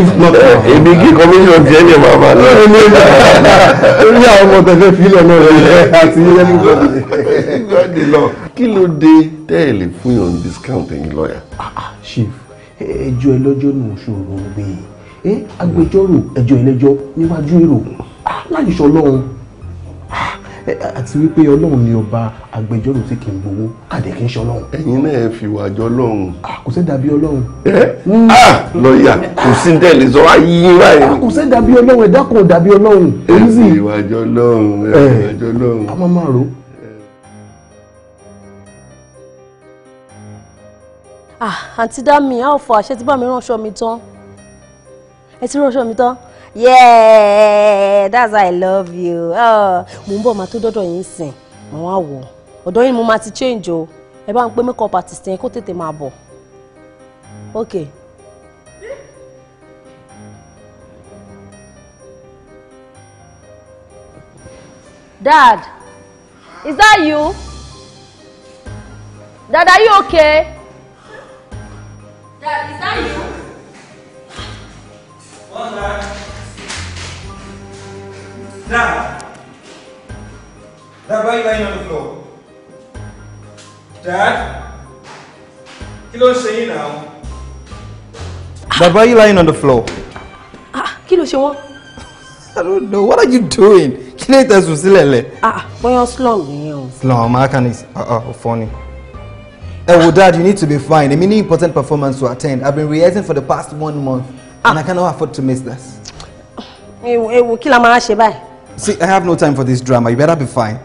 Èmi kí commission tiẹ̀ ní ọmọ àbá náà. Èmi ní orí àwọn ọmọ tẹ̀fẹ́ fílẹ̀ náà rẹ̀ àti ẹni gbọ́dọ̀ lọ. Kí ló dé tẹ́ẹ̀lì fún yàn discount ẹ̀yin lọ́ọ̀yà? Ah, ah, Chief, ẹjọ́ ẹlọ́jọ́ nù ṣòro gbé e. Agbẹjọ́rò ẹjọ́ ẹlẹ́jọ́ níwájú èrò ah, láyìísọ lọ́run àti wípé ọlọ́run ni ọba agbẹjọ́rò tí kì í gbowó kàdé kì í ṣe ọlọ́run. ẹ̀yin náà fi wà jọ ọlọ́run. kò sẹ́ dàbí ọlọ́run. ẹ hmm. lọ́ọ̀yà kò sí tẹ̀lé sọ wá yí báyìí. kò sẹ́ dàbí ọlọ́run ẹ̀dá kan ò dàbí ọlọ́run. ẹ fi wà jọ ọlọ́run ẹ fi wà eh. jọ ọlọ́run. a máa máa rò. àǹtí dá mi a ò fọ àṣẹ tí bá mi ránṣọ mi tán ẹ ti ránṣọ mi tán yeah that's why i love you oh, mo ń bọ̀ máa tó dọ́dọ̀ yín sìn mo wá wọ̀ ọ̀dọ̀ yín mo máa ti change o ẹ bá ń pè makeup artist yẹn kó tètè máa bọ̀ ok. dad is that you dad are you okay dad is that you. What's Now, dábàá ìlà lying on the floor. Dad, kí ló ń now? yín náà? Baba, you lying on the floor. Ah, kí ló ṣe wọ́n? I don't know. What are you doing? Kí ló tẹ̀sùn sílẹ̀ lẹ̀? Ah, bóyá slum nìyẹn o. Slum, American is uh uh funny. Ẹ eh, well, dad, you need to be fine. Èmi ní important performance to attend. I've been rehearsing for the past one month ah. and I cannot afford to miss this. Hey, wo kill la máa ṣe báyìí? See, I have no time for this drama. You better be fine.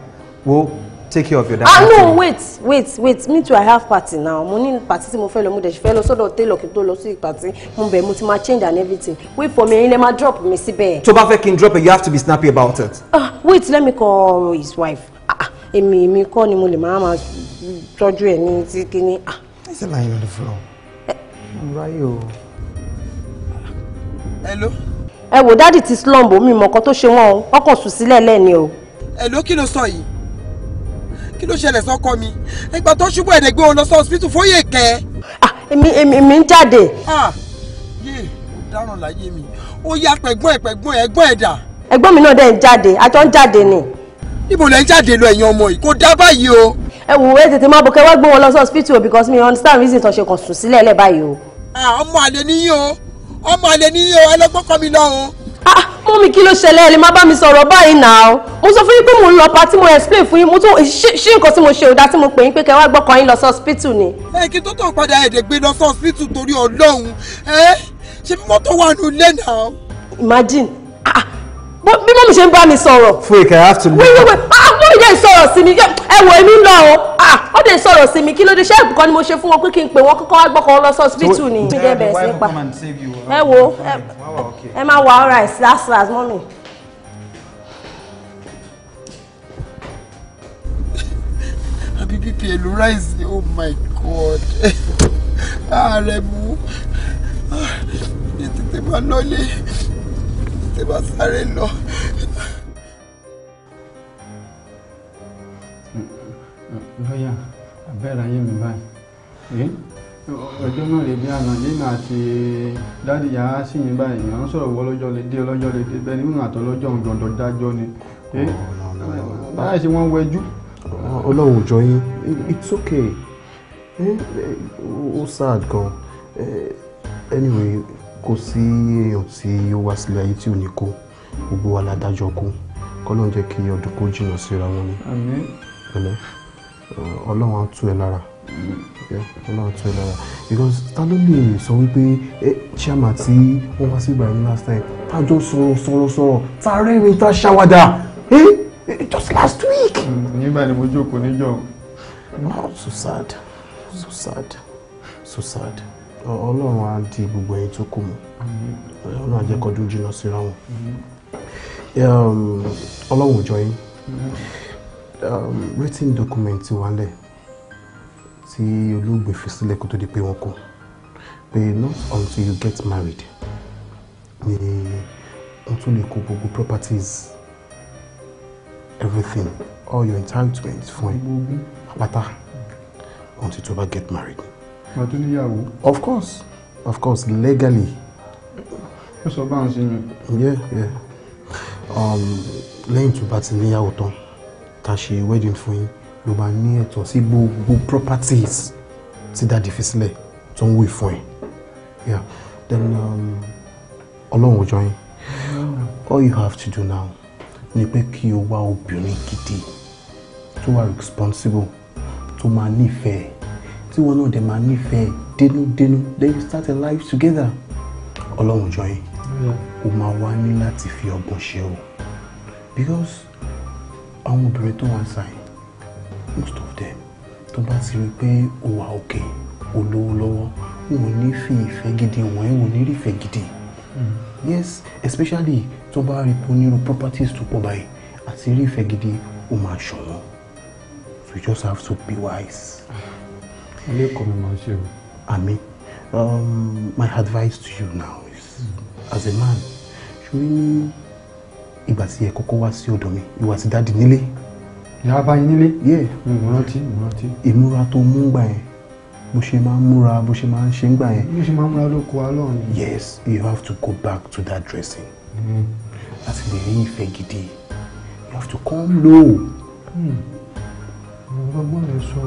Well, take care of your dad. Ah, no, wait, wait, wait. Me too, I have party now. Mo party tí mo fẹ́ lọ, mo dẹ̀ ṣe fẹ́ lọ sọ́dọ̀ tailor kí n party. Mo bẹ̀ mo change and everything. Wait for me, ilẹ̀ drop Me síbẹ̀. Tó bá fẹ́ drop it, you have to be snappy about it. Ah, uh, wait, let me call his wife. Ah, ah èmi me kọ́ ni mo lè máa máa tọ́jú ẹ̀ ní Ah. Is it lying on the floor? Ẹ. Eh. You. Oh. Hello ẹ wò dáàdì ti slum bò mí mọ̀ọ́kọ́ tó ṣe wọ́n o wọ́n kàn sùn sílẹ̀ lẹ́ni o. ẹ ló kí ló sọ yìí kí ló ṣẹlẹ̀ sọ́kọ mi ìgbà tó ṣubú ẹ̀dẹ̀ gbé wọn lọ sí hospital fóyè kẹ́. Ah, èmi èmi èmi ń jáde. Ah, yé dáràn láyé mi ó yá pẹ̀gbọ́n ẹ̀ pẹ̀gbọ́n ẹ̀ ẹ̀gbọ́n ẹ̀ dà. ẹ̀gbọ́n mi náà dẹ̀ ń jáde àjọ ń jáde ni. níbo lẹ ń jáde lọ ẹ̀yin ọmọ yìí kò dá báyìí o. ẹ wò ẹ tètè máa bọ̀ kẹ́ wá gbé wọn lọ sí hospital because mi understand reason tó ṣe kàn sùn sílẹ̀ lẹ́ báyìí o. Ah, ọmọ àlè níyìn o ọmọ àlè ní yíyọ ẹlẹgbọn kọ mi lọrun. mú mi kí ló ṣẹlẹ̀ ẹ lè má bá mi sọ̀rọ̀ báyìí náà mo sọ fún yín pé mo ń lọ pa tí mo explain fún yín mo tún ṣí nǹkan tí mo ṣe ò dá tí mo pè yín pé kẹ́ gbọ́kàn yín lọ sí hospital ni. ẹ kí tó tó padà ẹ̀ẹ́dẹ̀ gbé lọ sí hospital torí ọlọ́run ẹ ṣe bí mọ́tò wà nù lẹ́ náà. imagine ah, ah. bí mọ́mí ṣe ń bá mi sọ̀rọ̀. fún i have to leave. wait wait ah, wait yẹ sọ̀rọ̀ sí mi ẹ èmi lọ o ah, ó dé sọ̀rọ̀ sí mi kí ló dé ṣé ẹ̀bùn ni mo ṣe fún wọn pé kí n pè wọ́n kọ́kọ́ wá lọ sọ́sibítù ni. mi dẹ́ bẹ̀rẹ̀ sí pa ẹ wo ẹ máa wà ọ̀rọ̀ àìsí last last mọ́mì. àbí bíbí èlò ráìsì oh my god ààrẹ ah, mú ní ah, tètè máa lọlé tètè máa sáré lọ. lọ́yà abẹ́rẹ́ ayé mi báyìí ọjọ́ náà lè dé àná nínú àti dádìyà sí yín báyìí à ń sọ̀rọ̀ wọ lọ́jọ́ lè dé ọlọ́jọ́ lè dé bẹ́ẹ̀ nínú àtọ́ lọ́jọ́ ọ̀dọ̀dọ̀ dájọ́ ni báyìí ṣe wọ́n wẹjú. ọlọ́run jọ yín it's okay ó sad gan anyway kò sí èèyàn tí ó wá sílé ayé tí ò ní kó gbogbo wa la dájọ́ kú kọ́lọ́n jẹ́ kí ọdún kó jìnnà síra wọn ni. Amen. ọlọ́run á tú ẹ lára ọlọ́run á tú ẹ lára because ta ló sọ wípé eh, chiama tí wọ́n wá sí ìbàdàn last time ta jọ sọ̀rọ̀ sọ̀rọ̀ sọ̀rọ̀ ta rẹ́rìn eh, eh, just last week. nígbà ni mo jókòó níjọ́. so sad so sad so sad ọlọ́run á di gbogbo ẹ̀yin tó kù mọ́ ọlọ́run á jẹ́ um, written document ti wà lẹ̀ tí olóògbé fi sílẹ̀ kó tó di pé wọ́n kú pé not until you get married ni wọ́n tún lè kó gbogbo properties everything all your entitlements fún ẹ pátá until you bá get married. màá tún níyàwó. of course of course legally. ó sọ báwọn ṣe yẹn. yeah yeah um, lẹ́yìn tó bá ti níyàwó tán tá a ṣe wedding fún yín ló máa ní ẹ̀tọ́ sí gbogbo properties tí dáàdì fi sílẹ̀ tó ń wí fún ẹ̀ then um, ọlọ́run ò jọ yín all you have to do now ni pé kí o wá obìnrin gidi tó wà responsible tó máa nífẹ̀ẹ́ tí wọn náà dẹ̀ máa nífẹ̀ẹ́ dénúdénú then you start a life together ọlọ́run ò jọ yín o máa wá ní láti fi ọgbọ́n ṣe o because àwọn obìnrin tó wà sàn most of them tó bá ti rí i pé ó wà òkè olówó lọ́wọ́ wọn ò ní fi ìfẹ́ gidi wọ́n ẹ̀ ní rí ìfẹ́ gidi hmm. yes especially tó bá rí i pé onírú properties tó pọ̀ báyìí àti rí ìfẹ́ gidi ó máa ṣọ̀wọ́n so you just have to be wise. ilé ẹ̀kọ́ mi máa ń ṣe o. àmì um, my advice to you now is hmm. as a man ṣùgbọ́n ìgbà tí ẹ kọ́kọ́ wá sí ọ̀dọ̀ mi ìwà ti dáàdì nílé. ìyá bá yín nílé. yé hmm, mo rántí mo rántí. ìmúra tó mú gbà yẹn bó ṣe máa ń múra bó ṣe máa ń ṣe ń gbà yẹn. bó ṣe máa ń múra ló kó wa lọ́rùn. yes you have to go back to that dressing. Hmm. láti lè rí ìfẹ́ gidi you have to come low. Hmm. ọlọ́gbọ́n lè sọ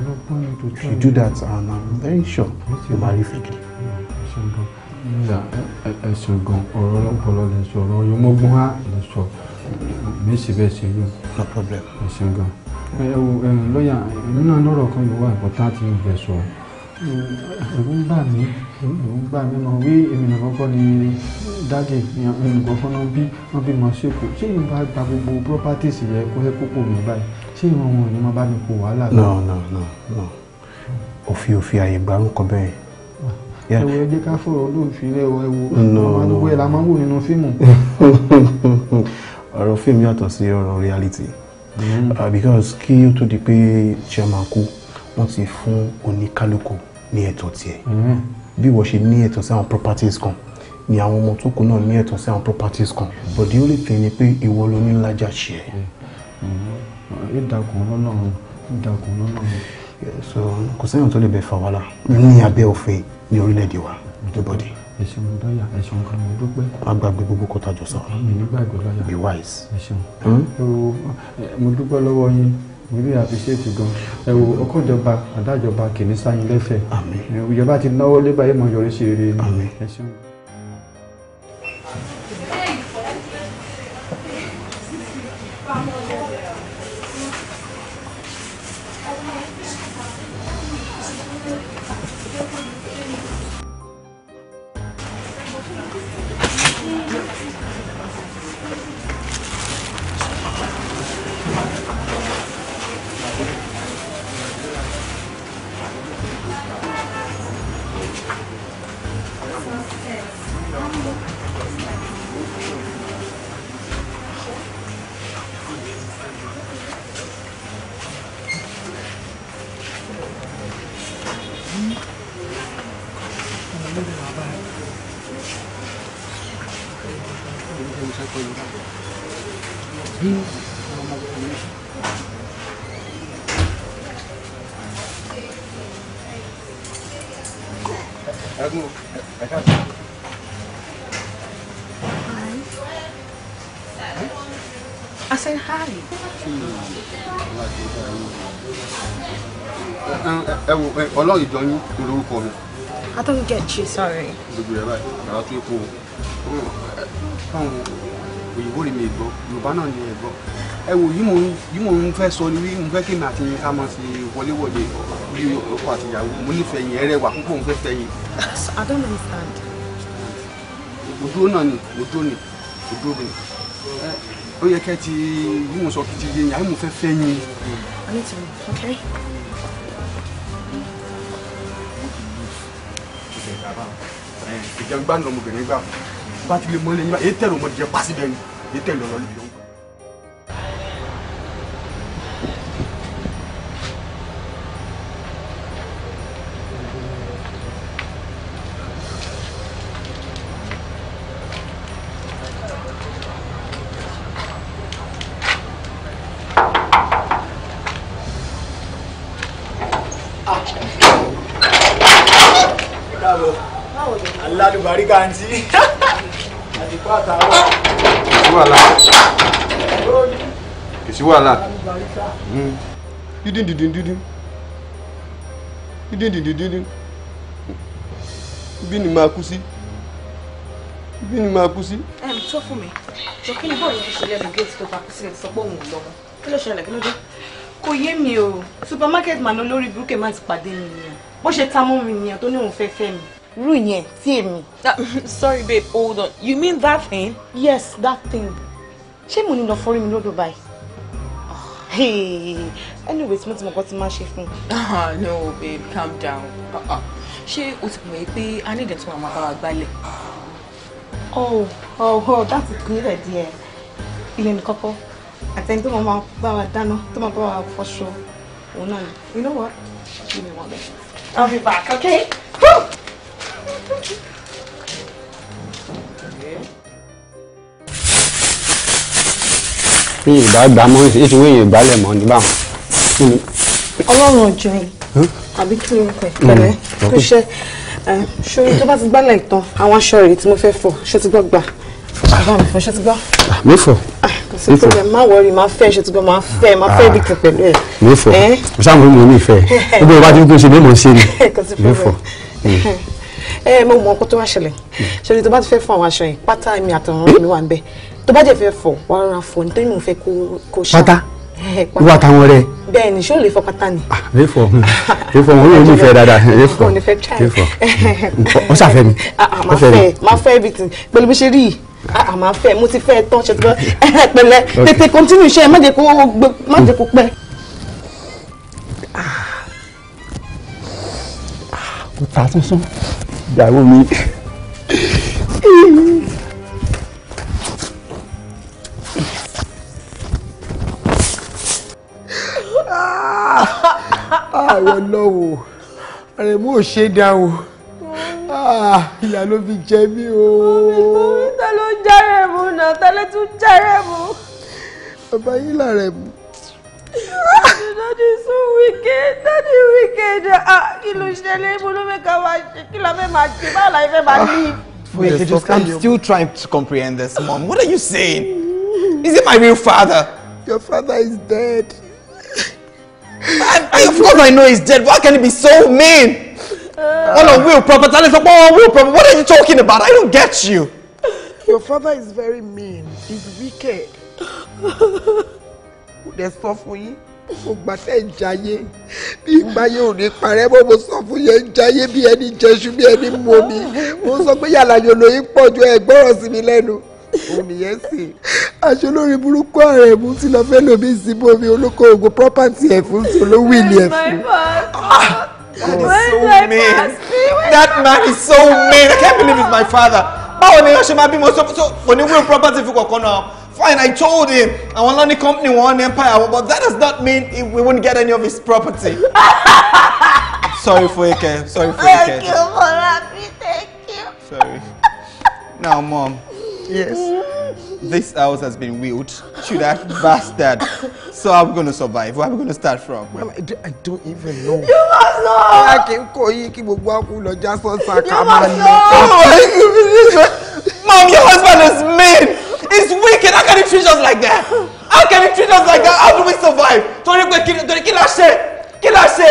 ọlọ́gbọ́n lè tó tẹ́lẹ̀. if you do that and i'm very sure you marry fẹ́ gidi nda ẹsẹ gan ọ̀rọ̀ ọlọpọlọ lè sọ ọ̀rọ̀ ọyọmọgbọn á lè sọ mi sì bẹ ṣe yóò. no problem. ẹsẹ gan ẹ wo lọ́yà èmi náà lọ́rọ̀ kan yóò wá important ní ibẹ̀ sọ ẹ̀rù ń bà mí ẹ̀rù ń bà mí mọ̀ wí èmi nà kọ́kọ́ ni dáàdì nǹkan fọ́nà bí wọ́n bí mọ̀ ṣèkù ṣé ìyẹn bá gba gbogbo properties yẹ kó ẹ kókò mi báyìí ṣé ìwọ̀n ò ní máa bá mi kó wàhálà. no no no no òfin òfin àyè gbárùkọ bẹ́ẹ̀ ẹwọ ẹjẹ ká fọ̀rọ̀ olóòfin rẹ ẹwọ ẹwọ àwọn àdúgbò ẹ la máa ń wò nínú fíìmù. ọ̀rọ̀ fíìmù yàtọ̀ sí ọ̀rọ̀ reality mm-hmm. uh, because kí ó tó di pé chairman kú wọ́n ti fún oníkálukú ní ẹ̀tọ́ tiẹ̀ mm-hmm. bí wọ́n ṣe ní ẹ̀tọ́ sí àwọn properties kan ni àwọn ọmọ tó kù náà ní ẹ̀tọ́ sí àwọn properties kan but the only thing ni pé ìwọ ló ní lájà ṣe ẹ̀. ìdàgùn mm-hmm. lọ́nà ìdàgùn lọ́nà. so kò sẹ́yìn tó lè bẹ fà wàhálà ní abẹ́ òfin ní orílẹ̀-èdè wa everybody. ẹ ṣeun lọ́yà ẹ ṣeun kan mo dúpẹ́. wàá gbàgbé gbogbo kọ́tà jọ sọ. mi ní gbàgbé lọ́yà be wise. Hmm? ẹ ṣeun mo dúpẹ́ lọ́wọ́ yín mo rí àfiṣẹ́ẹ̀tì gan ẹ wo ọkọ̀jọba àdájọba kìnìún sáyìn lẹ́fẹ̀ẹ́ ìjọba ti náwó lébàáyé mọ̀ yọrí sí rere ni ẹ ṣeun. ọlọ́run ìjọ yín tó lórúkọ mi. I don't get you, sorry. Gbogbo rẹ̀ báyìí, àrà tó epo òyìnbó rẹ̀ mi gbọ́, Yorùbá náà ni ẹ̀ Ẹ wò yìí mò ń fẹ́ sọ ni wí, mo fẹ́ kí mi àti ká máa ṣe wọléwọ̀de bí ọkọ àti ìyàwó. Mo nífẹ̀ẹ́ yín, ẹ rẹwà púpọ̀ mo fẹ́ fẹ́ yín. I don't understand. Òdúró náà ni, òdúró ni, òdúró ni. Ó yẹ kẹ́ ti bí mo sọ ti yé yín, mo fẹ́ fẹ́ yín. I need to, okay. jẹun gbádùn ọmọbìnrin gbà bá ti lè mọ́lẹ̀ yín bá èyí tẹ̀lé ọmọdé jẹ pàṣẹ bẹ́ẹ̀ ni èyí tẹ̀lé ọlọ́lẹ̀ yìí. lóògùn àǹtí àdìpá àtàwọn. kì í wàhálà kì í wàhálà hmm. dídín dídín dídín dídín dídín dídín bí ni màá kú sí bí ni màá kú sí. ẹ ẹ tó fún mi jọ kí ni bọ́ọ̀lù yẹn ṣe lẹ́nu géètì tó bá kú sílẹ̀ sọ pé òun ò lọ́mọ kí ló ṣẹlẹ̀ kí ló dé kò yé mi o supermarket man olórí burúkú ẹ̀ ti pàdé mi nìyẹn bó ṣe ta mọ́ mi nìyẹn tó ní òun fẹ́ fẹ́ mi rú yẹn sí èmi. Ah, sorry babe hold on you mean that thing. yes that thing ṣé mo ní lọ fọrí mi lódò báyìí. Ah, anyway tí mo ti mọ̀ kọ́ ti máa ṣe fún un. Ah, no babe calm down ṣé o ti mọ̀ pé a ní ìdẹ̀tún àwọn àbáwá gbálẹ̀. oh oh oh that is good idea ilé ní kọ́kọ́ àtẹni tó máa bá wa dáná tó máa bá wa fọṣọ òun náà you know what give me one minute I'll be back okay. Woo! mi ìgbà gbà mọ́ ètò èèyàn ìgbàlẹ̀ mọ́ ní báwọn. ọlọ́run ọjọ́ yìí àbí kí ló ń pẹ́ mm. pẹ̀lẹ́ tó ṣe ṣòro tó bá ti gbálẹ̀ ìtàn àwọn aṣọ rèé tí mo fẹ́ fọ̀ ṣe ti gbọ́ gbà ah. bá mi fọ̀ ṣe ti gbọ́. Ah, mi fọ̀ ah, kò sí problem má wọrí má fẹ́ ṣe ti gbọ́ má fẹ́ má fẹ́ bí kan pẹ̀lú ẹ̀. mi fọ̀ sáà mo ní ìfẹ́ gbogbo ìwádìí tó ń ṣe lé mọ̀ ṣe ni mi fọ̀. ẹ eh, mo mọ ọkọ tó wá ṣẹlẹ̀ ṣòro tó bá ti fẹ́ fọ àwọn aṣọ yìí pátá mi àtọ̀run mi wà ń bẹ̀ tó bá jẹ́ fẹ́ fọ wà rọra fọ nítorí mo fẹ́ kó ṣá. pátá eh, ìwà táwọn rẹ. bẹ́ẹ̀ ni ṣó lè fọ pátá ni. Ah, lè fọ lè fọ òun yóò nífẹ̀ẹ́ dáadáa lè fọ lè fọ ọ ṣàfẹ́ mi. Ah, ah, máa fẹ́ máa fẹ́ ibi tí pẹ̀lú bí ṣe rí yìí a mo ti fẹ́ tán ṣe tó pẹ̀lẹ́ tètè continue iṣẹ́ má jẹ́ kó pẹ́. Hmm tó ta sánsán ìyàwó mi. àwọn ah, lọ́wọ́ rẹ̀ mú òṣè dá o ah, ìyá ló fi jẹ mí o. ta ló ń jàre mú náà ta tún jàre mú. bàbá yín làrẹ̀ mú. That is so wicked. That is wicked. Ah, kí ló ṣẹlẹ̀? Mo ló fẹ́ ká wá ṣe. Kí la fẹ́ máa ah, Wait, I'm still trying to comprehend this, Mom. What are you saying? Is it my real father? Your father is dead. I, I, of course I know he's dead. Why can he be so mean? Uh, ah. on a will proper, that oh, is a will proper. What are you talking about? I don't get you. Your father is very mean. He's wicked. kò dẹ̀ sọ fún yín mo gbà tẹ̀ ń jayé bí ìgbáyé ò ní parẹ́ mo sọ fún yẹn ń jayé bí ẹni jẹṣu bí ẹni mú omi mo sọ pé yàrá yòlò yín pọ̀ ju ẹ̀gbọ́rọ̀ sí mi lẹ́nu omi yẹn sì aṣọ burúkú ààrẹ mú ti lọ fẹ́ lómi ìsinmi omi olóko ògùn property ẹ̀ fún solówó ìlì ẹ̀ fún. that man is so mean I can't believe he's my father báwo ni wọ́n ṣe máa bímọ sọ kò ní will property fi kọ̀ọ̀kan náà. Fine, I told him. I want only company, one empire, but that does not mean we won't get any of his property. Sorry for you, Ike. Sorry for Ike. Thank you for happy. Thank you. Sorry. Now, mom. Yes. This house has been wheeled. to that bastard. So I'm are going to survive? Where are we going to start from? Well, I, do, I don't even know. You must know! I can call you, keep a walk, just on Saka. You must know! Oh mom, your husband is mean! it's wicked how can you treat us like that how can you treat us like that how do we survive torí pé kí torí kí la ṣe kí la ṣe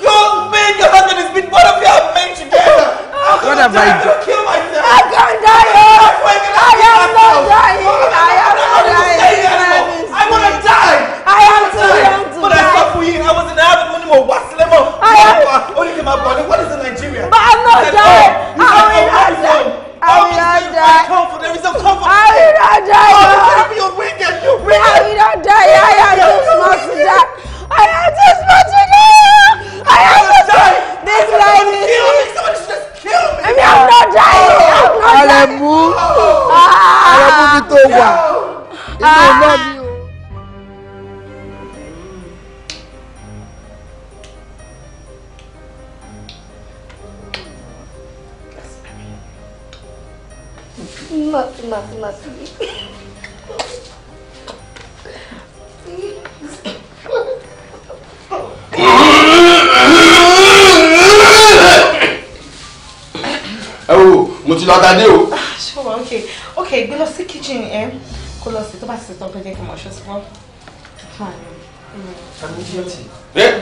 your main your husband is been both of you are men together how have I? try to kill myself I can't die oh I am not dying I am not dying I wanna die I am too young to die but I stop for you I was in the habit when you were wassling up I am only oh, came out body what is in Nigeria but I'm not oh, dying I will not die. Arirada. There is no comfort. Arirada. Oh, you wicked. You wicked. Arirada. I am too smart to die. I am too smart to die. I am too smart. This life is. Kill me. Somebody should just kill I mean, not dying. Ma, ma, ma. ẹ wo mo ti lọ adadé o. ṣọwọ́ ah, ok ok gbé lọ sí kitchen ẹ eh? kó lọ sí tó bá ti ṣe tán pé jẹ́ kí n mọ̀ ṣọ́ sí wọ́n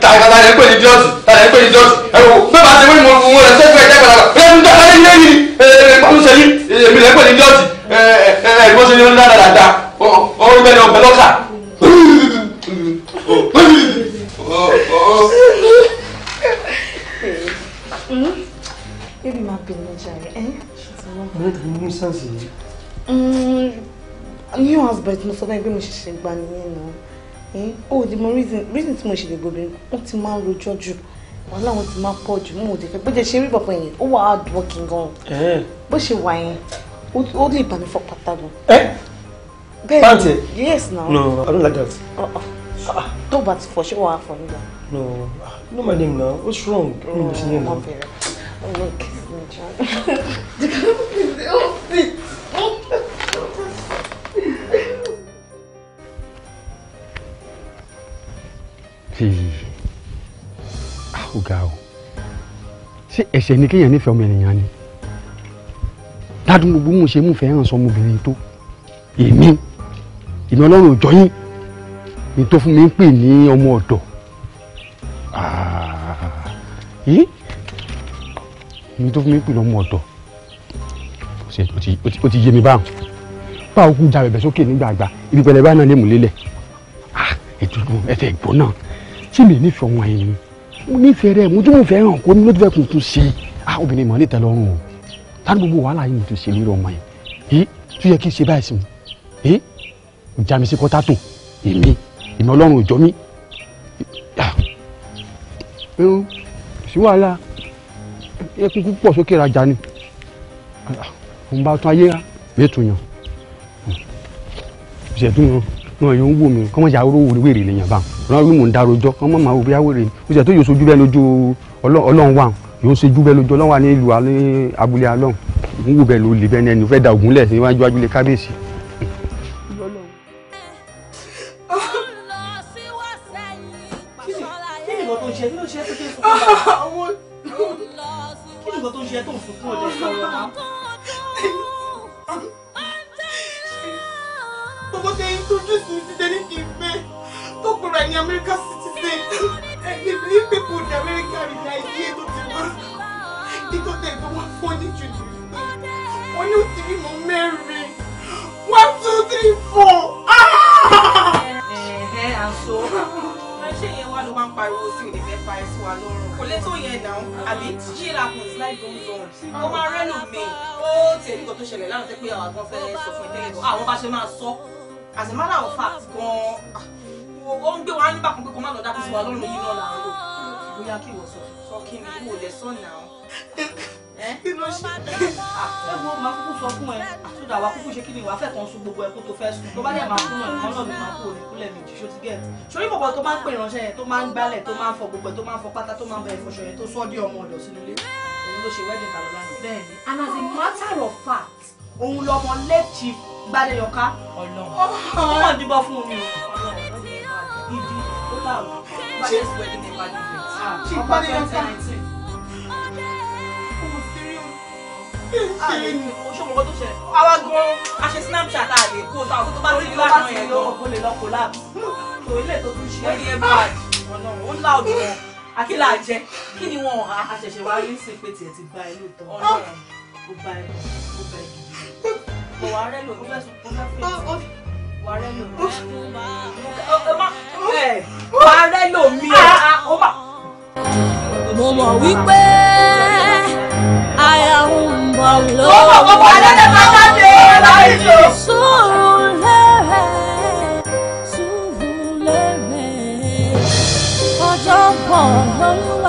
tàyẹ̀kàtà yẹn pè ní díọ̀sì tàyẹ̀ pè ní díọ̀sì ẹ̀rọ bẹ́ẹ̀ bá ti wí mo mo rẹ̀ sẹ́kù ẹ̀jẹ̀ gbàlagbà ẹ̀ ń dáná ilé yìí ẹ̀ pàlú sẹ́yìn èmi rẹ̀ pè ní díọ̀sì ẹ̀ ẹ̀ ìwọ sẹ́yìn ń dára dáadáa ọ̀rọ̀ bẹ́ẹ̀ ni ọ̀bẹ lọ́kà. ebi máa bẹ̀rẹ̀ níjà rẹ̀ ẹ́ ṣùgbọ́n. mo ní sáǹsì yìí. Mm, new house bẹ̀rẹ̀ tí ṣẹ̀ṣẹ̀ gbà nìyẹn náà. Hmm? Oh, the more reason reason tí mo ṣe lè gbobìnrin wọ́n ti máa ń rojọ́ jù wọn láwọn ti máa pọ̀ jù mú òde fẹ́ bójú ṣe rí bọ̀bọ̀ yẹn ó wà á dùn ọ́kì gan eh. bó ṣe wà yẹn ó lè bá mi fọ pátá gan. ẹ eh? bẹ́ẹ̀ni yes na. no i don't like that. Uh-uh. tó bá ti fọ ṣé wàá fọ nígbà. no ah, no my name na what's wrong. ọmọ bẹ̀rẹ̀ ọmọ bẹ̀rẹ̀ ọmọ kìsìmẹjọ. ó ah, ga o ṣé ẹ̀ṣẹ̀ ni kéèyàn nífẹ̀ẹ́ ọmọ ènìyàn ni ládùn gbogbo mo ń ṣe mú fẹ́ràn sọmọbìnrin tó èmi èmi ọlọ́run ò jọyín ni tó fún mi ń pè ní ọmọ ọ̀dọ̀ ah. ni tó fún mi ń pè ní ọmọ ọ̀dọ̀ ó ti yé mi báwọn báwo kú ja bẹ̀bẹ̀ sókè nígbàgbà ibi pẹlẹbẹ náà lè mú lélẹ̀ ètò ẹ̀fẹ̀ ìgbó náà ṣé mi nífẹ̀ẹ́ ọmọ yẹn ni mo nífẹ̀ẹ́ rẹ mo tún mo fẹ́ hàn kó ló ti fẹ́ kùn tún ṣe ah obìnrin mọ̀ ní tẹ lọ́rùn o tani gbogbo wàhálà yìí mo tún ṣe lórí ọmọ yẹn ẹ tún yẹ kí n ṣe báyìí sí mi ẹ ìjà mi sí kọ́tà tó èmi èmi ọlọ́run òjọ́ mi irun sí wàhálà ẹkún púpọ̀ sókè rajà ni òun bá tún ayé rà mẹ́tò yàn ṣẹ̀dúnrún wọn yóò wò mí kọ́mọ ìyá owó wèrè lèèyàn bá wọn rí mò ń darojọ́ ọmọ màá wò bí wèrè ni ó tó yóò sojú bẹ́ẹ̀ lójú ọlọ́run wà yóò sojú bẹ́ẹ̀ lójú ọlọ́run wà ní ìlú abúlé alọ́run ń wò bẹ́ẹ̀ ló bẹ́ẹ̀ ní ẹni fẹ́ da ògúnlẹ̀ síwájú ajúlé kábíyèsí máa ń pè ránṣẹ́ yẹn tó máa ń gbálẹ̀ tó máa ń fọ gbogbo ẹ̀ tó máa ń fọ pátá tó máa ń bẹ ìfọṣọ yẹn tó sọ́ọ́dí ọmọ ọ̀dọ̀ sínú ilé òun ló ṣe wedding kan lọ́la náà. bẹ́ẹ̀ni and as a matter of fact òun lọmọ late chief Gbádéyọká Ọlọ́run ó mọ̀ díbọ́ fún mi ìdí ó láwùjọ. ṣé ìgbàlejò ah, ẹ̀ àlè o ṣe mọ̀kọ́ tó ṣe àwa gan a ṣe snapchat àlè kó o ta ọ̀tún tó bá ti lọ́wọ́ náà yẹn lọ o lè lọ collapse tó ilé tó tún ṣe é yẹn bad ọ̀nà ó ń lá ọ̀dùn wọn àkílà jẹ kí ni wọn ọ̀hà àṣẹ̀ṣẹ̀ wá rí sí pé tiẹ̀ ti gba ẹ lóòótọ́ ọ̀rọ̀ kò gba ẹ kò gba ẹ gidi kò wá rẹ́ lò ó fẹ́ sùn kó má fẹ́ wà rẹ́ lò mí mo mọ̀ wípé aya ń bọ̀ lórí. ó mọ̀ gbogbo àdéhùn máa wá dé ọjọ́ bọ̀ lórí.